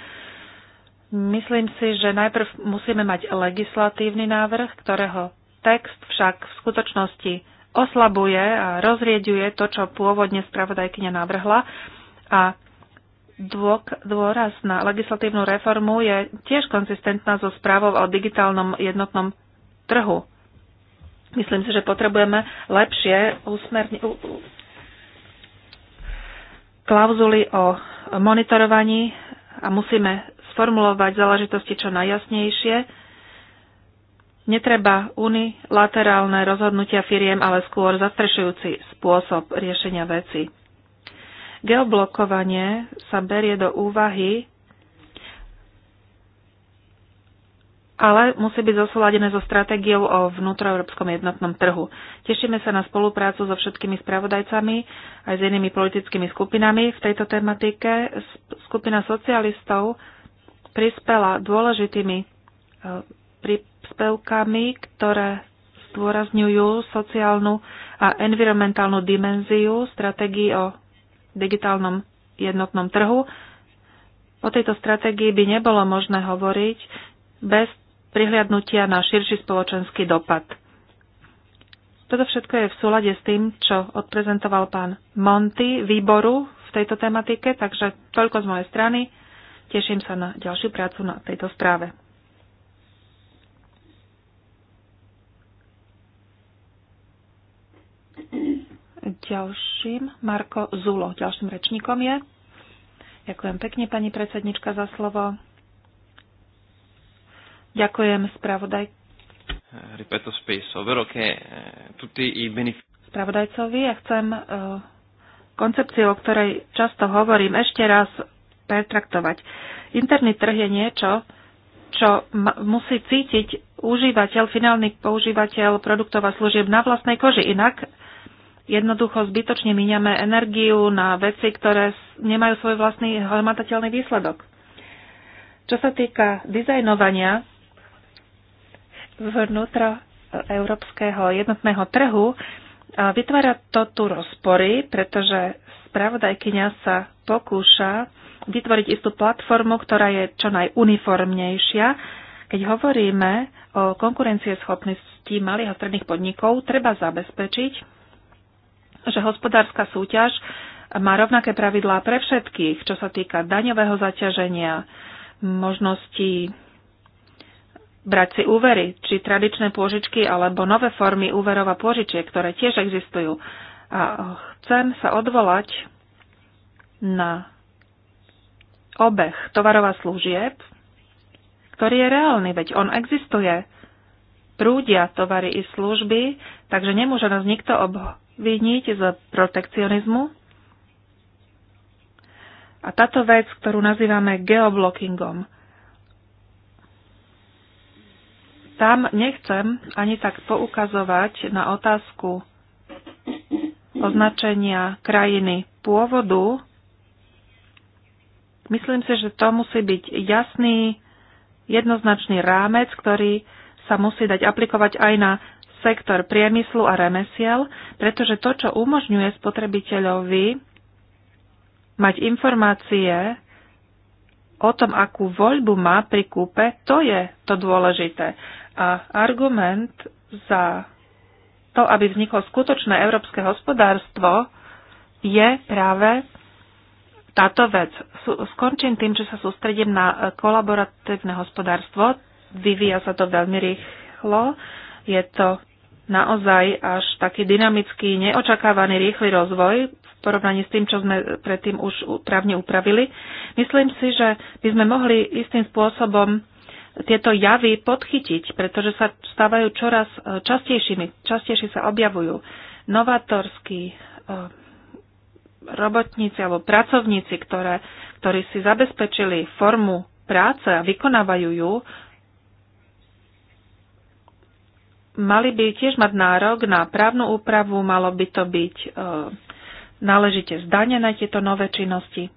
Myslím si, že najprv musíme mať legislatívny návrh, ktorého text však v skutočnosti oslabuje a rozrieďuje to, čo pôvodne spravodajkyňa navrhla a dôraz na legislatívnu reformu je tiež konzistentná so správou o digitálnom jednotnom trhu. Myslím si, že potrebujeme lepšie usmerni- klauzuly o monitorovaní a musíme formulovať záležitosti čo najjasnejšie. Netreba unilaterálne rozhodnutia firiem, ale skôr zastrešujúci spôsob riešenia veci. Geoblokovanie sa berie do úvahy, ale musí byť zosúladené so stratégiou o vnútroeurópskom jednotnom trhu. Tešíme sa na spoluprácu so všetkými spravodajcami aj s inými politickými skupinami v tejto tematike. Skupina socialistov prispela dôležitými e, príspevkami, ktoré zdôrazňujú sociálnu a environmentálnu dimenziu stratégii o digitálnom jednotnom trhu. O tejto stratégii by nebolo možné hovoriť bez prihliadnutia na širší spoločenský dopad. Toto všetko je v súlade s tým, čo odprezentoval pán Monty výboru v tejto tematike, takže toľko z mojej strany. Teším sa na ďalšiu prácu na tejto správe. Ďalším, Marko Zulo, ďalším rečníkom je. Ďakujem pekne, pani predsednička, za slovo. Ďakujem spravodaj... Ripeto spesso, ovvero eh, tutti i benefici... Spravodajcovi, ja chcem eh, koncepciu, o ktorej často hovorím, ešte raz pertraktovať. Interný trh je niečo, čo musí cítiť užívateľ, finálny používateľ produktov a služieb na vlastnej koži. Inak jednoducho zbytočne míňame energiu na veci, ktoré nemajú svoj vlastný hmatateľný výsledok. Čo sa týka dizajnovania vnútra európskeho jednotného trhu, Vytvára to tu rozpory, pretože spravodajkyňa sa pokúša vytvoriť istú platformu, ktorá je čo najuniformnejšia. Keď hovoríme o konkurencieschopnosti malých a stredných podnikov, treba zabezpečiť, že hospodárska súťaž má rovnaké pravidlá pre všetkých, čo sa týka daňového zaťaženia, možnosti brať si úvery, či tradičné pôžičky alebo nové formy úverov a pôžičiek, ktoré tiež existujú. A chcem sa odvolať na obeh tovarová služieb, ktorý je reálny, veď on existuje. Prúdia tovary i služby, takže nemôže nás nikto obviniť z protekcionizmu. A táto vec, ktorú nazývame geoblockingom, Tam nechcem ani tak poukazovať na otázku označenia krajiny pôvodu. Myslím si, že to musí byť jasný, jednoznačný rámec, ktorý sa musí dať aplikovať aj na sektor priemyslu a remesiel, pretože to, čo umožňuje spotrebiteľovi mať informácie o tom, akú voľbu má pri kúpe, to je to dôležité. A argument za to, aby vzniklo skutočné európske hospodárstvo, je práve táto vec. Skončím tým, že sa sústredím na kolaboratívne hospodárstvo. Vyvíja sa to veľmi rýchlo. Je to naozaj až taký dynamický, neočakávaný rýchly rozvoj v porovnaní s tým, čo sme predtým už právne upravili. Myslím si, že by sme mohli istým spôsobom tieto javy podchytiť, pretože sa stávajú čoraz e, častejšími, častejšie sa objavujú. Novatorskí e, robotníci alebo pracovníci, ktoré, ktorí si zabezpečili formu práce a vykonávajú ju, mali by tiež mať nárok na právnu úpravu, malo by to byť e, náležite zdanené tieto nové činnosti.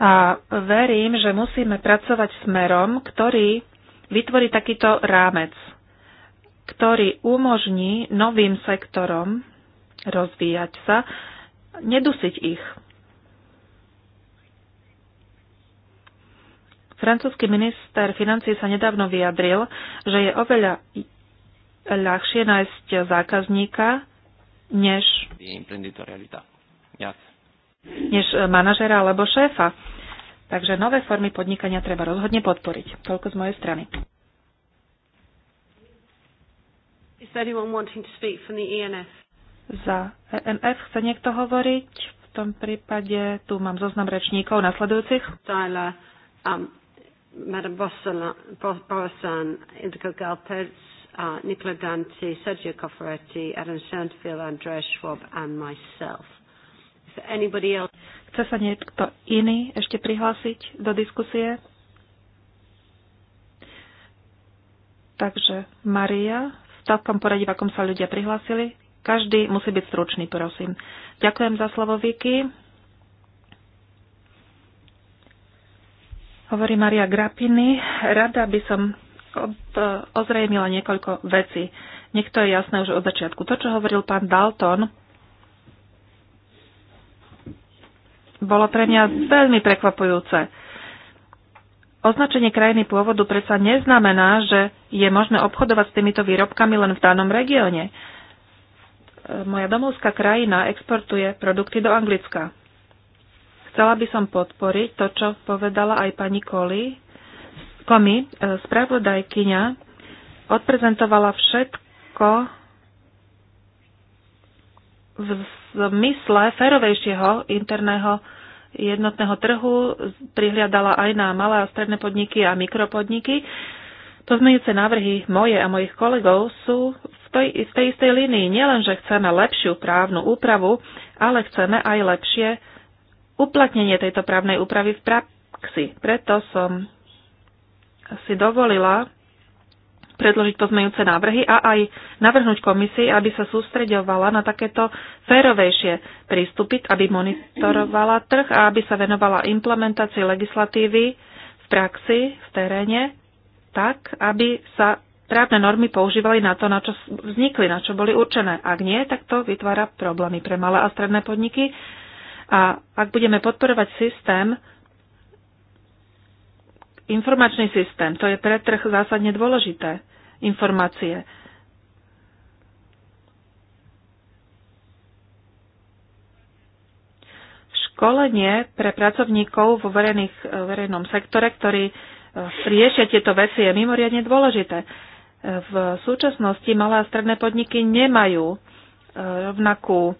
A verím, že musíme pracovať smerom, ktorý vytvorí takýto rámec, ktorý umožní novým sektorom rozvíjať sa, nedusiť ich. Francúzsky minister financí sa nedávno vyjadril, že je oveľa ľahšie nájsť zákazníka, než... Yes než e, manažera alebo šéfa. Takže nové formy podnikania treba rozhodne podporiť. Toľko z mojej strany. E Za ENF chce niekto hovoriť? V tom prípade tu mám zoznam rečníkov nasledujúcich. Tyler, um, Madame Borsan, Indigo Galpers, uh, Nicola Dante, Sergio Cofferetti, Adam Sandfield, Andrea Schwab and myself. Chce sa niekto iný ešte prihlásiť do diskusie? Takže Maria, v takom poradí, v akom sa ľudia prihlásili. Každý musí byť stručný, prosím. Ďakujem za slovo, Vicky. Hovorí Maria Grapiny. Rada by som ozrejmila niekoľko vecí. Niekto je jasné už od začiatku. To, čo hovoril pán Dalton, bolo pre mňa veľmi prekvapujúce. Označenie krajiny pôvodu predsa neznamená, že je možné obchodovať s týmito výrobkami len v danom regióne. E, moja domovská krajina exportuje produkty do Anglicka. Chcela by som podporiť to, čo povedala aj pani Koli. Komi, e, spravodajkyňa, odprezentovala všetko v zmysle férovejšieho interného jednotného trhu prihliadala aj na malé a stredné podniky a mikropodniky. Pozmejúce návrhy moje a mojich kolegov sú v tej, v tej istej línii. Nielen, že chceme lepšiu právnu úpravu, ale chceme aj lepšie uplatnenie tejto právnej úpravy v praxi. Preto som si dovolila predložiť pozmejúce návrhy a aj navrhnúť komisii, aby sa sústreďovala na takéto férovejšie prístupy, aby monitorovala trh a aby sa venovala implementácii legislatívy v praxi, v teréne, tak, aby sa právne normy používali na to, na čo vznikli, na čo boli určené. Ak nie, tak to vytvára problémy pre malé a stredné podniky. A ak budeme podporovať systém, informačný systém. To je pre trh zásadne dôležité. Informácie. Školenie pre pracovníkov vo verejných, eh, verejnom sektore, ktorí eh, riešia tieto veci, je mimoriadne dôležité. Eh, v súčasnosti malé a stredné podniky nemajú rovnakú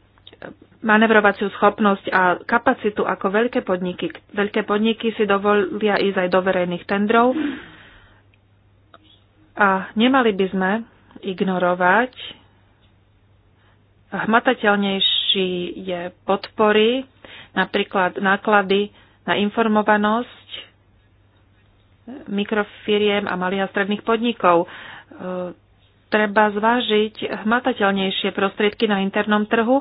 manevrovaciu schopnosť a kapacitu ako veľké podniky. Veľké podniky si dovolia ísť aj do verejných tendrov a nemali by sme ignorovať hmatateľnejší je podpory, napríklad náklady na informovanosť mikrofiriem a malých a stredných podnikov e, treba zvážiť hmatateľnejšie prostriedky na internom trhu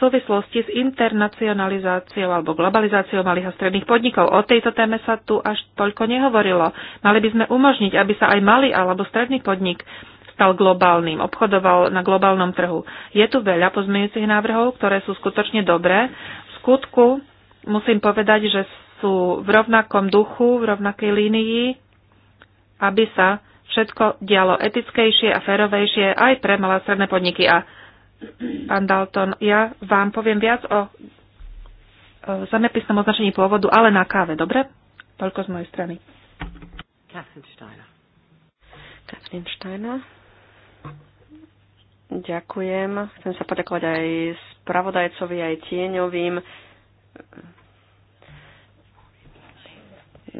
súvislosti s internacionalizáciou alebo globalizáciou malých a stredných podnikov. O tejto téme sa tu až toľko nehovorilo. Mali by sme umožniť, aby sa aj malý alebo stredný podnik stal globálnym, obchodoval na globálnom trhu. Je tu veľa pozmeňujúcich návrhov, ktoré sú skutočne dobré. V skutku musím povedať, že sú v rovnakom duchu, v rovnakej línii, aby sa všetko dialo etickejšie a férovejšie aj pre malé stredné podniky. A pán Dalton. Ja vám poviem viac o zemepisnom označení pôvodu, ale na káve, dobre? Toľko z mojej strany. Katrin Steiner. Katrin Steiner. Ďakujem. Chcem sa poďakovať aj spravodajcovi, aj tieňovým.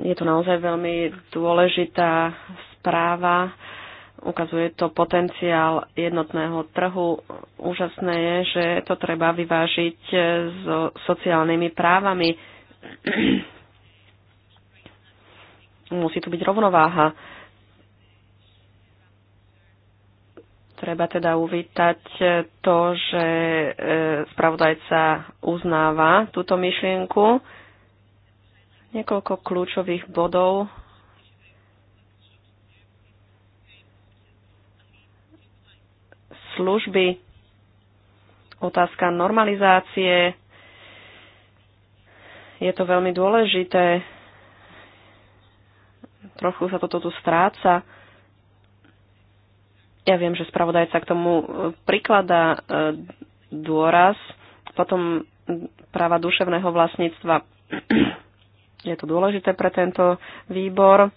Je to naozaj veľmi dôležitá správa ukazuje to potenciál jednotného trhu. Úžasné je, že to treba vyvážiť so sociálnymi právami. [CLEARS THROAT] Musí tu byť rovnováha. Treba teda uvítať to, že e, spravodajca uznáva túto myšlienku. Niekoľko kľúčových bodov služby, otázka normalizácie. Je to veľmi dôležité. Trochu sa toto tu stráca. Ja viem, že spravodajca k tomu e, prikladá e, dôraz. Potom práva duševného vlastníctva. [CLEARS THROAT] Je to dôležité pre tento výbor.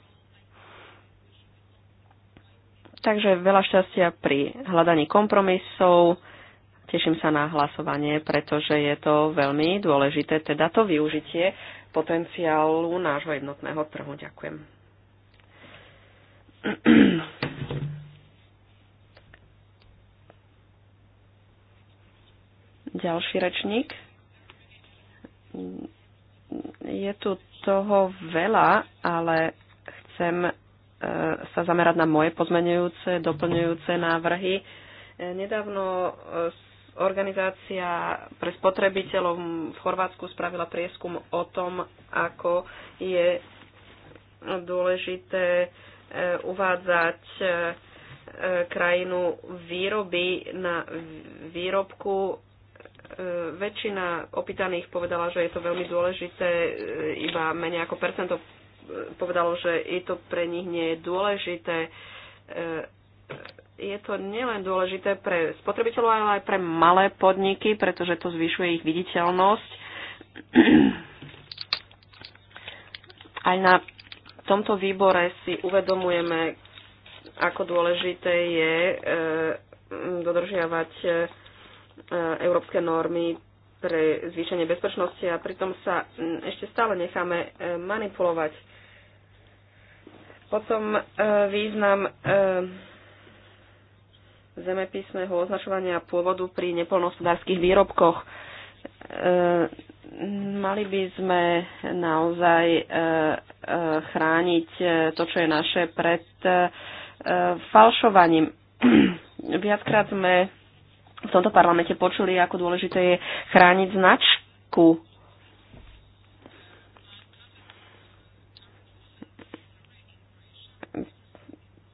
Takže veľa šťastia pri hľadaní kompromisov. Teším sa na hlasovanie, pretože je to veľmi dôležité, teda to využitie potenciálu nášho jednotného trhu. Ďakujem. Ďalší rečník. Je tu toho veľa, ale chcem E, sa zamerať na moje pozmenujúce, doplňujúce návrhy. E, nedávno e, organizácia pre spotrebiteľov v Chorvátsku spravila prieskum o tom, ako je dôležité uvádzať krajinu výroby na výrobku. Väčšina opýtaných povedala, že je to veľmi dôležité, iba menej ako percento povedalo, že je to pre nich nie je dôležité. E, e, je to nielen dôležité pre spotrebiteľov, ale aj pre malé podniky, pretože to zvyšuje ich viditeľnosť. [CLEARS THROAT] Aj na tomto výbore si uvedomujeme, ako dôležité je e, dodržiavať európske normy pre zvýšenie bezpečnosti a pritom sa mm, ešte stále necháme e, manipulovať. Potom e, význam e, zemepísneho označovania pôvodu pri nepolnohospodárských výrobkoch. Mali by sme naozaj chrániť to, čo je naše pred falšovaním. [CLEARS THROAT] Viackrát sme v tomto parlamente počuli, ako dôležité je chrániť značku.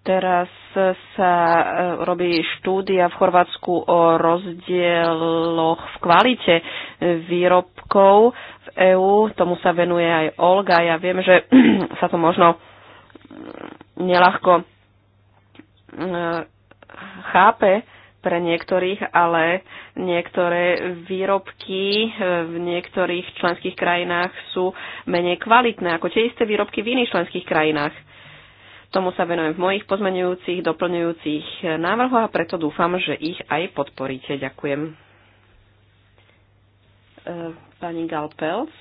Teraz sa e, robí štúdia v Chorvátsku o rozdieloch v kvalite výrobkov v EÚ. Tomu sa venuje aj Olga. Ja viem, že [CLEARS THROAT] sa to možno nelahko e, chápe, pre niektorých, ale niektoré výrobky e, v niektorých členských krajinách sú menej kvalitné ako tie isté výrobky v iných členských krajinách. Tomu sa venujem v mojich pozmenujúcich, doplňujúcich návrhoch a preto dúfam, že ich aj podporíte. Ďakujem. E, pani Galpels.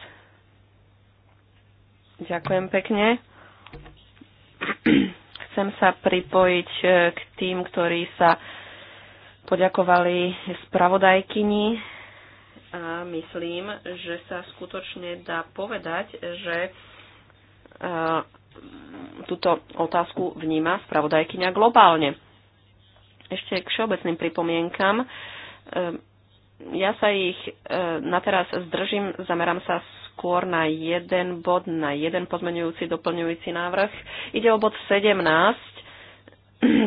Ďakujem pekne chcem sa pripojiť e, k tým, ktorí sa poďakovali spravodajkyni a myslím, že sa skutočne dá povedať, že túto otázku vníma spravodajkyňa globálne. Ešte k všeobecným pripomienkam. E, ja sa ich e, na teraz zdržím, zamerám sa skôr na jeden bod, na jeden pozmenujúci, doplňujúci návrh. Ide o bod 17,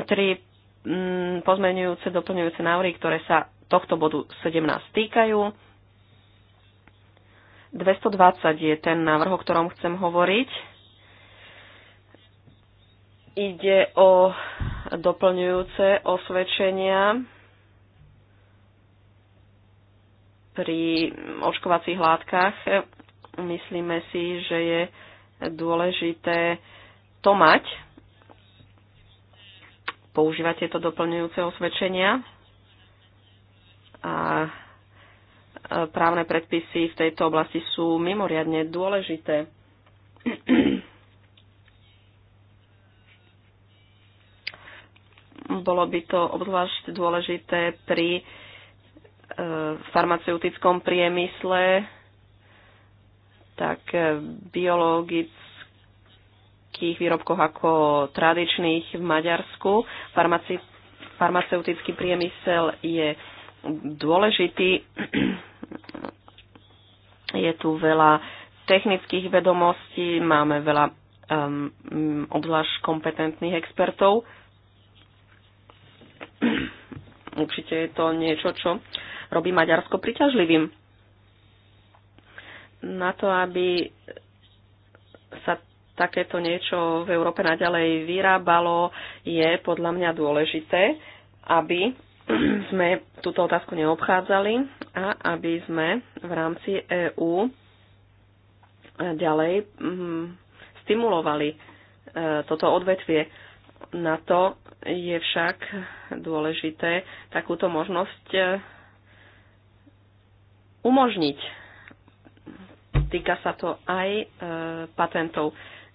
ktorý Mm, pozmenujúce, doplňujúce návrhy, ktoré sa tohto bodu 17 týkajú. 220 je ten návrh, o ktorom chcem hovoriť. Ide o doplňujúce osvedčenia pri očkovacích látkach. Myslíme si, že je dôležité to mať používať tieto doplňujúce osvedčenia. A e, právne predpisy v tejto oblasti sú mimoriadne dôležité. [CLEARS THROAT] Bolo by to obzvlášť dôležité pri e, farmaceutickom priemysle, tak e, biologic, farmaceutických výrobkoch ako tradičných v Maďarsku. Farmaci, farmaceutický priemysel je dôležitý. Je tu veľa technických vedomostí, máme veľa um, obzvlášť kompetentných expertov. Určite je to niečo, čo robí Maďarsko priťažlivým. Na to, aby sa takéto niečo v Európe naďalej vyrábalo, je podľa mňa dôležité, aby [CLEARS THROAT] sme túto otázku neobchádzali a aby sme v rámci EÚ e, ďalej mm, stimulovali e, toto odvetvie. Na to je však dôležité takúto možnosť e, umožniť. Týka sa to aj patentov.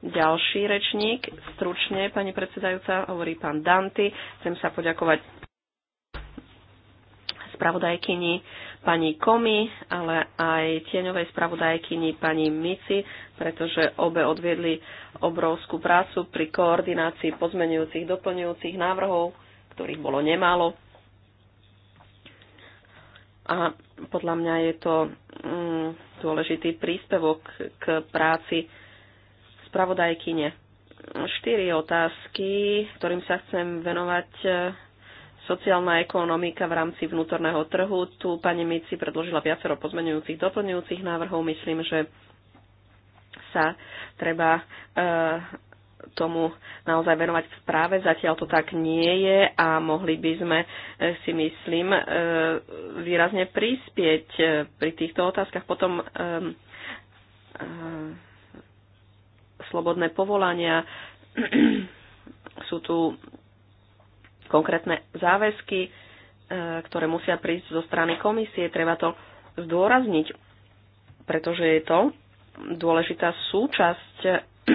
Ďalší rečník, stručne, pani predsedajúca, hovorí pán Danty. Chcem sa poďakovať spravodajkyni pani Komi, ale aj tieňovej spravodajkyni pani Mici, pretože obe odviedli obrovskú prácu pri koordinácii pozmenujúcich, doplňujúcich návrhov, ktorých bolo nemálo. A podľa mňa je to mm, dôležitý príspevok k práci spravodajkyne. Štyri otázky, ktorým sa chcem venovať. Sociálna ekonomika v rámci vnútorného trhu. Tu pani Mici predložila viacero pozmenujúcich, doplňujúcich návrhov. Myslím, že sa treba eh, tomu naozaj venovať v správe. Zatiaľ to tak nie je a mohli by sme eh, si myslím eh, výrazne prispieť pri týchto otázkach. Potom slobodné povolania. [CLEARS THROAT] Sú tu konkrétne záväzky, e, ktoré musia prísť zo strany komisie. Treba to zdôrazniť, pretože je to dôležitá súčasť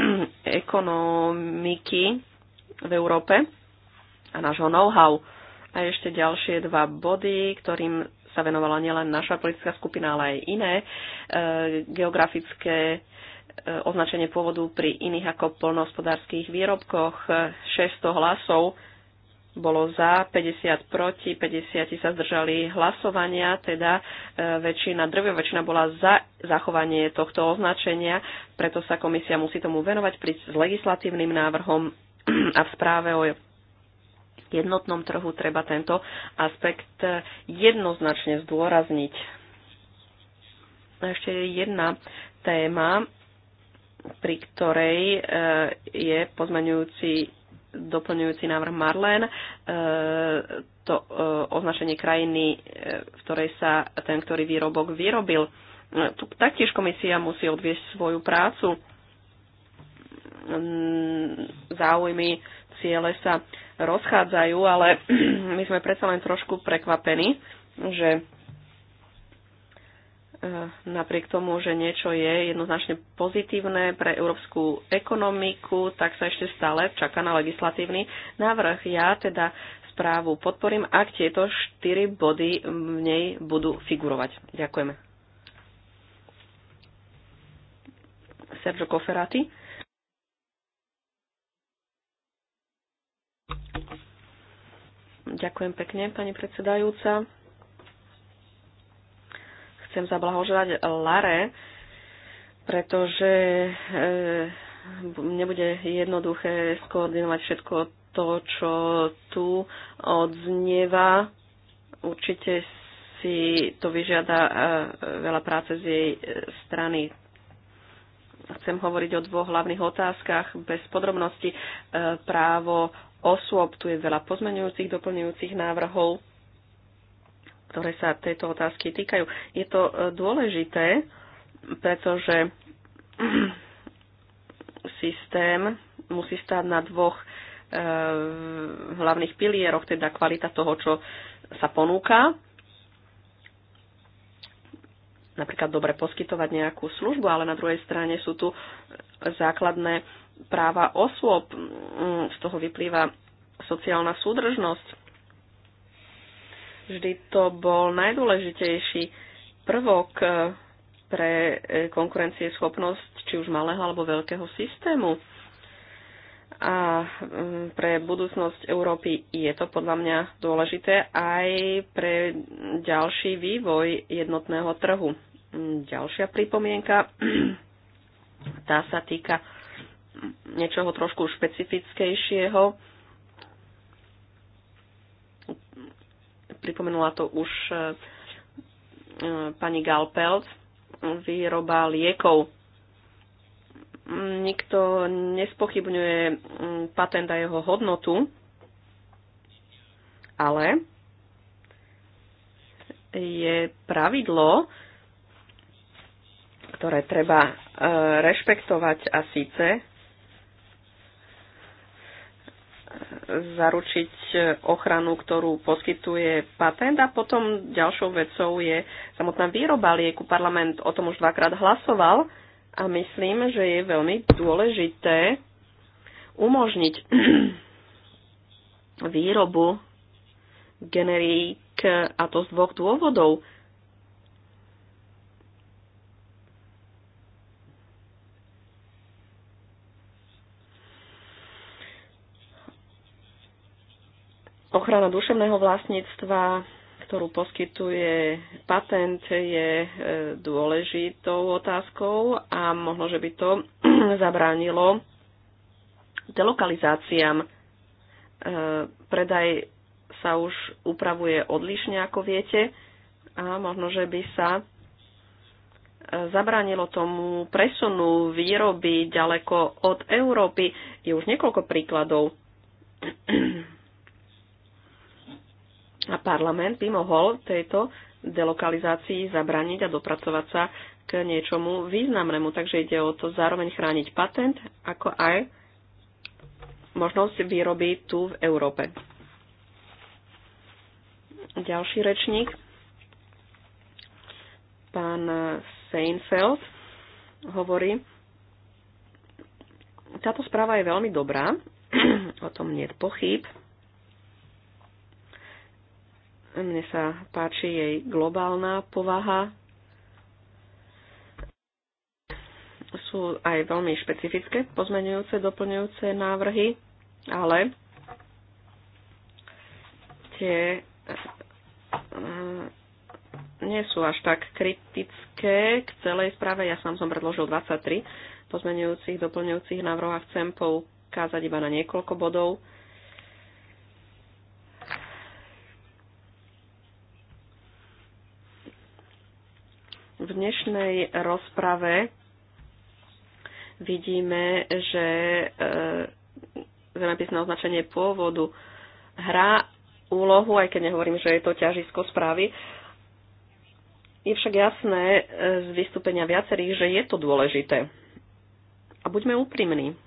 [CLEARS THROAT] ekonomiky v Európe a nášho know-how. A ešte ďalšie dva body, ktorým sa venovala nielen naša politická skupina, ale aj iné. E, geografické E, označenie pôvodu pri iných ako polnohospodárských výrobkoch. 600 hlasov bolo za, 50 proti, 50 sa zdržali hlasovania, teda e, väčšina, drvia väčšina bola za zachovanie tohto označenia, preto sa komisia musí tomu venovať pri s legislatívnym návrhom [CLEARS THROAT] a v správe o jednotnom trhu treba tento aspekt e, jednoznačne zdôrazniť. A ešte jedna téma, pri ktorej e, je pozmeňujúci doplňujúci návrh Marlen, e, to e, označenie krajiny, v ktorej sa ten, ktorý výrobok vyrobil. Tu taktiež komisia musí odviesť svoju prácu. Mm, záujmy, ciele sa rozchádzajú, ale [CLEARS THROAT] my sme predsa len trošku prekvapení, že Eh, napriek tomu, že niečo je jednoznačne pozitívne pre európsku ekonomiku, tak sa ešte stále čaká na legislatívny návrh. Ja teda správu podporím, ak tieto štyri body v nej budú figurovať. Ďakujeme. Sergio Koferati. Ďakujem pekne, pani predsedajúca chcem zablahoželať Lare, pretože e, nebude jednoduché skoordinovať všetko to, čo tu odznieva. Určite si to vyžiada e, veľa práce z jej e, strany. Chcem hovoriť o dvoch hlavných otázkach bez podrobnosti. Právo osôb, tu je veľa pozmenujúcich, doplňujúcich návrhov ktoré sa tejto otázky týkajú. Je to e, dôležité, pretože [CLEARS THROAT] systém musí stáť na dvoch e, hlavných pilieroch, teda kvalita toho, čo sa ponúka, napríklad dobre poskytovať nejakú službu, ale na druhej strane sú tu základné práva osôb, mm, z toho vyplýva sociálna súdržnosť. Vždy to bol najdôležitejší prvok eh, pre eh, konkurencie schopnosť či už malého alebo veľkého systému. A mm, pre budúcnosť Európy je to podľa mňa dôležité aj pre ďalší vývoj jednotného trhu. Mm, ďalšia pripomienka, [CLEARS THROAT] tá sa týka mm, niečoho trošku špecifickejšieho pripomenula to už e, pani Galpelt, výroba liekov. Nikto nespochybňuje patent a jeho hodnotu, ale je pravidlo, ktoré treba e, rešpektovať a síce zaručiť ochranu, ktorú poskytuje patent a potom ďalšou vecou je samotná výroba lieku. Parlament o tom už dvakrát hlasoval a myslím, že je veľmi dôležité umožniť [CLEARS THROAT] výrobu generík a to z dvoch dôvodov. Ochrana duševného vlastníctva, ktorú poskytuje patent, je e, dôležitou otázkou a možno, že by to [CLEARS THROAT] zabránilo delokalizáciám. E, predaj sa už upravuje odlišne, ako viete, a možno, že by sa e, zabránilo tomu presunu výroby ďaleko od Európy. Je už niekoľko príkladov a parlament by mohol tejto delokalizácii zabraniť a dopracovať sa k niečomu významnému. Takže ide o to zároveň chrániť patent, ako aj možnosť výroby tu v Európe. Ďalší rečník, pán Seinfeld, hovorí, táto správa je veľmi dobrá, [CLEARS THROAT] o tom nie je pochyb, mne sa páči jej globálna povaha. Sú aj veľmi špecifické pozmenujúce, doplňujúce návrhy, ale tie eh, nie sú až tak kritické k celej správe. Ja sám som predložil 23 pozmenujúcich, doplňujúcich návrhov a chcem poukázať iba na niekoľko bodov. V dnešnej rozprave vidíme, že e, zemepisné označenie pôvodu hrá úlohu, aj keď nehovorím, že je to ťažisko správy. Je však jasné e, z vystúpenia viacerých, že je to dôležité. A buďme úprimní.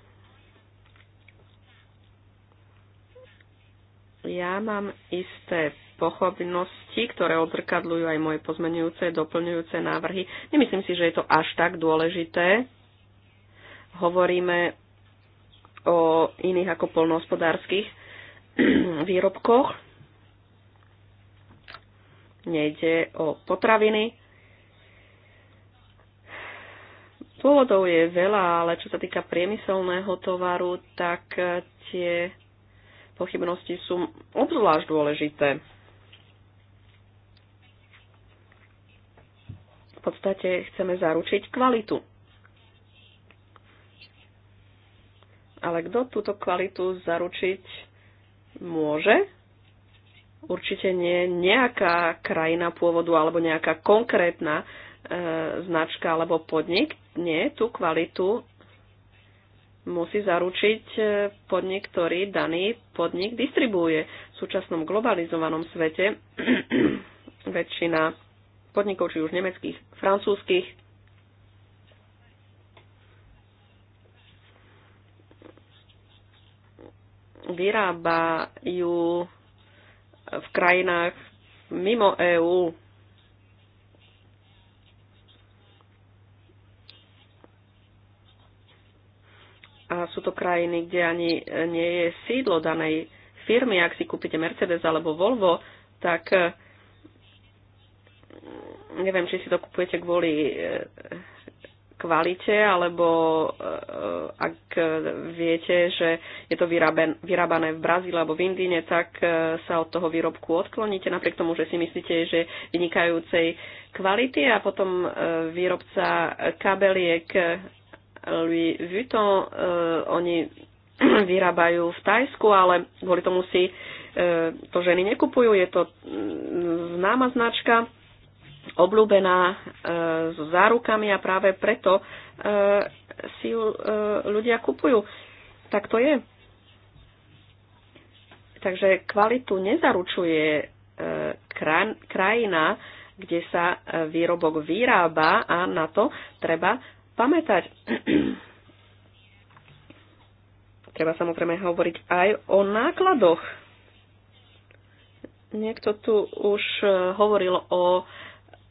Ja mám isté pochopnosti, ktoré odzrkadľujú aj moje pozmenujúce, doplňujúce návrhy. Nemyslím si, že je to až tak dôležité. Hovoríme o iných ako polnohospodárskych [CLEARS THROAT] výrobkoch. Nejde o potraviny. Pôvodov je veľa, ale čo sa týka priemyselného tovaru, tak tie pochybnosti sú obzvlášť dôležité. podstate chceme zaručiť kvalitu. Ale kto túto kvalitu zaručiť môže? Určite nie nejaká krajina pôvodu alebo nejaká konkrétna e, značka alebo podnik. Nie, tú kvalitu musí zaručiť e, podnik, ktorý daný podnik distribuuje. V súčasnom globalizovanom svete [CLEARS THROAT] väčšina podnikov, či už nemeckých, francúzskych. Vyrábajú v krajinách mimo EÚ. A sú to krajiny, kde ani nie je sídlo danej firmy. Ak si kúpite Mercedes alebo Volvo, tak neviem, či si to kupujete kvôli e, kvalite, alebo e, ak viete, že je to vyrábané v Brazílii alebo v Indíne, tak e, sa od toho výrobku odkloníte, napriek tomu, že si myslíte, že vynikajúcej kvality a potom výrobca kabeliek Louis Vuitton, oni [CLEARS THROAT] vyrábajú v Tajsku, ale kvôli tomu si to ženy nekupujú, je to mm, známa značka, obľúbená e, s zárukami a práve preto e, si ju e, ľudia kupujú. Tak to je. Takže kvalitu nezaručuje krajina, kde sa výrobok vyrába a na to treba pamätať. [CLEARS THROAT] treba samozrejme hovoriť aj o nákladoch. Niekto tu už hovoril o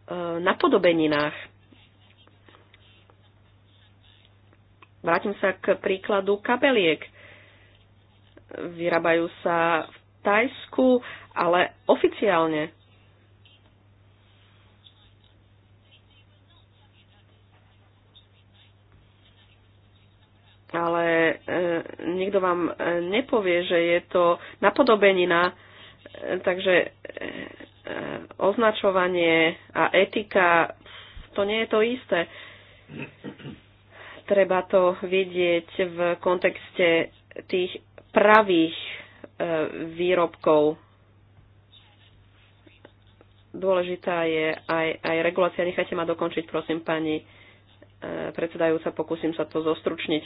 Eh, napodobeninách. Vrátim sa k príkladu kabeliek. Vyrábajú sa v Tajsku, ale oficiálne. Ale e, nikto vám eh, nepovie, že je to napodobenina, takže e, E, označovanie a etika, to nie je to isté. Treba to vidieť v kontexte tých pravých e, výrobkov. Dôležitá je aj, aj regulácia. Nechajte ma dokončiť, prosím, pani e, predsedajúca, pokúsim sa to zostručniť.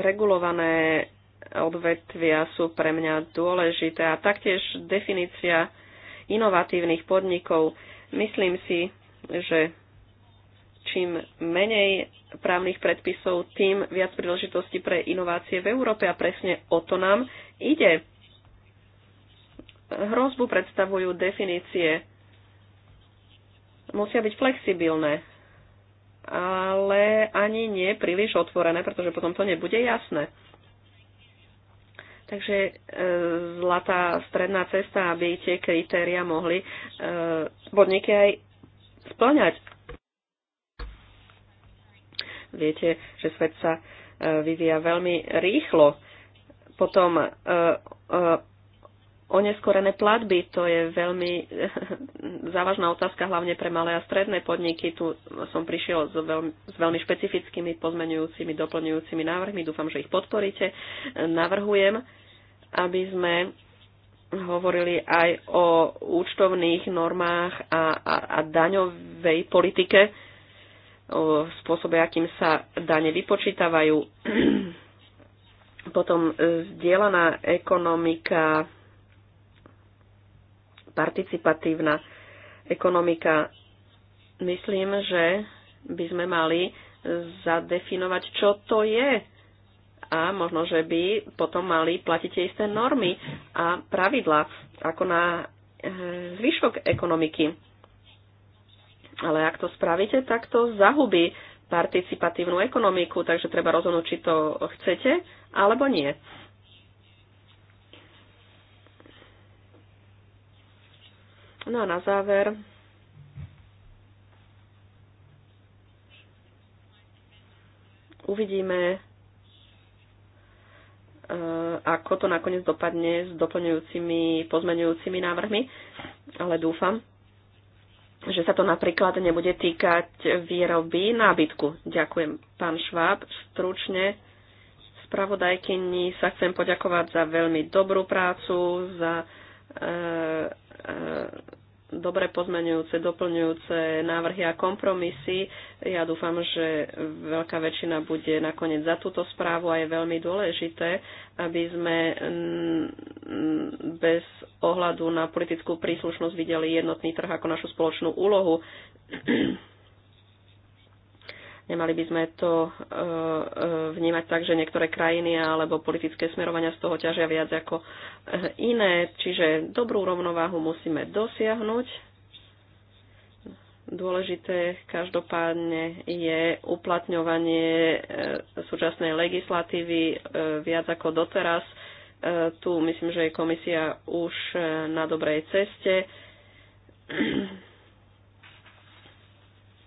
Regulované odvetvia sú pre mňa dôležité a taktiež definícia inovatívnych podnikov. Myslím si, že čím menej právnych predpisov, tým viac príležitostí pre inovácie v Európe a presne o to nám ide. Hrozbu predstavujú definície. Musia byť flexibilné, ale ani nie príliš otvorené, pretože potom to nebude jasné. Takže e, zlatá stredná cesta, aby tie kritéria mohli e, podniky aj splňať. Viete, že svet sa e, vyvíja veľmi rýchlo. Potom e, e, oneskorené platby, to je veľmi [LAUGHS] závažná otázka, hlavne pre malé a stredné podniky. Tu som prišiel s veľmi, s veľmi špecifickými pozmenujúcimi, doplňujúcimi návrhmi. Dúfam, že ich podporíte. Navrhujem, aby sme hovorili aj o účtovných normách a, a, a daňovej politike, o spôsobe, akým sa dane vypočítavajú. [CLEARS THROAT] Potom e, zdieľaná ekonomika participatívna ekonomika. Myslím, že by sme mali zadefinovať, čo to je. A možno, že by potom mali platiť tie isté normy a pravidla, ako na e, zvyšok ekonomiky. Ale ak to spravíte, tak to zahubí participatívnu ekonomiku, takže treba rozhodnúť, či to chcete alebo nie. No a na záver uvidíme, e, ako to nakoniec dopadne s doplňujúcimi, pozmenujúcimi návrhmi, ale dúfam, že sa to napríklad nebude týkať výroby nábytku. Ďakujem, pán Šváb. Stručne spravodajkyni sa chcem poďakovať za veľmi dobrú prácu, za E, e, dobre pozmenujúce, doplňujúce návrhy a kompromisy. Ja dúfam, že veľká väčšina bude nakoniec za túto správu a je veľmi dôležité, aby sme bez ohľadu na politickú príslušnosť videli jednotný trh ako našu spoločnú úlohu. Nemali by sme to e, e, vnímať tak, že niektoré krajiny alebo politické smerovania z toho ťažia viac ako e, iné, čiže dobrú rovnováhu musíme dosiahnuť. Dôležité každopádne je uplatňovanie súčasnej legislatívy viac ako doteraz. Tu myslím, že je komisia už na dobrej ceste.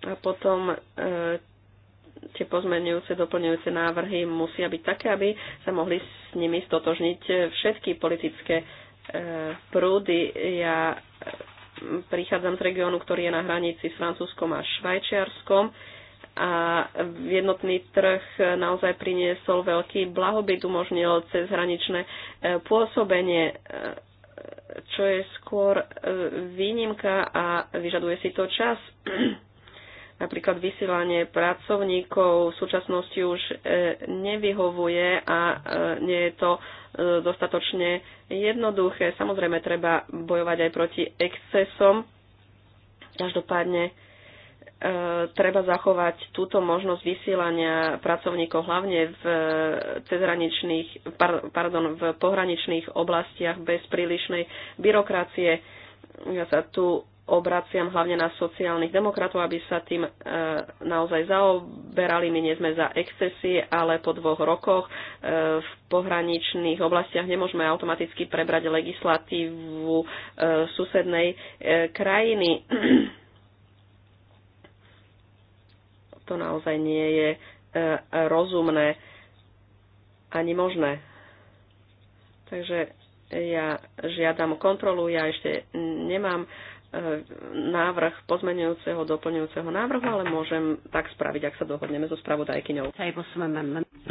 A potom tie pozmenujúce, doplňujúce návrhy musia byť také, aby sa mohli s nimi stotožniť všetky politické e, prúdy. Ja e, prichádzam z regiónu, ktorý je na hranici s Francúzskom a Švajčiarskom a jednotný trh naozaj priniesol veľký blahobyt, umožnil cezhraničné e, pôsobenie, čo je skôr výnimka a vyžaduje si to čas. [CLEARS THROAT] Napríklad vysielanie pracovníkov v súčasnosti už e, nevyhovuje a e, nie je to e, dostatočne jednoduché. Samozrejme, treba bojovať aj proti excesom. Každopádne treba zachovať túto možnosť vysielania pracovníkov hlavne v cezhraničných, pardon, v pohraničných oblastiach bez prílišnej byrokracie. Ja sa tu obraciam hlavne na sociálnych demokratov, aby sa tým e, naozaj zaoberali. My nie sme za excesy, ale po dvoch rokoch e, v pohraničných oblastiach nemôžeme automaticky prebrať legislatívu e, susednej e, krajiny. [CLEARS THROAT] to naozaj nie je e, rozumné ani možné. Takže ja žiadam kontrolu, ja ešte nemám e, E, návrh pozmenujúceho, doplňujúceho návrhu, ale môžem tak spraviť, ak sa dohodneme so spravodajkyňou.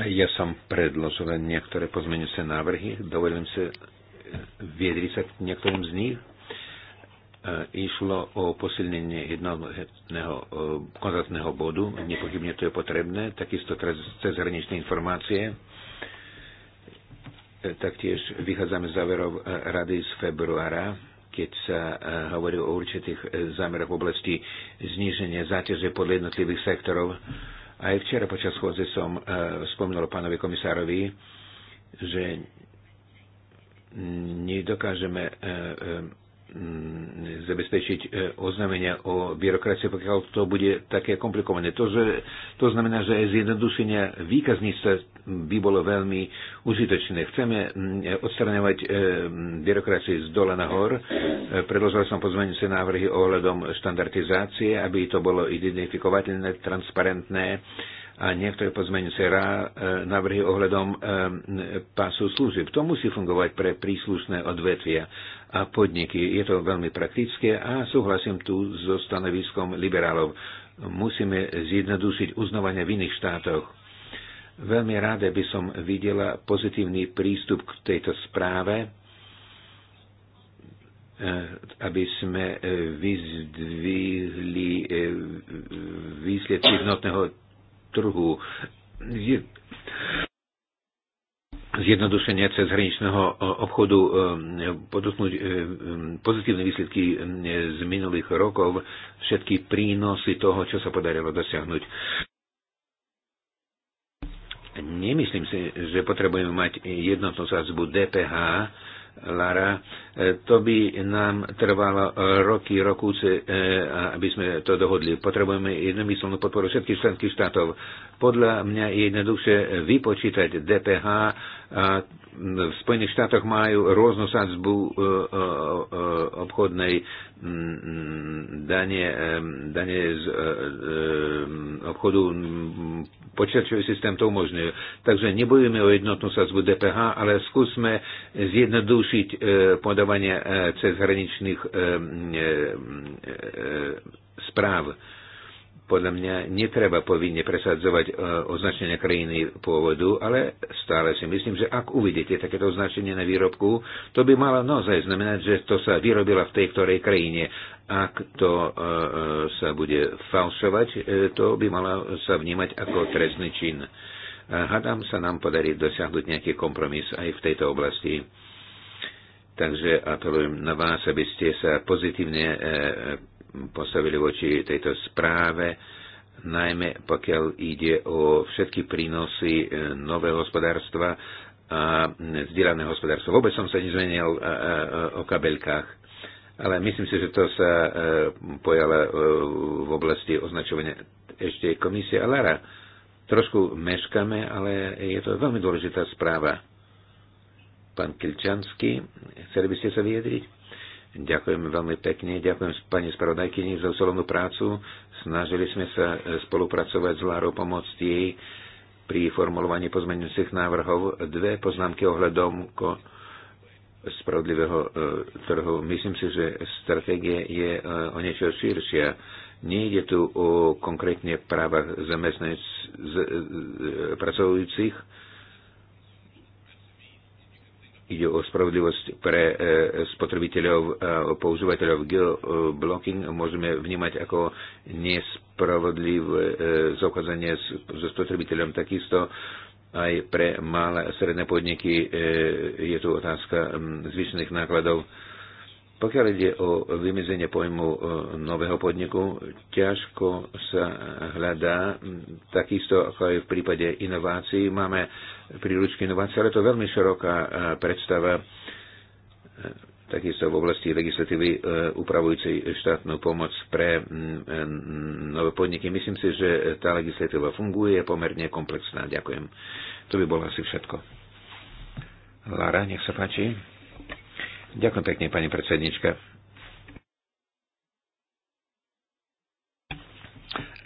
Ja som predložil niektoré pozmenujúce návrhy. Dovolím sa viedriť sa k niektorým z nich. E, išlo o posilnenie jednotného e, kontaktného bodu. Nepochybne to je potrebné. Takisto hraničné informácie. Taktiež vychádzame z záverov rady z februára keď sa e, hovorí o určitých e, zámeroch v oblasti zníženia záťaže podľa jednotlivých sektorov. Aj včera počas schôdze som e, spomínal pánovi komisárovi, že nedokážeme Mm, zabezpečiť e, oznámenia o byrokracii, pokiaľ to bude také komplikované. To, že, to znamená, že aj zjednodušenia výkazníctva by bolo veľmi užitočné. Chceme mm, odstraňovať e, byrokraciu z dole nahor. E, predložil som pozmeňujúce návrhy ohľadom štandardizácie, aby to bolo identifikovateľné, transparentné a niektoré pozmeňujúce e, návrhy ohľadom e, pásu služieb. To musí fungovať pre príslušné odvetvia a podniky. Je to veľmi praktické a súhlasím tu so stanoviskom liberálov. Musíme zjednodušiť uznovania v iných štátoch. Veľmi ráda by som videla pozitívny prístup k tejto správe, e, aby sme vyzdvihli výsledky jednotného trhu. zjednodušenia cez hraničného e, obchodu e, podotknúť e, pozitívne výsledky z minulých rokov, všetky prínosy toho, čo sa podarilo dosiahnuť. Nemyslím si, že potrebujeme mať jednotnú sázbu DPH, Lara. E, to by nám trvalo e, roky, rokúce, e, aby sme to dohodli. Potrebujeme jednomyslnú podporu všetkých členských štátov. Podľa mňa je jednoduchšie vypočítať DPH. V Spojených štátoch majú rôznu sadzbu obchodnej dane, dane z obchodu počítačový systém to umožňuje. Takže nebojujeme o jednotnú sazbu DPH, ale skúsme zjednodušiť e, podávanie e, cezhraničných e, správ podľa mňa netreba povinne presadzovať e, označenie krajiny pôvodu, ale stále si myslím, že ak uvidíte takéto označenie na výrobku, to by malo naozaj znamenať, že to sa vyrobila v tej ktorej krajine. Ak to e, e, sa bude falšovať, to by malo sa vnímať ako trestný čin. Hadám sa nám podarí dosiahnuť nejaký kompromis aj v tejto oblasti. Takže apelujem na vás, aby ste sa pozitívne postavili voči tejto správe, najmä pokiaľ ide o všetky prínosy e, nového hospodárstva a zdieľané hospodárstvo. Vôbec som sa nezmenil e, e, o kabelkách. Ale myslím si, že to sa pojala v oblasti označovania ešte komisie Alara. Trošku meškame, ale je to veľmi dôležitá správa. Pán Kilčanský, chceli by ste sa vyjadriť? Ďakujem veľmi pekne, ďakujem pani spravodajkyni za usilovnú prácu. Snažili sme sa e, spolupracovať s Lárou, pomôcť jej pri formulovaní pozmeňujúcich návrhov. Dve poznámky ohľadom ko spravodlivého e, trhu. Myslím si, že stratégie je e, o niečo širšia. Nejde tu o konkrétne práva zamestnanec, z, z, pracovujúcich, Ide o spravodlivosť pre e, spotrebiteľov a používateľov geoblocking. Môžeme vnímať ako nespravodlivé e, zaukázanie so spotrebiteľom. Takisto aj pre malé a stredné podniky e, je tu otázka zvyšných nákladov. Pokiaľ ide o vymedzenie pojmu nového podniku, ťažko sa hľadá, takisto ako aj v prípade inovácií. Máme príručky inovácie, ale to je veľmi široká e, predstava e, takisto v oblasti legislatívy e, upravujúcej štátnu pomoc pre nové podniky. Myslím si, že tá legislatíva funguje, je pomerne komplexná. Ďakujem. To by bolo asi všetko. Lara, nech sa páči. Ďakujem pekne, pani predsednička.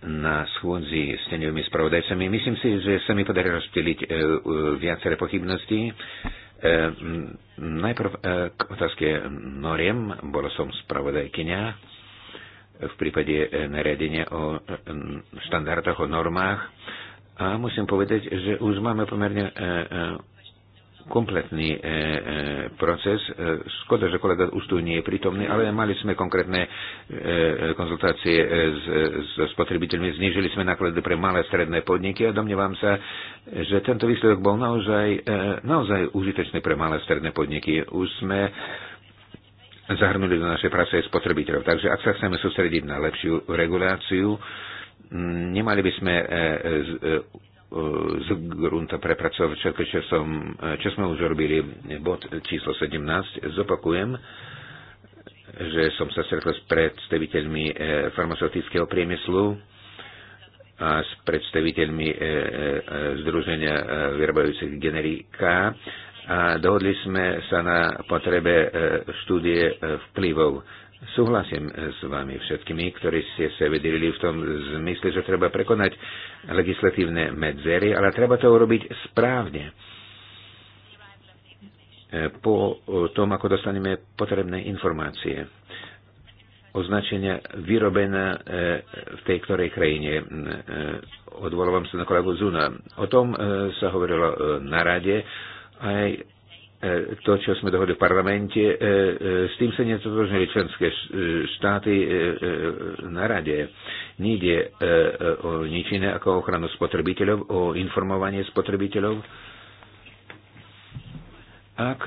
na schôdzi s tenevými spravodajcami. Myslím si, že sa mi podarí rozptýliť e, e, viaceré pochybnosti. E, Najprv e, k otázke noriem. Bola som spravodajkynia v prípade e, naredenia o e, štandardoch, o normách. A musím povedať, že už máme pomerne e, kompletný e, e, proces. E, škoda, že kolega už tu nie je prítomný, ale mali sme konkrétne e, e konzultácie e, s, s spotrebiteľmi, znižili sme náklady pre malé a stredné podniky a domnievam sa, že tento výsledok bol naozaj, e, naozaj užitečný pre malé a stredné podniky. Už sme zahrnuli do našej práce aj spotrebiteľov. Takže ak sa chceme sústrediť na lepšiu reguláciu, nemali by sme e, z grunta prepracovať všetko, čo, som, čo sme už robili, bod číslo 17. Zopakujem, že som sa stretol s predstaviteľmi eh, farmaceutického priemyslu a s predstaviteľmi eh, eh, Združenia vyrábajúcich generíka a dohodli sme sa na potrebe štúdie vplyvov Súhlasím eh, s vami všetkými, ktorí ste sa vydelili v tom zmysle, že treba prekonať legislatívne medzery, ale treba to urobiť správne. Eh, po tom, ako dostaneme potrebné informácie označenia vyrobené eh, v tej ktorej krajine. Mm, Odvolávam sa na kolegu Zuna. O tom sa hovorilo na rade aj E, to, čo sme dohodli v parlamente, e, e, s tým sa nezodložili členské štáty na rade. Nejde o nič iné ako ochranu spotrebiteľov, o informovanie spotrebiteľov. Ak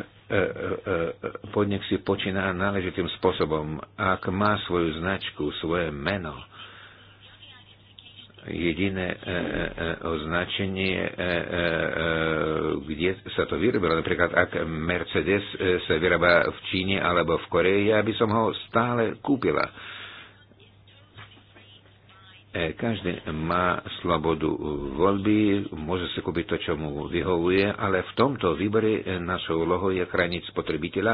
podnik si počína náležitým spôsobom, ak má svoju značku, svoje meno, jediné e, e, e, označenie, kde sa to vyrobilo. Napríklad, ak Mercedes sa vyrába v Číne alebo v Koreji, ja by som ho stále kúpila. Každý má slobodu voľby, môže si kúpiť to, čo mu vyhovuje, ale v tomto výbore našou úlohou je chrániť spotrebiteľa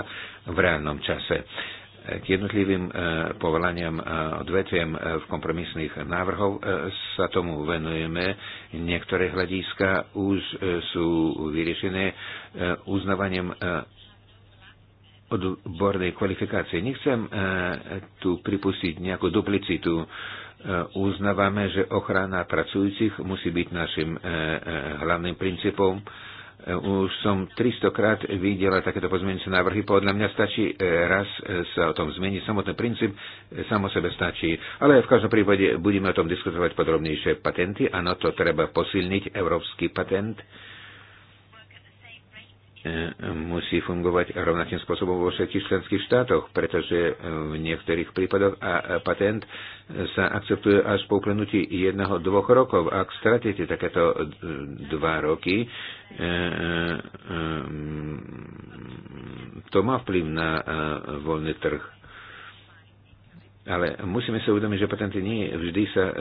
v reálnom čase k jednotlivým e, povolaniam a e, odvetviam e, v kompromisných návrhov sa tomu venujeme. Niektoré hľadiska už sú vyriešené uznávaniem odbornej kvalifikácie. Nechcem tu pripustiť nejakú duplicitu. Uznávame, že ochrana pracujúcich musí byť našim hlavným princípom E, už som 300 krát videla takéto pozmeňujúce návrhy. Podľa mňa stačí e, raz e, sa o tom zmeniť. Samotný princíp samo sebe stačí. Ale v každom prípade budeme o tom diskutovať podrobnejšie patenty. Áno, to treba posilniť, európsky patent. E, musí fungovať rovnakým spôsobom vo všetkých členských štátoch, pretože e, v niektorých prípadoch a patent sa akceptuje až po uplynutí jedného, dvoch rokov. Ak stratíte takéto e, dva roky, to má vplyv na voľný trh ale musíme sa uvedomiť, že patenty nie vždy sa e,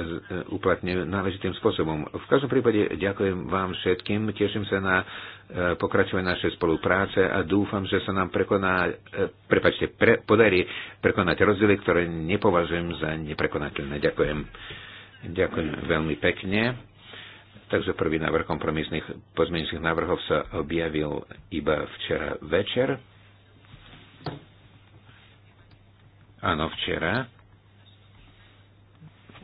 uplatňujú náležitým spôsobom. V každom prípade ďakujem vám všetkým, teším sa na e, pokračovanie našej spolupráce a dúfam, že sa nám prekoná, e, prepačte, pre, podarí prekonať rozdiely, ktoré nepovažujem za neprekonateľné. Ďakujem. Ďakujem veľmi pekne. Takže prvý návrh kompromisných pozmeňujúcich návrhov sa objavil iba včera večer. Áno, včera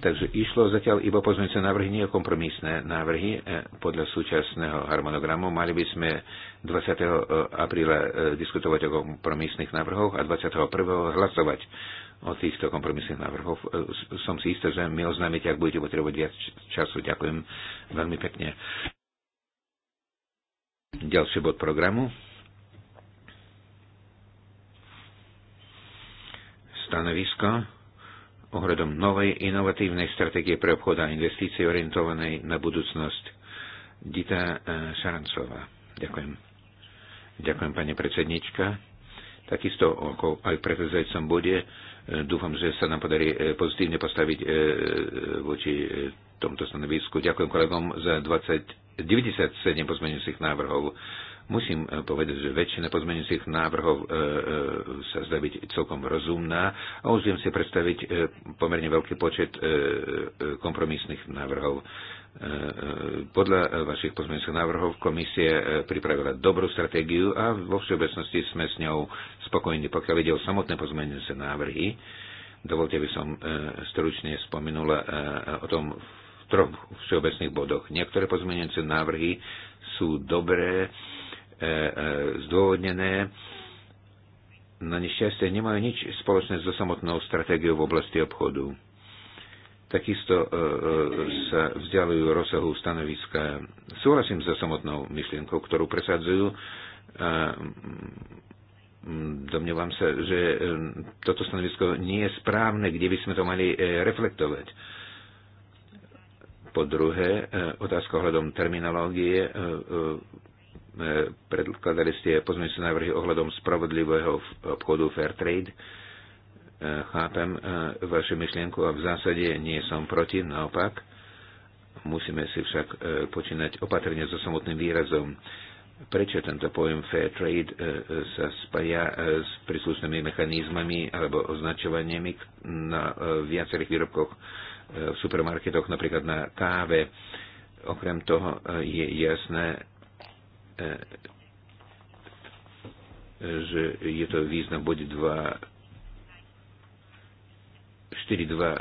Takže išlo zatiaľ iba pozmeňujúce návrhy, nie kompromisné návrhy. E, podľa súčasného harmonogramu mali by sme 20. E, apríla e, diskutovať o kompromisných návrhoch a 21. hlasovať o týchto kompromisných návrhoch. Som si istý, že mi oznámite, ak budete potrebovať viac času. Ďakujem veľmi pekne. Ďalší bod programu. Stanovisko ohľadom novej inovatívnej stratégie pre obchod a investície orientovanej na budúcnosť. Dita eh, Šarancová. Ďakujem. Ďakujem, pani predsednička. Takisto ako aj predsedajcom bude, eh, dúfam, že sa nám podarí eh, pozitívne postaviť voči tomto stanovisku. Ďakujem kolegom za 20, 97 pozmeňujúcich návrhov Musím e, povedať, že väčšina pozmeňujúcich návrhov e, e, sa zdá byť celkom rozumná a už viem si predstaviť pomerne veľký počet kompromisných návrhov. Podľa vašich pozmeňujúcich návrhov komisie pripravila dobrú stratégiu a vo všeobecnosti sme s ňou spokojní, pokiaľ ide o samotné pozmeňujúce návrhy. Dovolte aby som stručne spomenula o tom v troch všeobecných bodoch. Niektoré pozmeňujúce návrhy sú dobré, E, e, zdôvodnené, na nešťastie nemajú nič spoločné so samotnou stratégiou v oblasti obchodu. Takisto e, sa vzdialujú rozsahu stanoviska. Súhlasím so samotnou myšlienkou, ktorú presadzujú. Domnievam sa, že toto stanovisko nie je správne, kde by sme to mali reflektovať. Po druhé, otázka ohľadom terminológie E, predkladali ste pozmeňujúce návrhy ohľadom spravodlivého obchodu Fair Trade. E, chápem e, vašu myšlienku a v zásade nie som proti, naopak. Musíme si však počínať opatrne so samotným výrazom. Prečo tento pojem fair trade sa spája s príslušnými mechanizmami alebo označovaniami na viacerých výrobkoch v supermarketoch, napríklad na káve. Okrem toho je jasné, E, e, že je to význam bod 2 4, 2,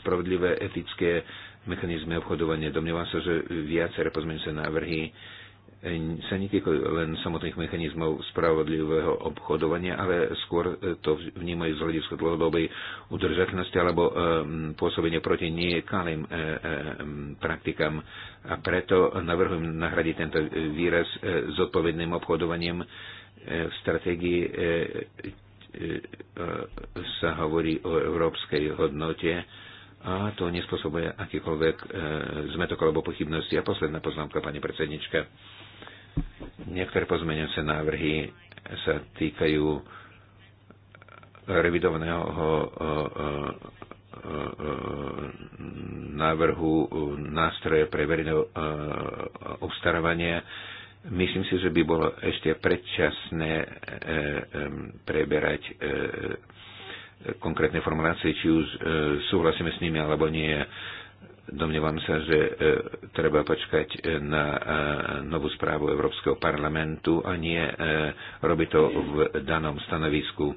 spravodlivé etické mechanizmy obchodovania. Domnievam sa, že viaceré pozmeňujúce návrhy sa netýka len samotných mechanizmov spravodlivého obchodovania, ale skôr e, to vnímajú z hľadiska dlhodobej udržateľnosti alebo um, pôsobenia proti niekalým um, e, praktikám. A preto navrhujem nahradiť tento výraz s odpovedným obchodovaním v stratégii sa hovorí o európskej hodnote a to nespôsobuje akýkoľvek zmetok alebo pochybnosti. A posledná poznámka, pani predsednička Niektoré pozmeňujúce návrhy sa týkajú revidovaného e, e, e, návrhu nástroje pre verejné obstarávanie. Myslím si, že by bolo ešte predčasné preberať konkrétne formulácie, či už súhlasíme s nimi alebo nie. Domnievam sa, že e, treba počkať e, na e, novú správu Európskeho parlamentu a nie robiť to v danom stanovisku.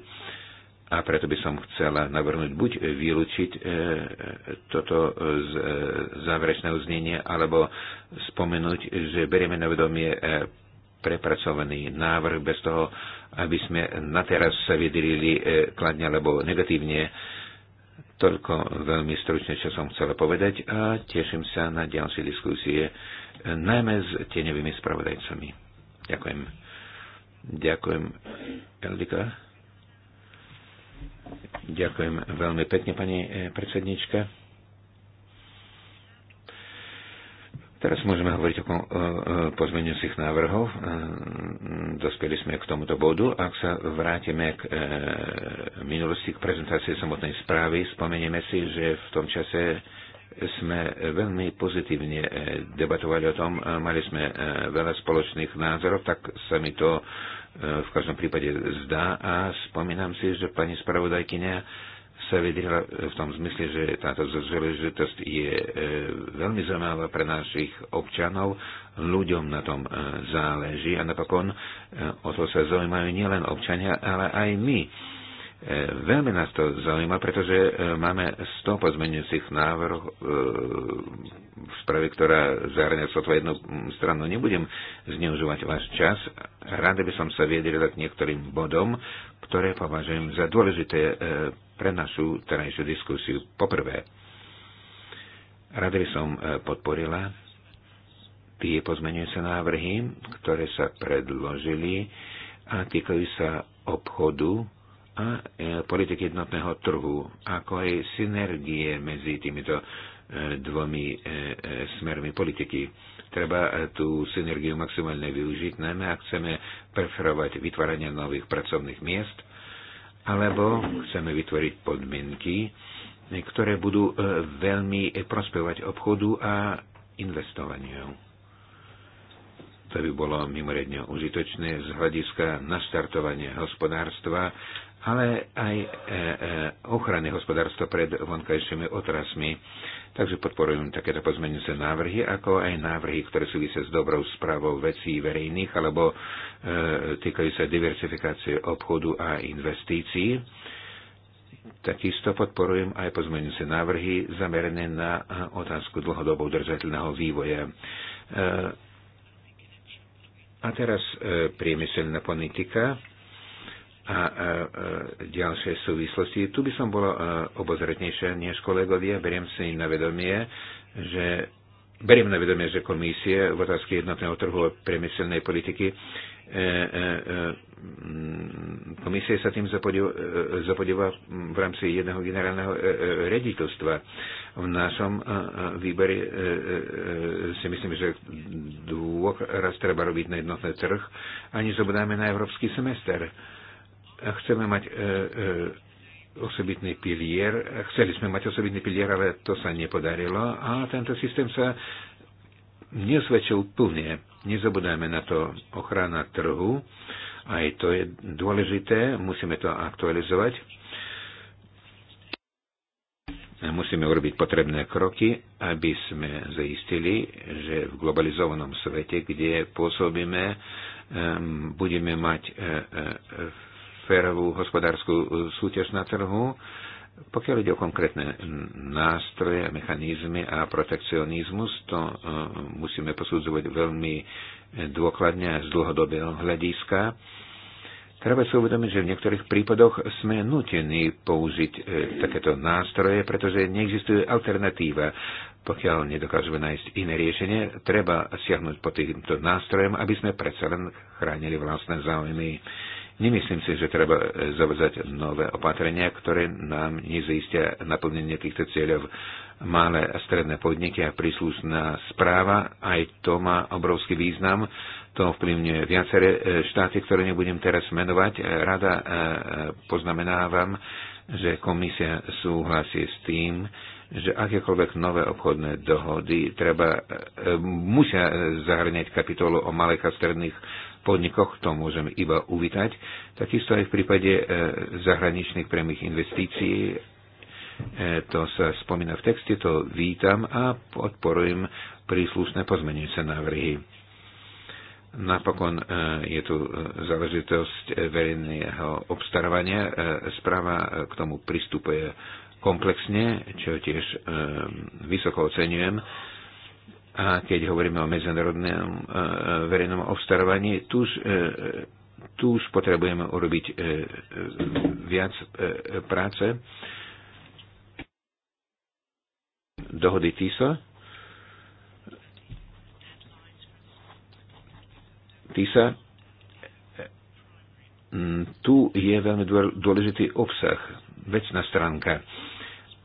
A preto by som chcela navrhnúť buď vylúčiť toto z uznenie, alebo spomenúť, že berieme na vedomie prepracovaný návrh bez toho, aby sme na teraz sa vydrili kladne alebo negatívne Toľko veľmi stručne, čo som chcel povedať a teším sa na ďalšie diskusie, najmä s tieňovými spravodajcami. Ďakujem. Ďakujem, Eldika. Ďakujem veľmi pekne, pani eh, predsednička. Teraz môžeme hovoriť o pozmeňujúcich návrhov. E, dospeli sme k tomuto bodu. Ak sa vrátime k e, minulosti, k prezentácii samotnej správy, spomenieme si, že v tom čase sme veľmi pozitívne e, debatovali o tom, mali sme veľa spoločných názorov, tak sa mi to v každom prípade zdá a spomínam si, že pani spravodajkynia sa vedela v tom zmysle, že táto záležitosť je e, veľmi zaujímavá pre našich občanov, ľuďom na tom e, záleží a napokon e, o to sa zaujímajú nielen občania, ale aj my E, veľmi nás to zaujíma, pretože e, máme 100 pozmenujúcich návrh e, v správe, ktorá zahrania sotva jednu stranu. Nebudem zneužívať váš čas. Rada by som sa viedel k niektorým bodom, ktoré považujem za dôležité pre našu terajšiu diskusiu. Poprvé, rada by som podporila tie pozmenujúce návrhy, ktoré sa predložili a týkajú sa obchodu a e, politiky jednotného trhu, ako aj synergie medzi týmito e, dvomi e, smermi politiky. Treba tú synergiu maximálne využiť, najmä ak chceme preferovať vytváranie nových pracovných miest, alebo chceme vytvoriť podmienky, ktoré budú veľmi prospevať obchodu a investovaniu. To by bolo mimoriadne užitočné z hľadiska naštartovania hospodárstva ale aj e, e, ochrany hospodárstva pred vonkajšími otrasmi. Takže podporujem takéto pozmeňujúce návrhy, ako aj návrhy, ktoré súvisia s dobrou správou vecí verejných alebo e, týkajú sa diversifikácie obchodu a investícií. Takisto podporujem aj pozmeňujúce návrhy zamerané na otázku dlhodobo udržateľného vývoja. a teraz priemyselná politika a ďalšie súvislosti. Tu by som bolo e, obozretnejšie než kolegovia. Beriem si na vedomie, že Beriem na vedomie, že komisie v otázke jednotného trhu a priemyselnej politiky e, e, mm, komisie sa tým zapodieva v rámci jedného generálneho rediteľstva. V našom výbere si myslím, že dvoch raz treba robiť na jednotný trh ani nezabudnáme na európsky semester. Chceme mať e, e, osobitný pilier. Chceli sme mať osobitný pilier, ale to sa nepodarilo a tento systém sa nezväčšil plne. Nezabudajme na to ochrana trhu. Aj to je dôležité, musíme to aktualizovať. Musíme urobiť potrebné kroky, aby sme zaistili, že v globalizovanom svete, kde pôsobíme, e, budeme mať v e, e, férovú hospodárskú e, súťaž na trhu, pokiaľ ide o konkrétne nástroje, mechanizmy a protekcionizmus, to e, musíme posudzovať veľmi dôkladne a z dlhodobého hľadiska. Treba si uvedomiť, že v niektorých prípadoch sme nutení použiť e, takéto nástroje, pretože neexistuje alternatíva. Pokiaľ nedokážeme nájsť iné riešenie, treba siahnuť po týmto nástrojom, aby sme predsa len chránili vlastné záujmy. Nemyslím si, že treba e, zavezať nové opatrenia, ktoré nám nezistia naplnenie týchto cieľov. Malé a stredné podniky a príslušná správa, aj to má obrovský význam. To vplyvňuje viaceré e, štáty, ktoré nebudem teraz menovať. E, Rada poznamenávam, že komisia súhlasí s tým, že akékoľvek nové obchodné dohody treba, musia zahrňať kapitolu o malých a stredných podnikoch, to môžeme iba uvítať, takisto aj v prípade e, zahraničných priamých investícií, e, to sa spomína v texte, to vítam a podporujem príslušné pozmenujúce návrhy. Napokon e, je tu záležitosť verejného obstarávania. Správa k tomu pristupuje komplexne, čo tiež vysoko oceňujem a keď hovoríme o medzinárodnom e, e, verejnom obstarovaní, tu e, tu už potrebujeme urobiť viac práce. Dohody TISA. TISA. Tu je veľmi dôležitý obsah, vecná stránka. E,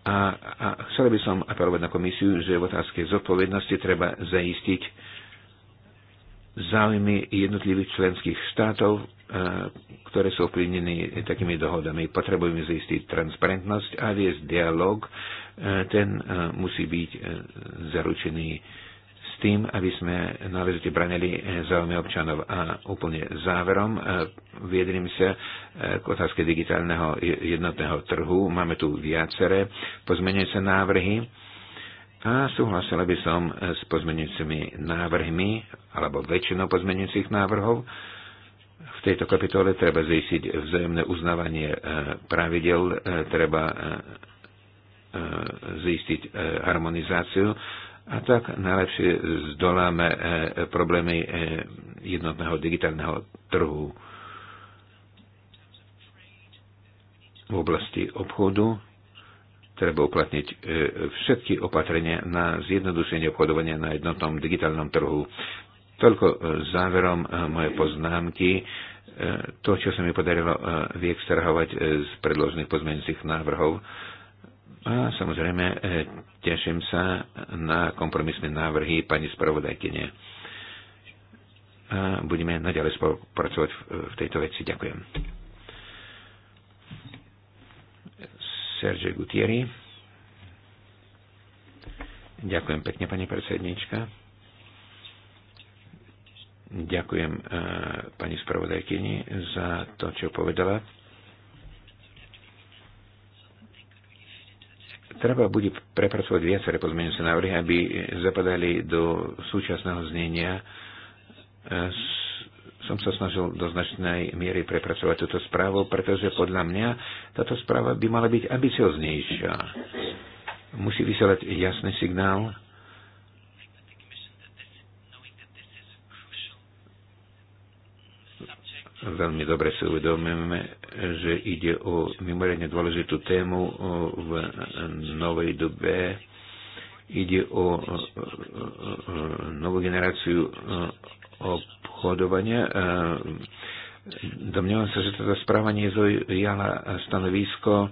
a, a chcel by som apelovať na komisiu, že v otázke zodpovednosti treba zaistiť záujmy jednotlivých členských štátov, e, ktoré sú ovplyvnené takými dohodami. Potrebujeme zaistiť transparentnosť a viesť dialog. E, ten e, musí byť zaručený tým, aby sme náležite branili eh, záujmy občanov. A úplne záverom eh, viedrím sa eh, k otázke digitálneho jednotného trhu. Máme tu viaceré pozmenujúce návrhy a súhlasila by som s pozmenujúcimi návrhmi alebo väčšinou pozmenujúcich návrhov. V tejto kapitole treba zistiť vzájomné uznávanie pravidel, treba zistiť harmonizáciu a tak najlepšie zdoláme e, e, problémy e, jednotného digitálneho trhu v oblasti obchodu. Treba uplatniť všetky opatrenia na zjednodušenie obchodovania na jednotnom digitálnom trhu. Toľko záverom moje poznámky. To, čo sa mi podarilo vyextrahovať z predložených pozmeňujúcich návrhov, a samozrejme, e, teším sa na kompromisné návrhy pani spravodajkyne. A budeme naďalej spolupracovať v tejto veci. Ďakujem. Sergio Gutieri. Ďakujem pekne, pani predsednička. Ďakujem e, pani spravodajkyni za to, čo povedala Treba bude prepracovať viaceré pozmeňujúce návrhy, aby zapadali do súčasného znenia. E, som sa snažil do značnej miery prepracovať túto správu, pretože podľa mňa táto správa by mala byť ambicioznejšia. Musí vysielať jasný signál Veľmi dobre si uvedomujeme, že ide o mimoriadne dôležitú tému v novej dobe. Ide o novú generáciu obchodovania. E, domnievam sa, že toto správanie zaujala stanovisko e, e,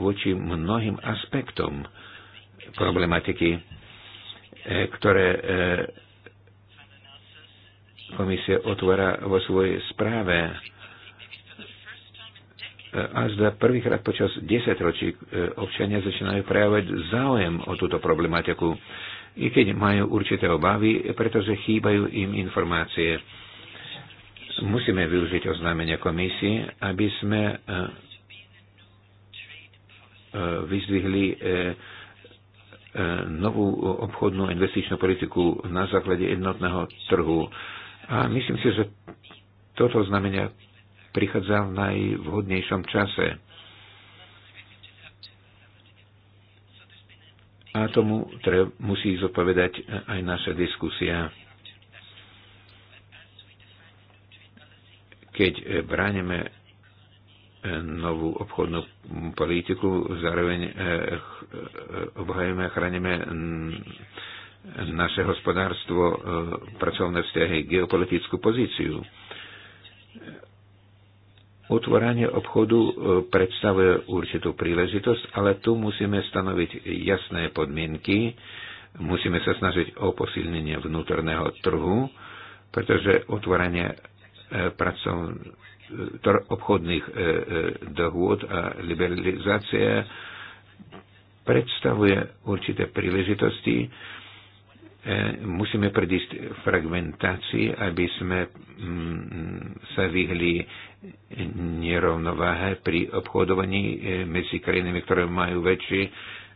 voči mnohým aspektom problematiky, ktoré komisia otvára vo svojej správe e, a za prvýkrát počas 10 ročí e, občania začínajú prejavovať záujem o túto problematiku, i keď majú určité obavy, pretože chýbajú im informácie. Musíme využiť oznámenia komisie, aby sme e, vyzdvihli novú obchodnú investičnú politiku na základe jednotného trhu a myslím si, že toto znamenia prichádza v najvhodnejšom čase. A tomu treba, musí zodpovedať aj naša diskusia. Keď bránime e, novú obchodnú politiku, zároveň e, e, obhajujeme a chránime naše hospodárstvo, e, pracovné vzťahy, geopolitickú pozíciu. Otvoranie obchodu e, predstavuje určitú príležitosť, ale tu musíme stanoviť jasné podmienky, musíme sa snažiť o posilnenie vnútorného trhu, pretože otvorenie e, obchodných dohôd a liberalizácia predstavuje určité príležitosti, E, musíme predísť fragmentácii, aby sme mm, sa vyhli nerovnováhe pri obchodovaní e, medzi krajinami, ktoré majú väčší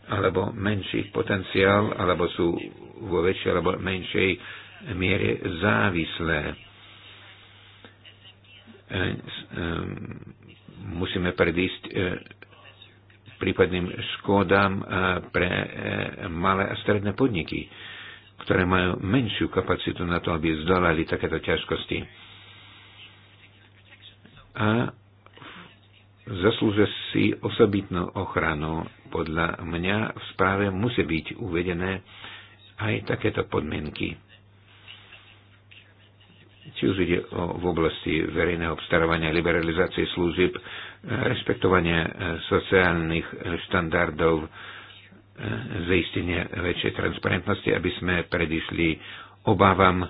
alebo menší potenciál, alebo sú vo väčšej alebo menšej miere závislé. E, musíme predísť prípadným škodám pre malé a stredné podniky ktoré majú menšiu kapacitu na to, aby zdolali takéto ťažkosti. A zaslúžia si osobitnú ochranu. Podľa mňa v správe musí byť uvedené aj takéto podmienky. Či už ide o, v oblasti verejného obstarávania, liberalizácie služieb, rešpektovania eh, sociálnych eh, štandardov, zaistenie väčšej transparentnosti, aby sme predišli obávam.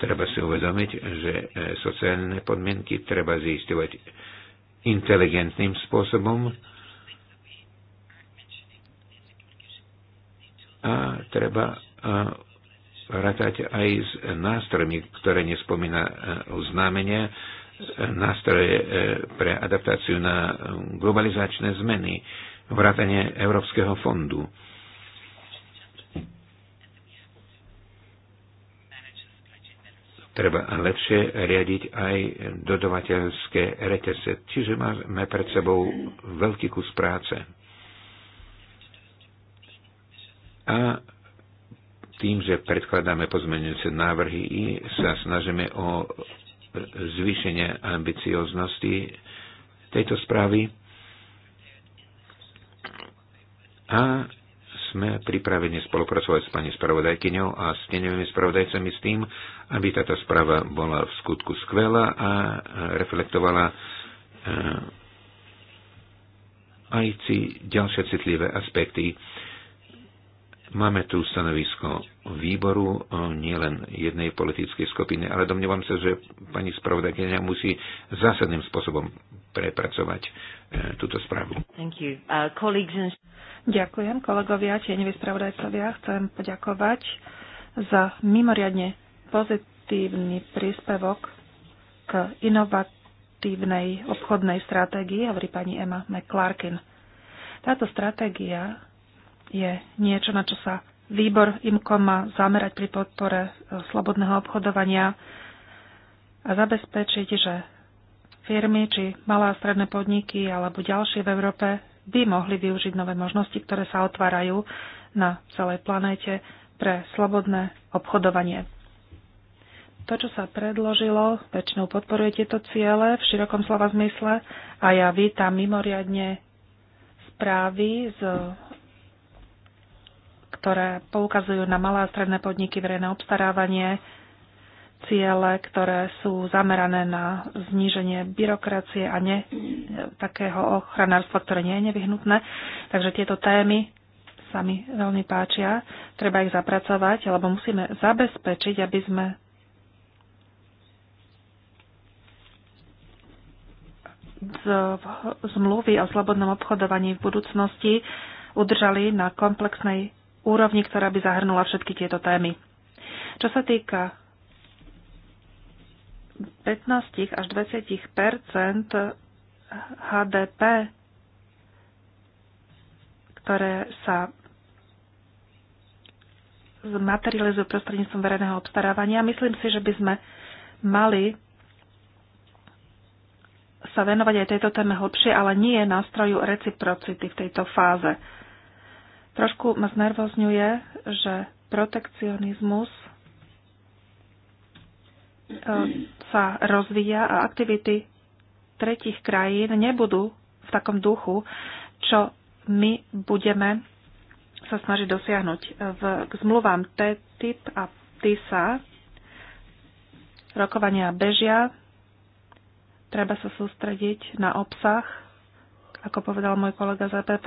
Treba si uvedomiť, že e, sociálne podmienky treba zistovať inteligentným spôsobom a treba e, rátať aj s nástrojmi, ktoré nespomína e, oznámenia, nástroje pre adaptáciu na globalizačné zmeny vrátane Európskeho fondu. Treba lepšie riadiť aj dodavateľské reťazce, čiže máme pred sebou veľký kus práce. A tým, že predkladáme pozmeňujúce návrhy i sa snažíme o zvýšenie ambicioznosti tejto správy, a sme pripravení spolupracovať s pani spravodajkyňou a s tenevými spravodajcami s tým, aby táto správa bola v skutku skvelá a e, reflektovala e, aj ci ďalšie citlivé aspekty. Máme tu stanovisko výboru e, nielen jednej politickej skupiny, ale domnievam sa, že pani spravodajkyňa musí zásadným spôsobom prepracovať e, túto správu. Uh, and... Ďakujem kolegovia, tieňoví spravodajcovia. Chcem poďakovať za mimoriadne pozitívny príspevok k inovatívnej obchodnej stratégii, hovorí pani Emma McClarkin. Táto stratégia je niečo, na čo sa výbor IMCO má zamerať pri podpore e, slobodného obchodovania a zabezpečiť, že firmy či malé a stredné podniky alebo ďalšie v Európe by mohli využiť nové možnosti, ktoré sa otvárajú na celej planéte pre slobodné obchodovanie. To, čo sa predložilo, väčšinou podporuje tieto ciele v širokom slova zmysle a ja vítam mimoriadne správy, z, ktoré poukazujú na malé a stredné podniky, verejné obstarávanie, ciele, ktoré sú zamerané na zníženie byrokracie a ne, takého ochranárstva, ktoré nie je nevyhnutné. Takže tieto témy sa mi veľmi páčia. Treba ich zapracovať, lebo musíme zabezpečiť, aby sme z zmluvy o slobodnom obchodovaní v budúcnosti udržali na komplexnej úrovni, ktorá by zahrnula všetky tieto témy. Čo sa týka 15 až 20 HDP, ktoré sa zmaterializujú prostredníctvom verejného obstarávania. Myslím si, že by sme mali sa venovať aj tejto téme hlbšie, ale nie je nástroju reciprocity v tejto fáze. Trošku ma znervozňuje, že protekcionizmus sa rozvíja a aktivity tretich krajín nebudú v takom duchu, čo my budeme sa snažiť dosiahnuť. V, k zmluvám TTIP a TISA rokovania bežia. Treba sa sústrediť na obsah, ako povedal môj kolega z EPP,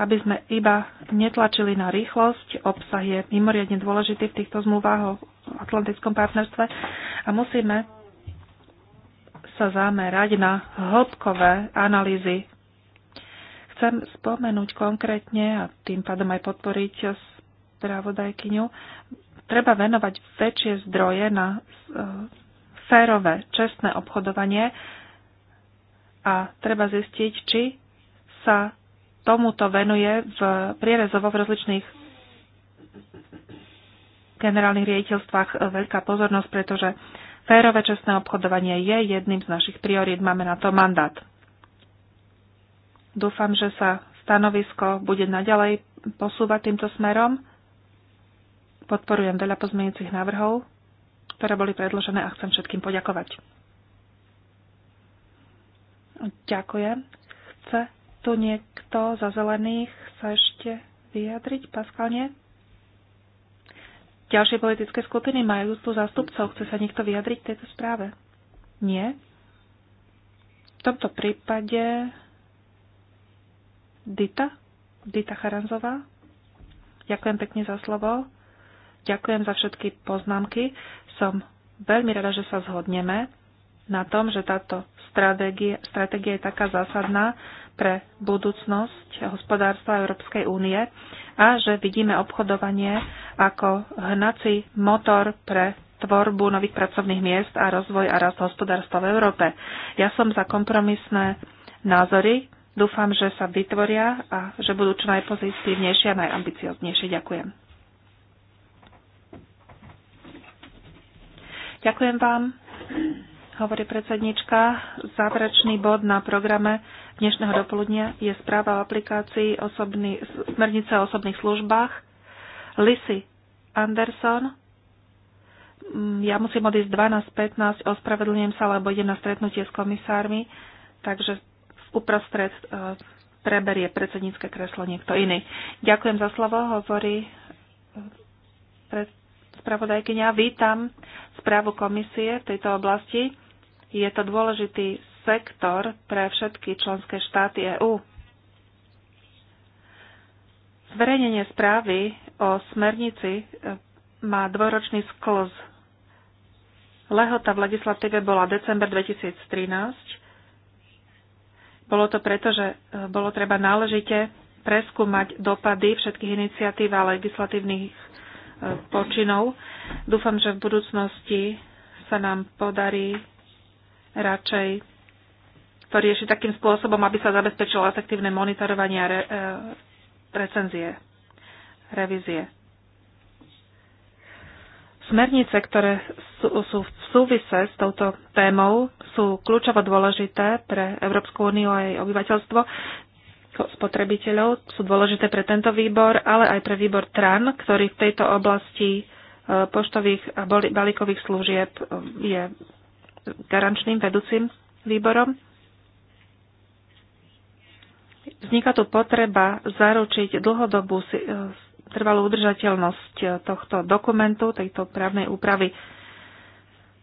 aby sme iba netlačili na rýchlosť. Obsah je mimoriadne dôležitý v týchto zmluvách o Atlantickom partnerstve a musíme sa zamerať na hĺbkové analýzy. Chcem spomenúť konkrétne a tým pádom aj podporiť spravodajkyňu. Treba venovať väčšie zdroje na e, férové, čestné obchodovanie a treba zistiť, či sa tomuto venuje v prierezovo v rozličných generálnych riaditeľstvách e, veľká pozornosť, pretože férové čestné obchodovanie je jedným z našich priorít. Máme na to mandát. Dúfam, že sa stanovisko bude naďalej posúvať týmto smerom. Podporujem veľa pozmeňujúcich návrhov, ktoré boli predložené a chcem všetkým poďakovať. Ďakujem. Chce tu niekto za zelených sa ešte vyjadriť? Paskal nie? Ďalšie politické skupiny majú tu zástupcov. Chce sa niekto vyjadriť k tejto správe? Nie? V tomto prípade Dita, Dita Charanzová. Ďakujem pekne za slovo. Ďakujem za všetky poznámky. Som veľmi rada, že sa zhodneme na tom, že táto stratégia, stratégia je taká zásadná pre budúcnosť hospodárstva Európskej únie a že vidíme obchodovanie ako hnací motor pre tvorbu nových pracovných miest a rozvoj a rast hospodárstva v Európe. Ja som za kompromisné názory. Dúfam, že sa vytvoria a že budú čo najpozitívnejšie a najambicioznejšie. Ďakujem. Ďakujem vám hovorí predsednička. Záverečný bod na programe dnešného dopoludnia je správa o aplikácii osobný, smernice o osobných službách. Lisi Anderson. Mm, ja musím odísť 12.15, ospravedlňujem sa, lebo idem na stretnutie s komisármi, takže uprostred e, preberie predsednícke kreslo niekto iný. Ďakujem za slovo, hovorí e, pred Vítam správu komisie v tejto oblasti. Je to dôležitý sektor pre všetky členské štáty EÚ. Zverejnenie správy o smernici e, má dvoročný sklz. Lehota v legislatíve bola december 2013. Bolo to preto, že e, bolo treba náležite preskúmať dopady všetkých iniciatív a legislatívnych e, počinov. Dúfam, že v budúcnosti sa nám podarí radšej to rieši takým spôsobom, aby sa zabezpečilo efektívne monitorovanie a re, e, recenzie, revízie. Smernice, ktoré sú, sú v súvise s touto témou, sú kľúčovo dôležité pre Európsku úniu a jej obyvateľstvo, spotrebiteľov, sú dôležité pre tento výbor, ale aj pre výbor TRAN, ktorý v tejto oblasti e, poštových a balíkových služieb e, je garančným vedúcim výborom. Vzniká tu potreba zaručiť dlhodobú e, trvalú udržateľnosť e, tohto dokumentu, tejto právnej úpravy.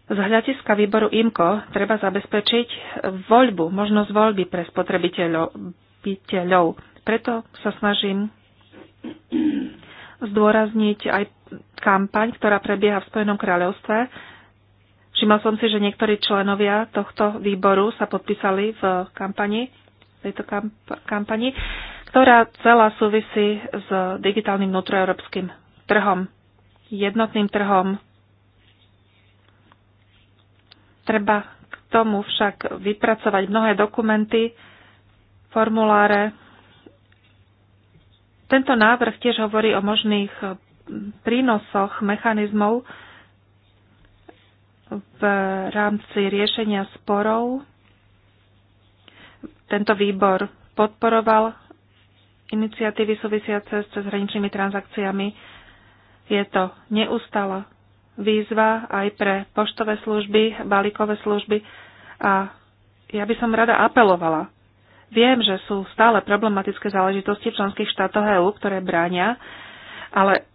Z hľadiska výboru IMCO treba zabezpečiť voľbu, možnosť voľby pre spotrebiteľov. Preto sa snažím zdôrazniť aj kampaň, ktorá prebieha v Spojenom kráľovstve Všimla som si, že niektorí členovia tohto výboru sa podpísali v kampani, tejto kamp- kampani, ktorá celá súvisí s digitálnym vnútroeurópskym trhom, jednotným trhom. Treba k tomu však vypracovať mnohé dokumenty, formuláre. Tento návrh tiež hovorí o možných prínosoch mechanizmov, v rámci riešenia sporov. Tento výbor podporoval iniciatívy súvisiace s cezhraničnými transakciami. Je to neustála výzva aj pre poštové služby, balíkové služby a ja by som rada apelovala. Viem, že sú stále problematické záležitosti v členských štátoch EÚ, ktoré bráňa, ale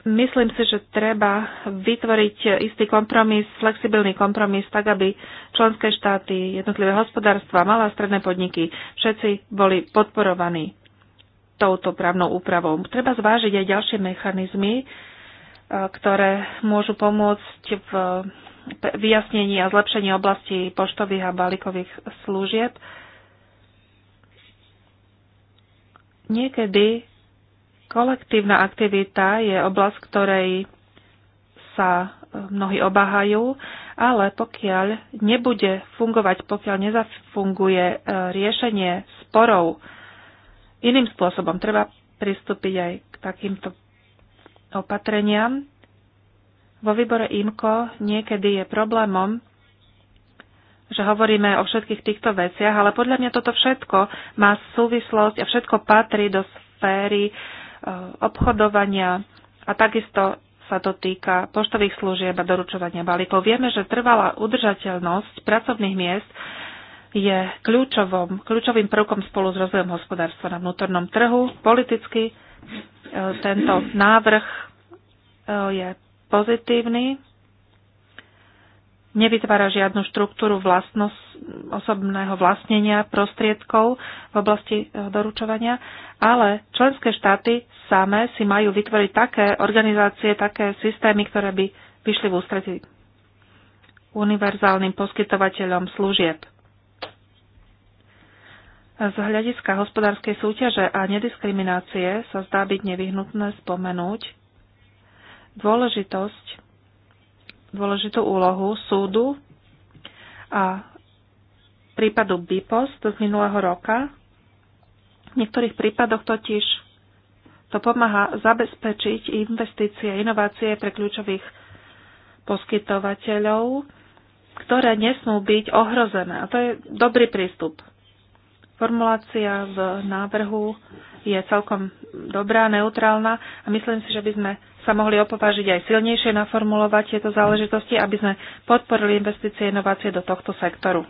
Myslím si, že treba vytvoriť istý kompromis, flexibilný kompromis, tak aby členské štáty, jednotlivé hospodárstva, malé a stredné podniky, všetci boli podporovaní touto právnou úpravou. Treba zvážiť aj ďalšie mechanizmy, e, ktoré môžu pomôcť v vyjasnení a zlepšení oblasti poštových a balíkových služieb. Niekedy Kolektívna aktivita je oblasť, ktorej sa eh, mnohí obáhajú, ale pokiaľ nebude fungovať, pokiaľ nezafunguje eh, riešenie sporov iným spôsobom, treba pristúpiť aj k takýmto opatreniam. Vo výbore IMKO niekedy je problémom, že hovoríme o všetkých týchto veciach, ale podľa mňa toto všetko má súvislosť a všetko patrí do sféry uh, Eh, obchodovania a takisto sa to týka poštových služieb a doručovania balíkov. Vieme, že trvalá udržateľnosť pracovných miest je kľúčovom, kľúčovým prvkom spolu s rozvojom hospodárstva na vnútornom trhu. Politicky eh, tento návrh eh, je pozitívny nevytvára žiadnu štruktúru vlastnosť, osobného vlastnenia prostriedkov v oblasti e, doručovania, ale členské štáty samé si majú vytvoriť také organizácie, také systémy, ktoré by vyšli v ústretí univerzálnym poskytovateľom služieb. Z hľadiska hospodárskej súťaže a nediskriminácie sa zdá byť nevyhnutné spomenúť dôležitosť dôležitú úlohu súdu a prípadu BIPOS z minulého roka. V niektorých prípadoch totiž to pomáha zabezpečiť investície a inovácie pre kľúčových poskytovateľov, ktoré nesmú byť ohrozené. A to je dobrý prístup. Formulácia v návrhu je celkom dobrá, neutrálna a myslím si, že by sme sa mohli opovážiť aj silnejšie naformulovať tieto záležitosti, aby sme podporili investície a inovácie do tohto sektoru.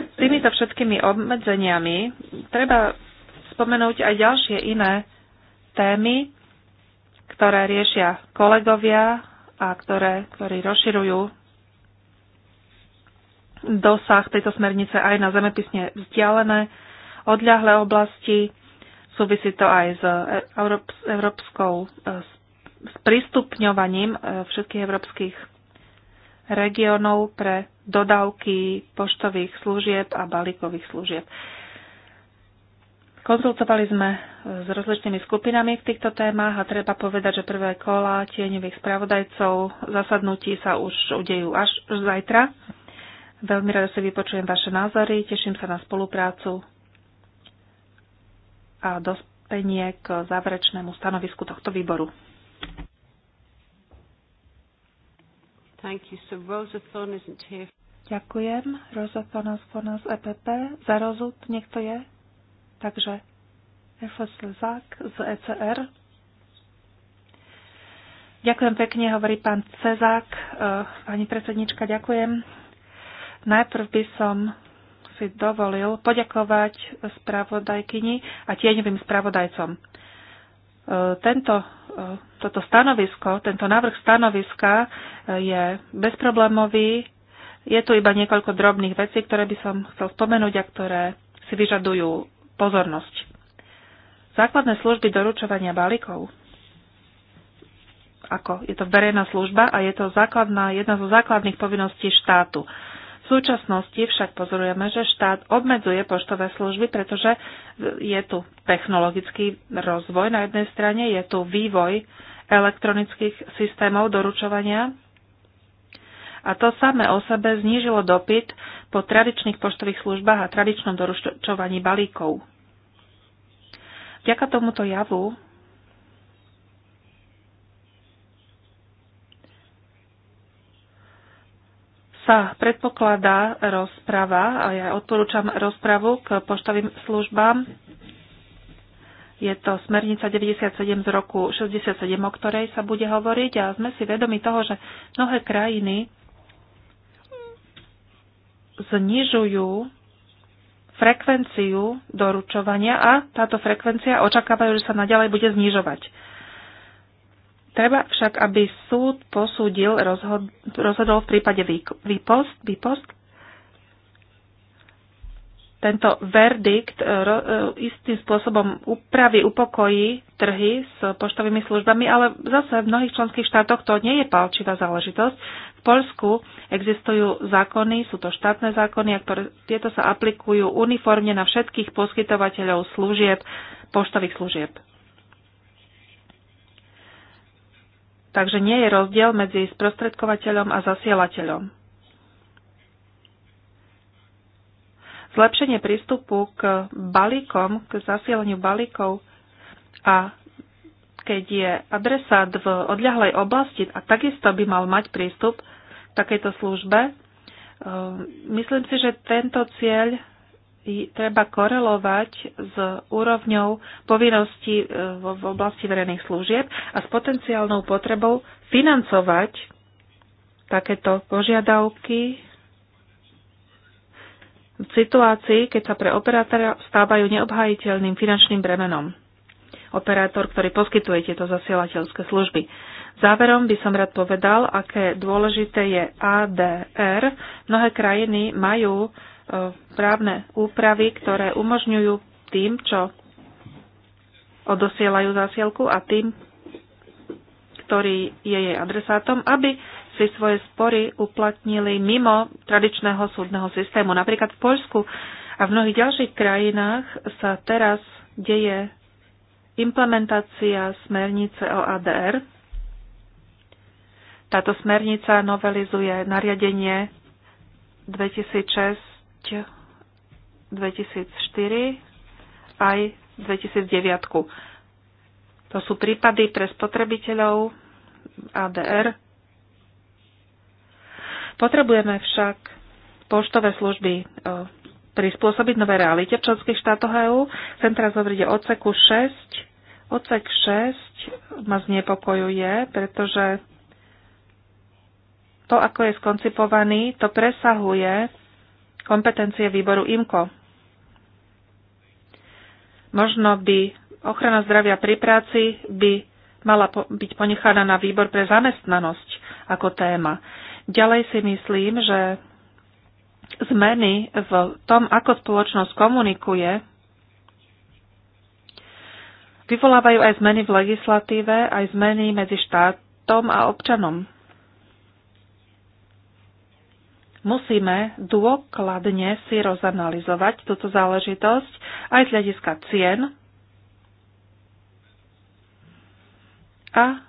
S týmito všetkými obmedzeniami treba spomenúť aj ďalšie iné témy, ktoré riešia kolegovia a ktoré, ktorí rozširujú dosah tejto smernice aj na zemepisne vzdialené, odľahlé oblasti, Súvisí to aj s e, európskou e, sprístupňovaním e, všetkých európskych regiónov pre dodávky poštových služieb a balíkových služieb. Konzultovali sme s rozličnými skupinami v týchto témach a treba povedať, že prvé kola tieňových spravodajcov zasadnutí sa už udejú až zajtra. Veľmi rada si vypočujem vaše názory, teším sa na spoluprácu a dospenie k záverečnému stanovisku tohto výboru. Thank you. So Rosa Thorn isn't here. Ďakujem. Rosa Thorn z EPP. Za rozud niekto je? Takže FS Lezák z ECR. Ďakujem pekne, hovorí pán Cezák. E, pani predsednička, ďakujem. Najprv by som si dovolil poďakovať spravodajkyni a tieňovým spravodajcom. E, tento, e, toto stanovisko, tento návrh stanoviska e, je bezproblémový. Je tu iba niekoľko drobných vecí, ktoré by som chcel spomenúť a ktoré si vyžadujú pozornosť. Základné služby doručovania balíkov ako je to verejná služba a je to základná, jedna zo základných povinností štátu súčasnosti však pozorujeme, že štát obmedzuje poštové služby, pretože je tu technologický rozvoj na jednej strane, je tu vývoj elektronických systémov doručovania a to samé o sebe znížilo dopyt po tradičných poštových službách a tradičnom doručovaní balíkov. Vďaka tomuto javu sa predpokladá rozprava a ja odporúčam rozpravu k poštovým službám. Je to smernica 97 z roku 67, o ktorej sa bude hovoriť a sme si vedomi toho, že mnohé krajiny znižujú frekvenciu doručovania a táto frekvencia očakávajú, že sa naďalej bude znižovať. Treba však, aby súd posúdil, rozhod, rozhodol v prípade výpost, výpost. Tento verdikt e, ro, e, istým spôsobom upraví, upokojí trhy s poštovými službami, ale zase v mnohých členských štátoch to nie je palčivá záležitosť. V Polsku existujú zákony, sú to štátne zákony, a ktoré, tieto sa aplikujú uniformne na všetkých poskytovateľov služieb, poštových služieb. Takže nie je rozdiel medzi sprostredkovateľom a zasielateľom. Zlepšenie prístupu k balíkom, k zasielaniu balíkov a keď je adresát v odľahlej oblasti a takisto by mal mať prístup k takejto službe, ehm, myslím si, že tento cieľ treba korelovať s úrovňou povinností e, v oblasti verejných služieb a s potenciálnou potrebou financovať takéto požiadavky v situácii, keď sa pre operátora stávajú neobhajiteľným finančným bremenom. Operátor, ktorý poskytuje tieto zasielateľské služby. Záverom by som rád povedal, aké dôležité je ADR. Mnohé krajiny majú právne úpravy, ktoré umožňujú tým, čo odosielajú zásielku a tým, ktorý je jej adresátom, aby si svoje spory uplatnili mimo tradičného súdneho systému. Napríklad v Poľsku a v mnohých ďalších krajinách sa teraz deje implementácia smernice o ADR. Táto smernica novelizuje nariadenie 2006 2004 aj 2009. To sú prípady pre spotrebiteľov ADR. Potrebujeme však poštové služby e, prispôsobiť nové realite v členských štátoch EÚ. Chcem teraz hovoriť o odseku 6. Odsek 6 ma znepokojuje, pretože to, ako je skoncipovaný, to presahuje kompetencie výboru IMCO. Možno by ochrana zdravia pri práci by mala po- byť ponechaná na výbor pre zamestnanosť ako téma. Ďalej si myslím, že zmeny v tom, ako spoločnosť komunikuje, vyvolávajú aj zmeny v legislatíve, aj zmeny medzi štátom a občanom. Musíme dôkladne si rozanalizovať túto záležitosť aj z hľadiska cien a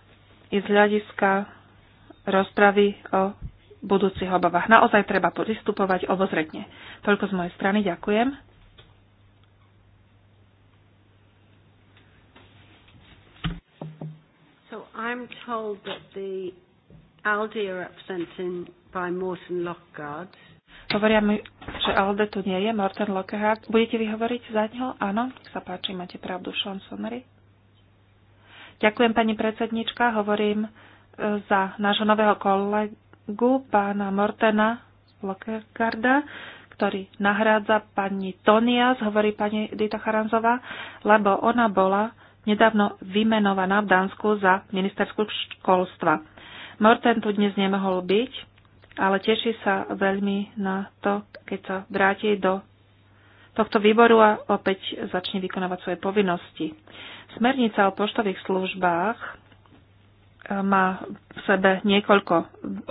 i z hľadiska rozpravy o budúcich obavách. Naozaj treba pristupovať obozretne. Toľko z mojej strany. Ďakujem. So I'm told that the ALDE are in Hovoria mi, že Alde tu nie je, Morten Lockhart. Budete vy hovoriť za ňo? Áno, sa páči, máte pravdu, Sean Sonnery. Ďakujem, pani predsednička, hovorím e, za nášho nového kolegu, pána Mortena Lockharda, ktorý nahrádza pani Tonias, hovorí pani Dita Charanzová, lebo ona bola nedávno vymenovaná v Dánsku za ministerskú školstva. Morten tu dnes nemohol byť, ale teší sa veľmi na to, keď sa vráti do tohto výboru a opäť začne vykonávať svoje povinnosti. Smernica o poštových službách e, má v sebe niekoľko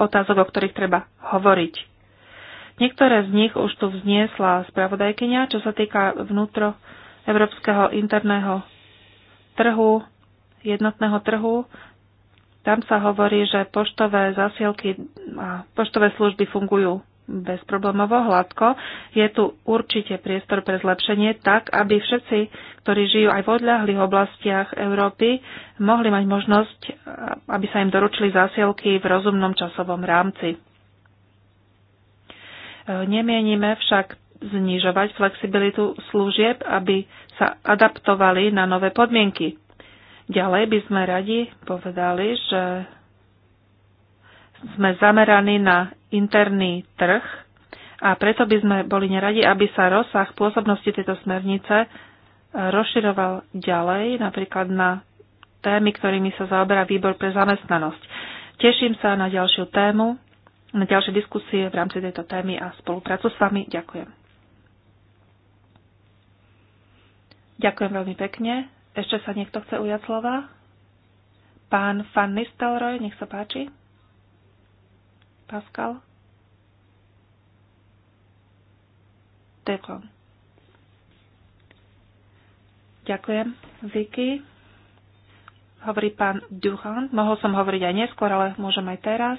otázok, o ktorých treba hovoriť. Niektoré z nich už tu vzniesla spravodajkynia, čo sa týka vnútro európskeho interného trhu, jednotného trhu tam sa hovorí, že poštové zasielky a poštové služby fungujú bezproblémovo, hladko. Je tu určite priestor pre zlepšenie tak, aby všetci, ktorí žijú aj v odľahlých oblastiach Európy, mohli mať možnosť, aby sa im doručili zásielky v rozumnom časovom rámci. Nemienime však znižovať flexibilitu služieb, aby sa adaptovali na nové podmienky. Ďalej by sme radi povedali, že sme zameraní na interný trh a preto by sme boli neradi, aby sa rozsah pôsobnosti tejto smernice rozširoval ďalej, napríklad na témy, ktorými sa zaoberá výbor pre zamestnanosť. Teším sa na ďalšiu tému, na ďalšie diskusie v rámci tejto témy a spoluprácu s vami. Ďakujem. Ďakujem veľmi pekne ešte sa niekto chce ujať slova? Pán Van Nistelrooy, nech sa páči. Pascal. Ďakujem. Ďakujem, Vicky. Hovorí pán Duchand. Mohol som hovoriť aj neskôr, ale môžem aj teraz.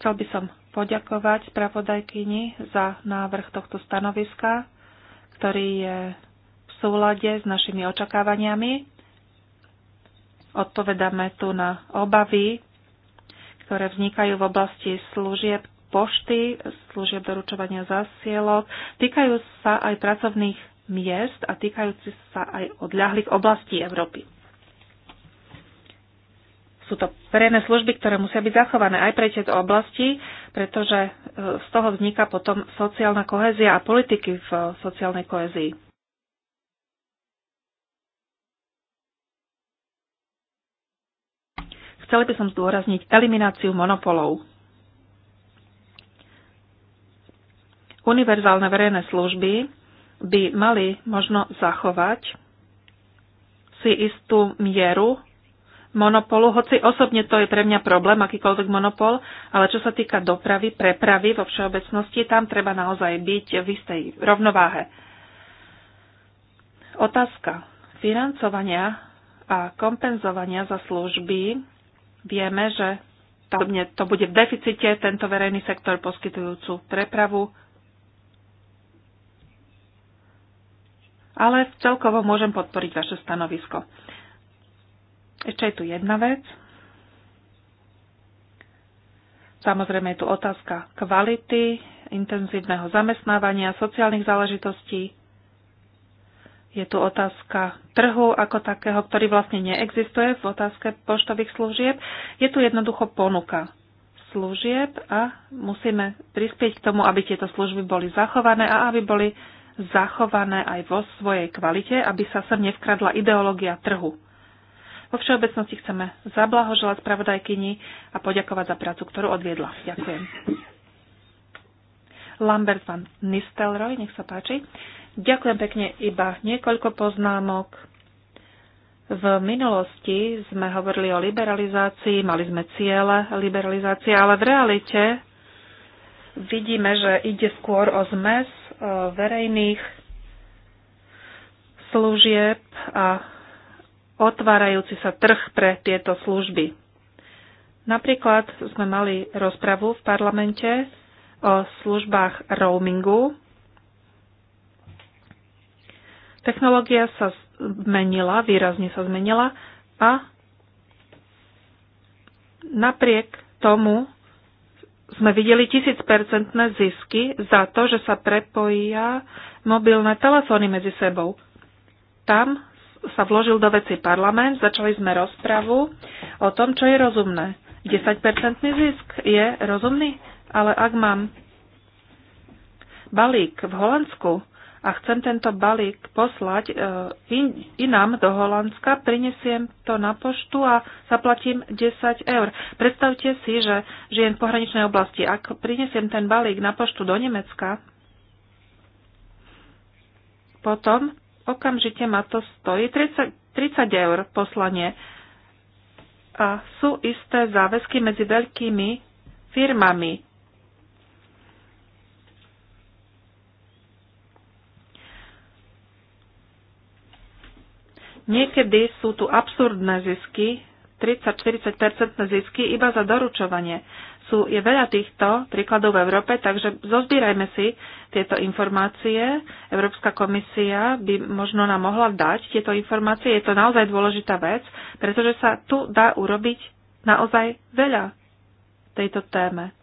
Chcel by som poďakovať spravodajkyni za návrh tohto stanoviska ktorý je v súlade s našimi očakávaniami. Odpovedáme tu na obavy, ktoré vznikajú v oblasti služieb pošty, služieb doručovania zásielok. Týkajú sa aj pracovných miest a týkajúci sa aj odľahlých oblastí Európy sú to verejné služby, ktoré musia byť zachované aj pre tieto oblasti, pretože e, z toho vzniká potom sociálna kohézia a politiky v e, sociálnej kohézii. Chceli by som zdôrazniť elimináciu monopolov. Univerzálne verejné služby by mali možno zachovať si istú mieru monopolu, hoci osobne to je pre mňa problém, akýkoľvek monopol, ale čo sa týka dopravy, prepravy vo všeobecnosti, tam treba naozaj byť v istej rovnováhe. Otázka financovania a kompenzovania za služby. Vieme, že to bude v deficite tento verejný sektor poskytujúcu prepravu. Ale celkovo môžem podporiť vaše stanovisko. Ešte je tu jedna vec. Samozrejme je tu otázka kvality, intenzívneho zamestnávania, sociálnych záležitostí. Je tu otázka trhu ako takého, ktorý vlastne neexistuje v otázke poštových služieb. Je tu jednoducho ponuka služieb a musíme prispieť k tomu, aby tieto služby boli zachované a aby boli zachované aj vo svojej kvalite, aby sa sem nevkradla ideológia trhu. Vo všeobecnosti chceme zablahoželať spravodajkyni a poďakovať za prácu, ktorú odviedla. Ďakujem. Lambert van Nistelroj, nech sa páči. Ďakujem pekne, iba niekoľko poznámok. V minulosti sme hovorili o liberalizácii, mali sme ciele liberalizácie, ale v realite vidíme, že ide skôr o zmes verejných služieb a otvárajúci sa trh pre tieto služby. Napríklad sme mali rozpravu v parlamente o službách roamingu. Technológia sa zmenila, výrazne sa zmenila a napriek tomu sme videli tisícpercentné zisky za to, že sa prepojia mobilné telefóny medzi sebou. Tam, sa vložil do veci parlament, začali sme rozpravu o tom, čo je rozumné. 10-percentný zisk je rozumný, ale ak mám balík v Holandsku a chcem tento balík poslať e, in, inám do Holandska, prinesiem to na poštu a zaplatím 10 eur. Predstavte si, že žijem v pohraničnej oblasti. Ak prinesiem ten balík na poštu do Nemecka, potom okamžite ma to stojí 30, 30 eur poslanie. A sú isté záväzky medzi veľkými firmami. Niekedy sú tu absurdné zisky, 30-40% zisky iba za doručovanie sú, je veľa týchto príkladov v Európe, takže zozbírajme si tieto informácie. Európska komisia by možno nám mohla dať tieto informácie. Je to naozaj dôležitá vec, pretože sa tu dá urobiť naozaj veľa tejto téme.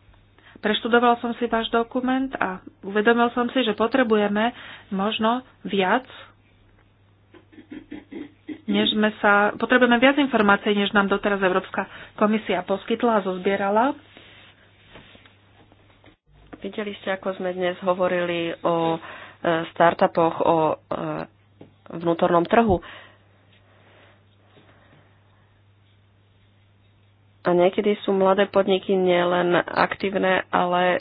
Preštudoval som si váš dokument a uvedomil som si, že potrebujeme možno viac než sme sa, potrebujeme viac informácií, než nám doteraz Európska komisia poskytla a zozbierala. Videli ste, ako sme dnes hovorili o e, startupoch, o e, vnútornom trhu. A niekedy sú mladé podniky nielen aktívne, ale e,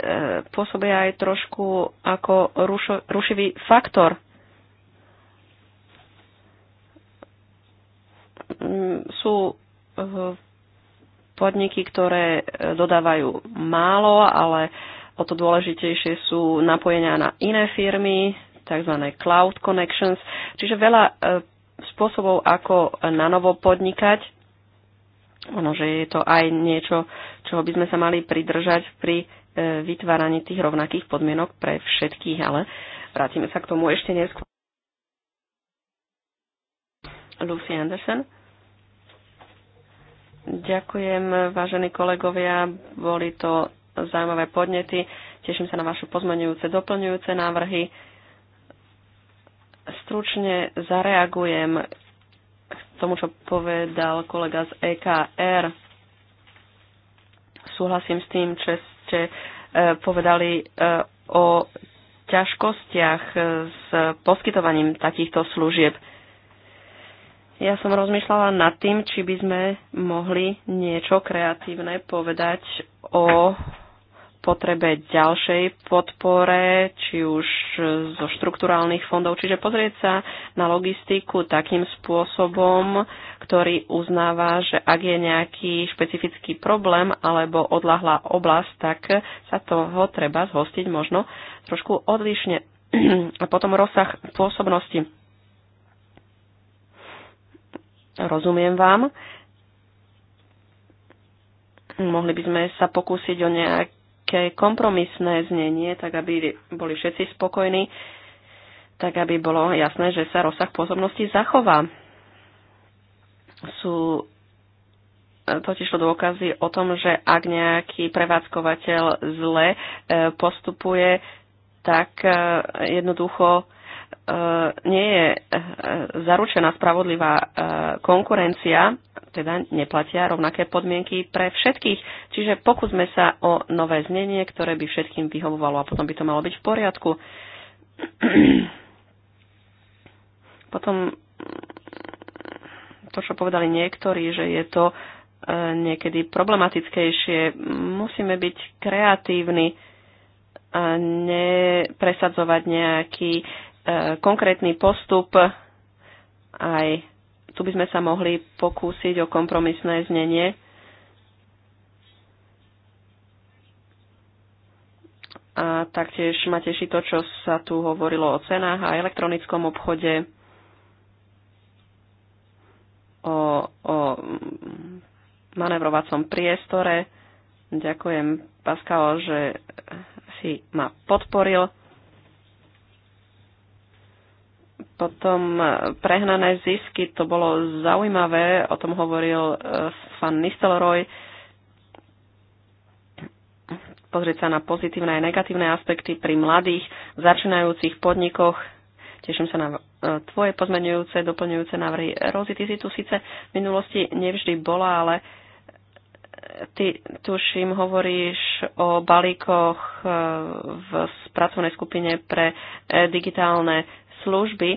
pôsobia aj trošku ako rušo, rušivý faktor. Mm, sú podniky, ktoré dodávajú málo, ale O to dôležitejšie sú napojenia na iné firmy, tzv. cloud connections, čiže veľa e, spôsobov, ako na novo podnikať. Ono, že je to aj niečo, čo by sme sa mali pridržať pri e, vytváraní tých rovnakých podmienok pre všetkých, ale vrátime sa k tomu ešte neskôr. Lucy Anderson. Ďakujem, vážení kolegovia. Boli to zaujímavé podnety. Teším sa na vaše pozmenujúce, doplňujúce návrhy. Stručne zareagujem k tomu, čo povedal kolega z EKR. Súhlasím s tým, čo ste e, povedali e, o ťažkostiach e, s poskytovaním takýchto služieb. Ja som rozmýšľala nad tým, či by sme mohli niečo kreatívne povedať o potrebe ďalšej podpore, či už zo štrukturálnych fondov, čiže pozrieť sa na logistiku takým spôsobom, ktorý uznáva, že ak je nejaký špecifický problém alebo odlahlá oblasť, tak sa toho treba zhostiť možno trošku odlišne. [CLEARS THROAT] A potom rozsah pôsobnosti. Rozumiem vám mohli by sme sa pokúsiť o nejak také kompromisné znenie, tak aby boli všetci spokojní, tak aby bolo jasné, že sa rozsah pôsobnosti zachová. Sú e, totižto dôkazy o tom, že ak nejaký prevádzkovateľ zle e, postupuje, tak e, jednoducho E, nie je e, zaručená spravodlivá e, konkurencia, teda neplatia rovnaké podmienky pre všetkých. Čiže pokúsme sa o nové znenie, ktoré by všetkým vyhovovalo a potom by to malo byť v poriadku. [CLEARS THROAT] potom mm, to, čo povedali niektorí, že je to niekedy problematickejšie. Musíme byť kreatívni a nepresadzovať nejaký konkrétny postup. Aj tu by sme sa mohli pokúsiť o kompromisné znenie. A taktiež ma teší to, čo sa tu hovorilo o cenách a elektronickom obchode, o, o manevrovacom priestore. Ďakujem Pascal, že si ma podporil. Potom e, prehnané zisky, to bolo zaujímavé, o tom hovoril fan e, Nistelroy, Pozrieť sa na pozitívne a negatívne aspekty pri mladých začínajúcich podnikoch. Teším sa na e, tvoje pozmenujúce, doplňujúce návrhy. Rozi, ty si tu síce v minulosti nevždy bola, ale ty tuším hovoríš o balíkoch v pracovnej skupine pre digitálne služby.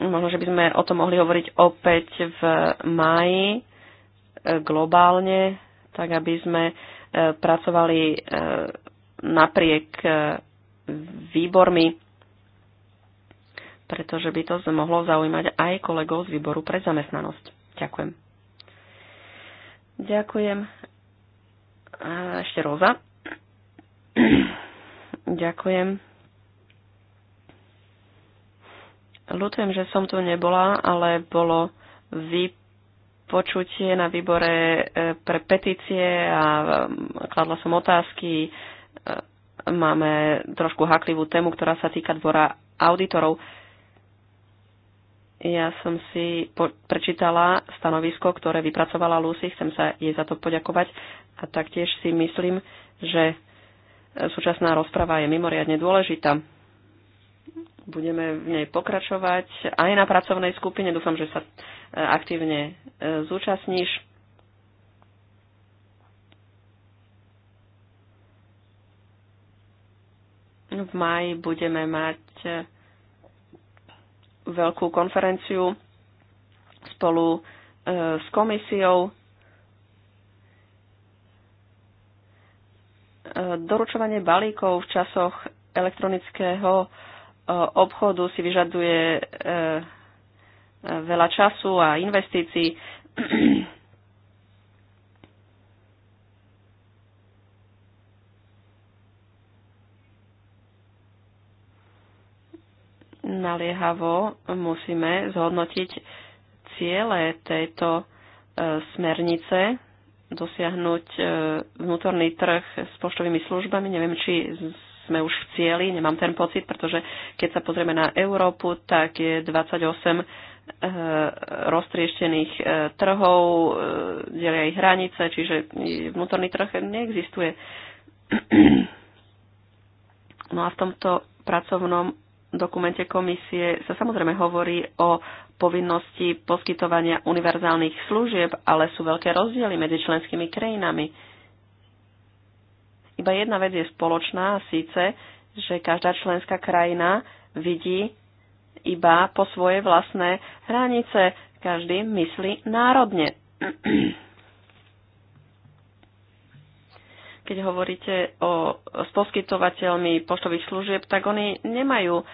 Možno, že by sme o tom mohli hovoriť opäť v máji e, globálne, tak aby sme e, pracovali e, napriek výbormi, pretože by to mohlo zaujímať aj kolegov z výboru pre zamestnanosť. Ďakujem. Ďakujem. A ešte Roza. Ďakujem. Ľutujem, že som tu nebola, ale bolo vypočutie na výbore e, pre petície a e, kladla som otázky. E, máme trošku haklivú tému, ktorá sa týka dvora auditorov. Ja som si prečítala stanovisko, ktoré vypracovala Lucy, chcem sa jej za to poďakovať a taktiež si myslím, že súčasná rozprava je mimoriadne dôležitá budeme v nej pokračovať aj na pracovnej skupine. Dúfam, že sa e, aktívne e, zúčastníš. V maji budeme mať e, veľkú konferenciu spolu s komisiou. Doručovanie balíkov v časoch elektronického obchodu si vyžaduje eh, veľa času a investícií. [CLEARS THROAT] Naliehavo musíme zhodnotiť ciele tejto eh, smernice, dosiahnuť eh, vnútorný trh s poštovými službami. Neviem, či sme už v cieli, nemám ten pocit, pretože keď sa pozrieme na Európu, tak je 28 eh, roztrieštených eh, trhov, eh, delia ich hranice, čiže vnútorný trh neexistuje. [CLEARS THROAT] No a v tomto pracovnom dokumente komisie sa samozrejme hovorí o povinnosti poskytovania univerzálnych služieb, ale sú veľké rozdiely medzi členskými krajinami iba jedna vec je spoločná, a síce, že každá členská krajina vidí iba po svoje vlastné hranice. Každý myslí národne. Keď hovoríte o, s poskytovateľmi poštových služieb, tak oni nemajú e,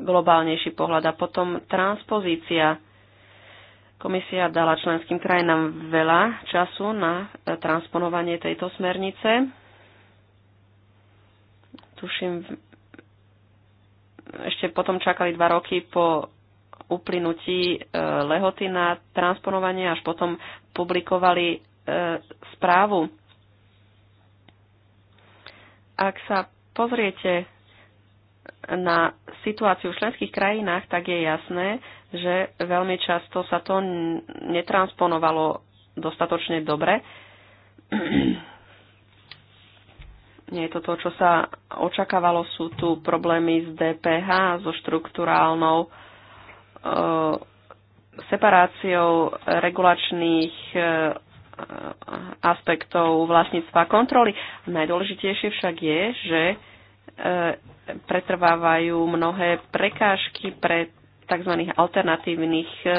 globálnejší pohľad a potom transpozícia Komisia dala členským krajinám veľa času na e, transponovanie tejto smernice. Tuším, ešte potom čakali dva roky po uplynutí e, lehoty na transponovanie, až potom publikovali e, správu. Ak sa pozriete na situáciu v členských krajinách, tak je jasné, že veľmi často sa to netransponovalo dostatočne dobre. [CLEARS THROAT] Nie je to to, čo sa očakávalo. Sú tu problémy s DPH, so štruktúrálnou e, separáciou regulačných e, aspektov vlastníctva kontroly. Najdôležitejšie však je, že e, pretrvávajú mnohé prekážky pre tzv. alternatívnych e,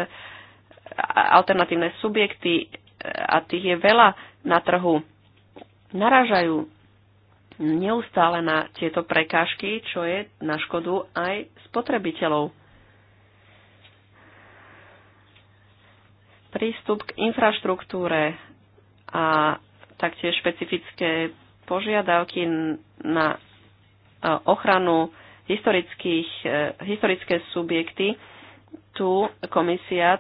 alternatívne subjekty e, a tých je veľa na trhu. Naražajú neustále na tieto prekážky, čo je na škodu aj spotrebiteľov. Prístup k infraštruktúre a taktiež špecifické požiadavky na ochranu historických, e, historické subjekty. Tu komisia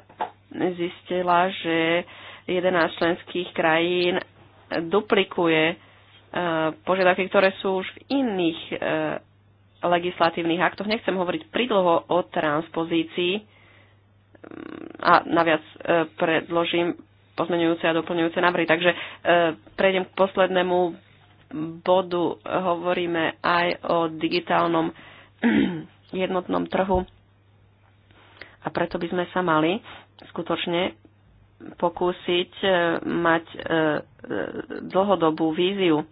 zistila, že 11 členských krajín duplikuje e, požiadavky, ktoré sú už v iných e, legislatívnych aktoch. Nechcem hovoriť pridlho o transpozícii a naviac predložím pozmenujúce a doplňujúce návrhy. Takže prejdem k poslednému bodu hovoríme aj o digitálnom [CLEARS THROAT] jednotnom trhu. A preto by sme sa mali skutočne pokúsiť e, mať e, e, dlhodobú víziu,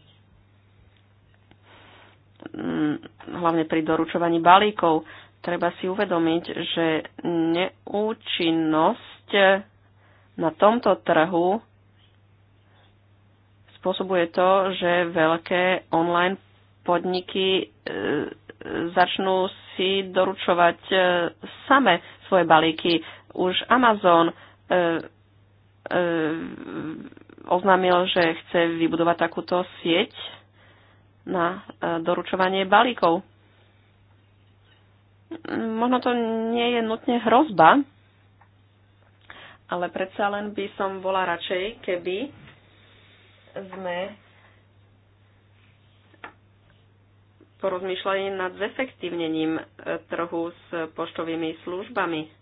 mm, hlavne pri doručovaní balíkov. Treba si uvedomiť, že neúčinnosť na tomto trhu spôsobuje to, že veľké online podniky e, začnú si doručovať e, same svoje balíky. Už Amazon e, oznámil, že chce vybudovať takúto sieť na doručovanie balíkov. Možno to nie je nutne hrozba, ale predsa len by som bola radšej, keby sme porozmýšľali nad zefektívnením e, trhu s poštovými službami.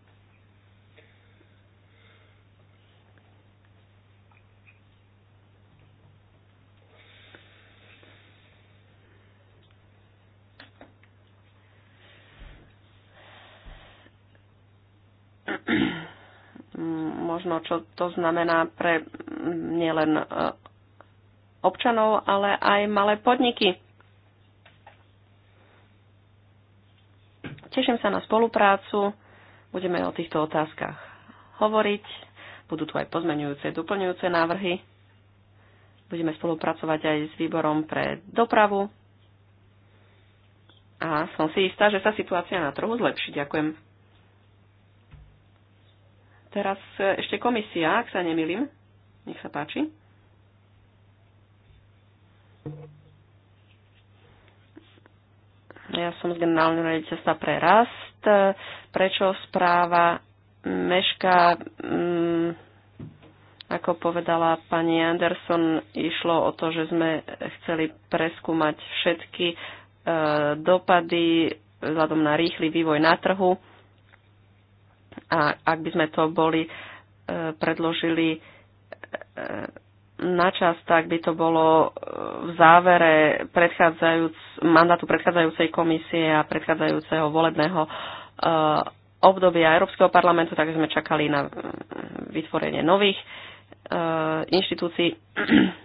možno, čo to znamená pre mm, nielen e, občanov, ale aj malé podniky. Teším sa na spoluprácu, budeme o týchto otázkach hovoriť, budú tu aj pozmenujúce, doplňujúce návrhy. Budeme spolupracovať aj s výborom pre dopravu. A som si istá, že sa situácia na trhu zlepší. Ďakujem. Teraz ešte komisia, ak sa nemilím. Nech sa páči. Ja som z generálneho rediteľstva pre rast. Prečo správa meška, mm, ako povedala pani Anderson, išlo o to, že sme chceli preskúmať všetky e, dopady vzhľadom na rýchly vývoj na trhu. A ak by sme to boli e, predložili e, na čas, tak by to bolo e, v závere predchádzajúc, mandátu predchádzajúcej komisie a predchádzajúceho volebného e, obdobia Európskeho parlamentu, takže sme čakali na e, vytvorenie nových inštitúcií. [CLEARS THROAT]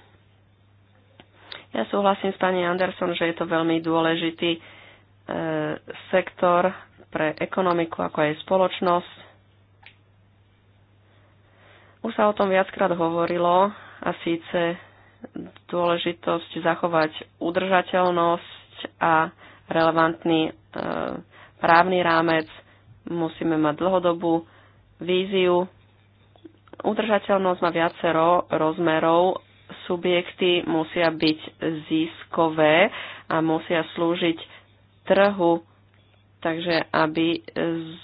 Ja súhlasím s pani Anderson, že je to veľmi dôležitý sektor pre ekonomiku, ako aj spoločnosť. Už sa o tom viackrát hovorilo a síce dôležitosť zachovať udržateľnosť a relevantný e, právny rámec. Musíme mať dlhodobú víziu. Udržateľnosť má viacero rozmerov. Subjekty musia byť ziskové a musia slúžiť trhu, takže aby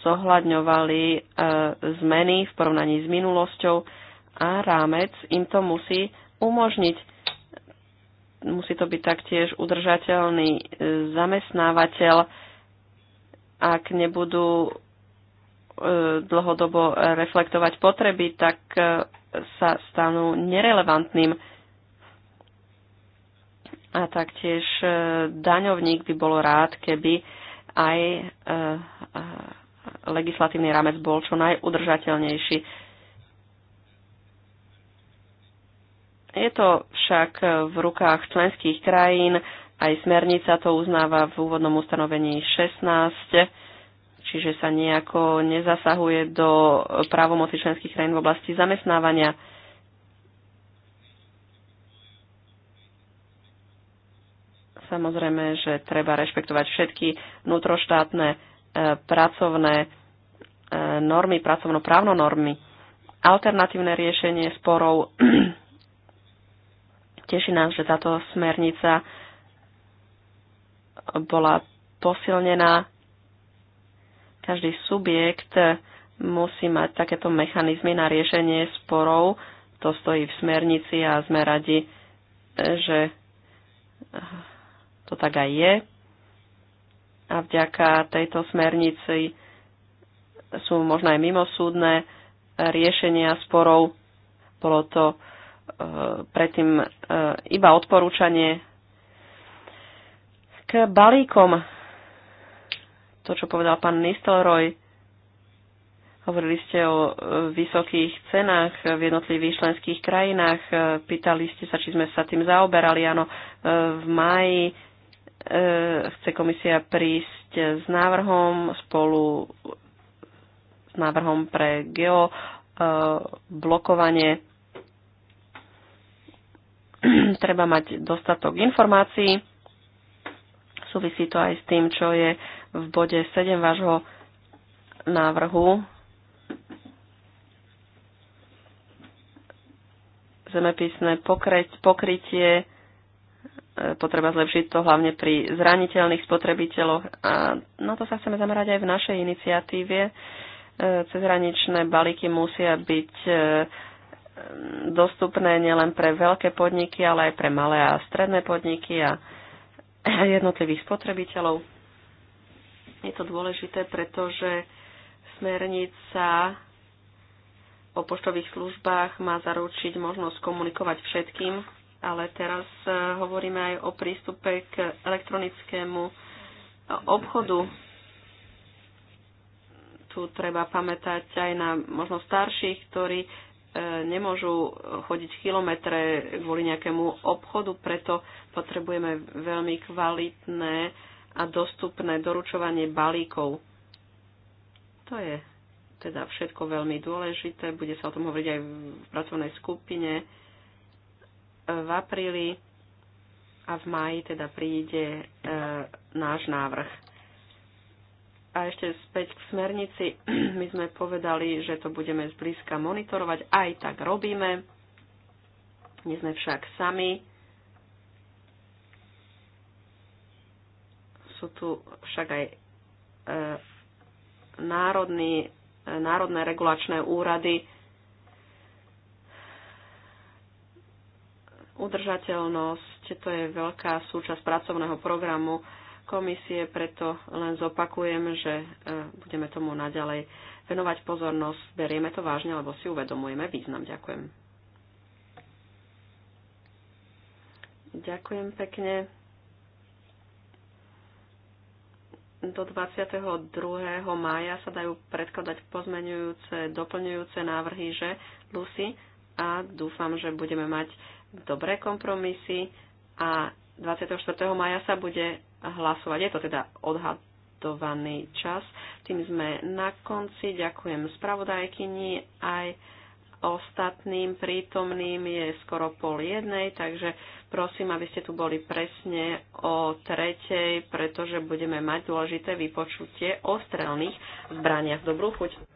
zohľadňovali e, zmeny v porovnaní s minulosťou a rámec im to musí umožniť. Musí to byť taktiež udržateľný e, zamestnávateľ, ak nebudú e, dlhodobo reflektovať potreby, tak e, sa stanú nerelevantným. A taktiež daňovník by bol rád, keby aj legislatívny rámec bol čo najudržateľnejší Je to však v rukách členských krajín, aj smernica to uznáva v úvodnom ustanovení 16, čiže sa nejako nezasahuje do právomoci členských krajín v oblasti zamestnávania. Samozrejme, že treba rešpektovať všetky vnútroštátne e, pracovné e, normy, pracovnoprávno normy. Alternatívne riešenie sporov Teší nás, že táto smernica bola posilnená. Každý subjekt musí mať takéto mechanizmy na riešenie sporov. To stojí v smernici a sme radi, že to tak aj je. A vďaka tejto smernici sú možno aj mimosúdne riešenia sporov. Bolo to E, predtým e, iba odporúčanie k balíkom. To, čo povedal pán Nistelroj, hovorili ste o e, vysokých cenách v jednotlivých členských krajinách, pýtali ste sa, či sme sa tým zaoberali. Áno, v maji chce komisia prísť s návrhom spolu s návrhom pre geoblokovanie [CLEARS THROAT] treba mať dostatok informácií. Súvisí to aj s tým, čo je v bode 7 vášho návrhu. Zemepisné pokryť, pokrytie e, potreba zlepšiť to hlavne pri zraniteľných spotrebiteľoch a na to sa chceme zamerať aj v našej iniciatíve. E, cezhraničné balíky musia byť e, Ehm, dostupné nielen pre veľké podniky, ale aj pre malé a stredné podniky a [CLEARS THROAT] jednotlivých spotrebiteľov. Je to dôležité, pretože smernica o poštových službách má zaručiť možnosť komunikovať všetkým, ale teraz e, hovoríme aj o prístupe k elektronickému obchodu. Tu treba pamätať aj na možno starších, ktorí E, nemôžu chodiť kilometre kvôli nejakému obchodu, preto potrebujeme veľmi kvalitné a dostupné doručovanie balíkov. To je teda všetko veľmi dôležité. Bude sa o tom hovoriť aj v pracovnej skupine v apríli a v máji teda príde e, náš návrh. A ešte späť k smernici. [CLEARS THROAT] My sme povedali, že to budeme zblízka monitorovať. Aj tak robíme. Nie sme však sami. Sú tu však aj e, národný, e, národné regulačné úrady. Udržateľnosť, to je veľká súčasť pracovného programu komisie, preto len zopakujem, že e, budeme tomu naďalej venovať pozornosť, berieme to vážne, lebo si uvedomujeme význam. Ďakujem. Ďakujem pekne. Do 22. mája sa dajú predkladať pozmenujúce, doplňujúce návrhy, že Lucy a dúfam, že budeme mať dobré kompromisy a 24. maja sa bude hlasovať. Je to teda odhadovaný čas. Tým sme na konci. Ďakujem spravodajkyni aj ostatným prítomným je skoro pol jednej, takže prosím, aby ste tu boli presne o tretej, pretože budeme mať dôležité vypočutie o strelných zbraniach. Dobrú chuť.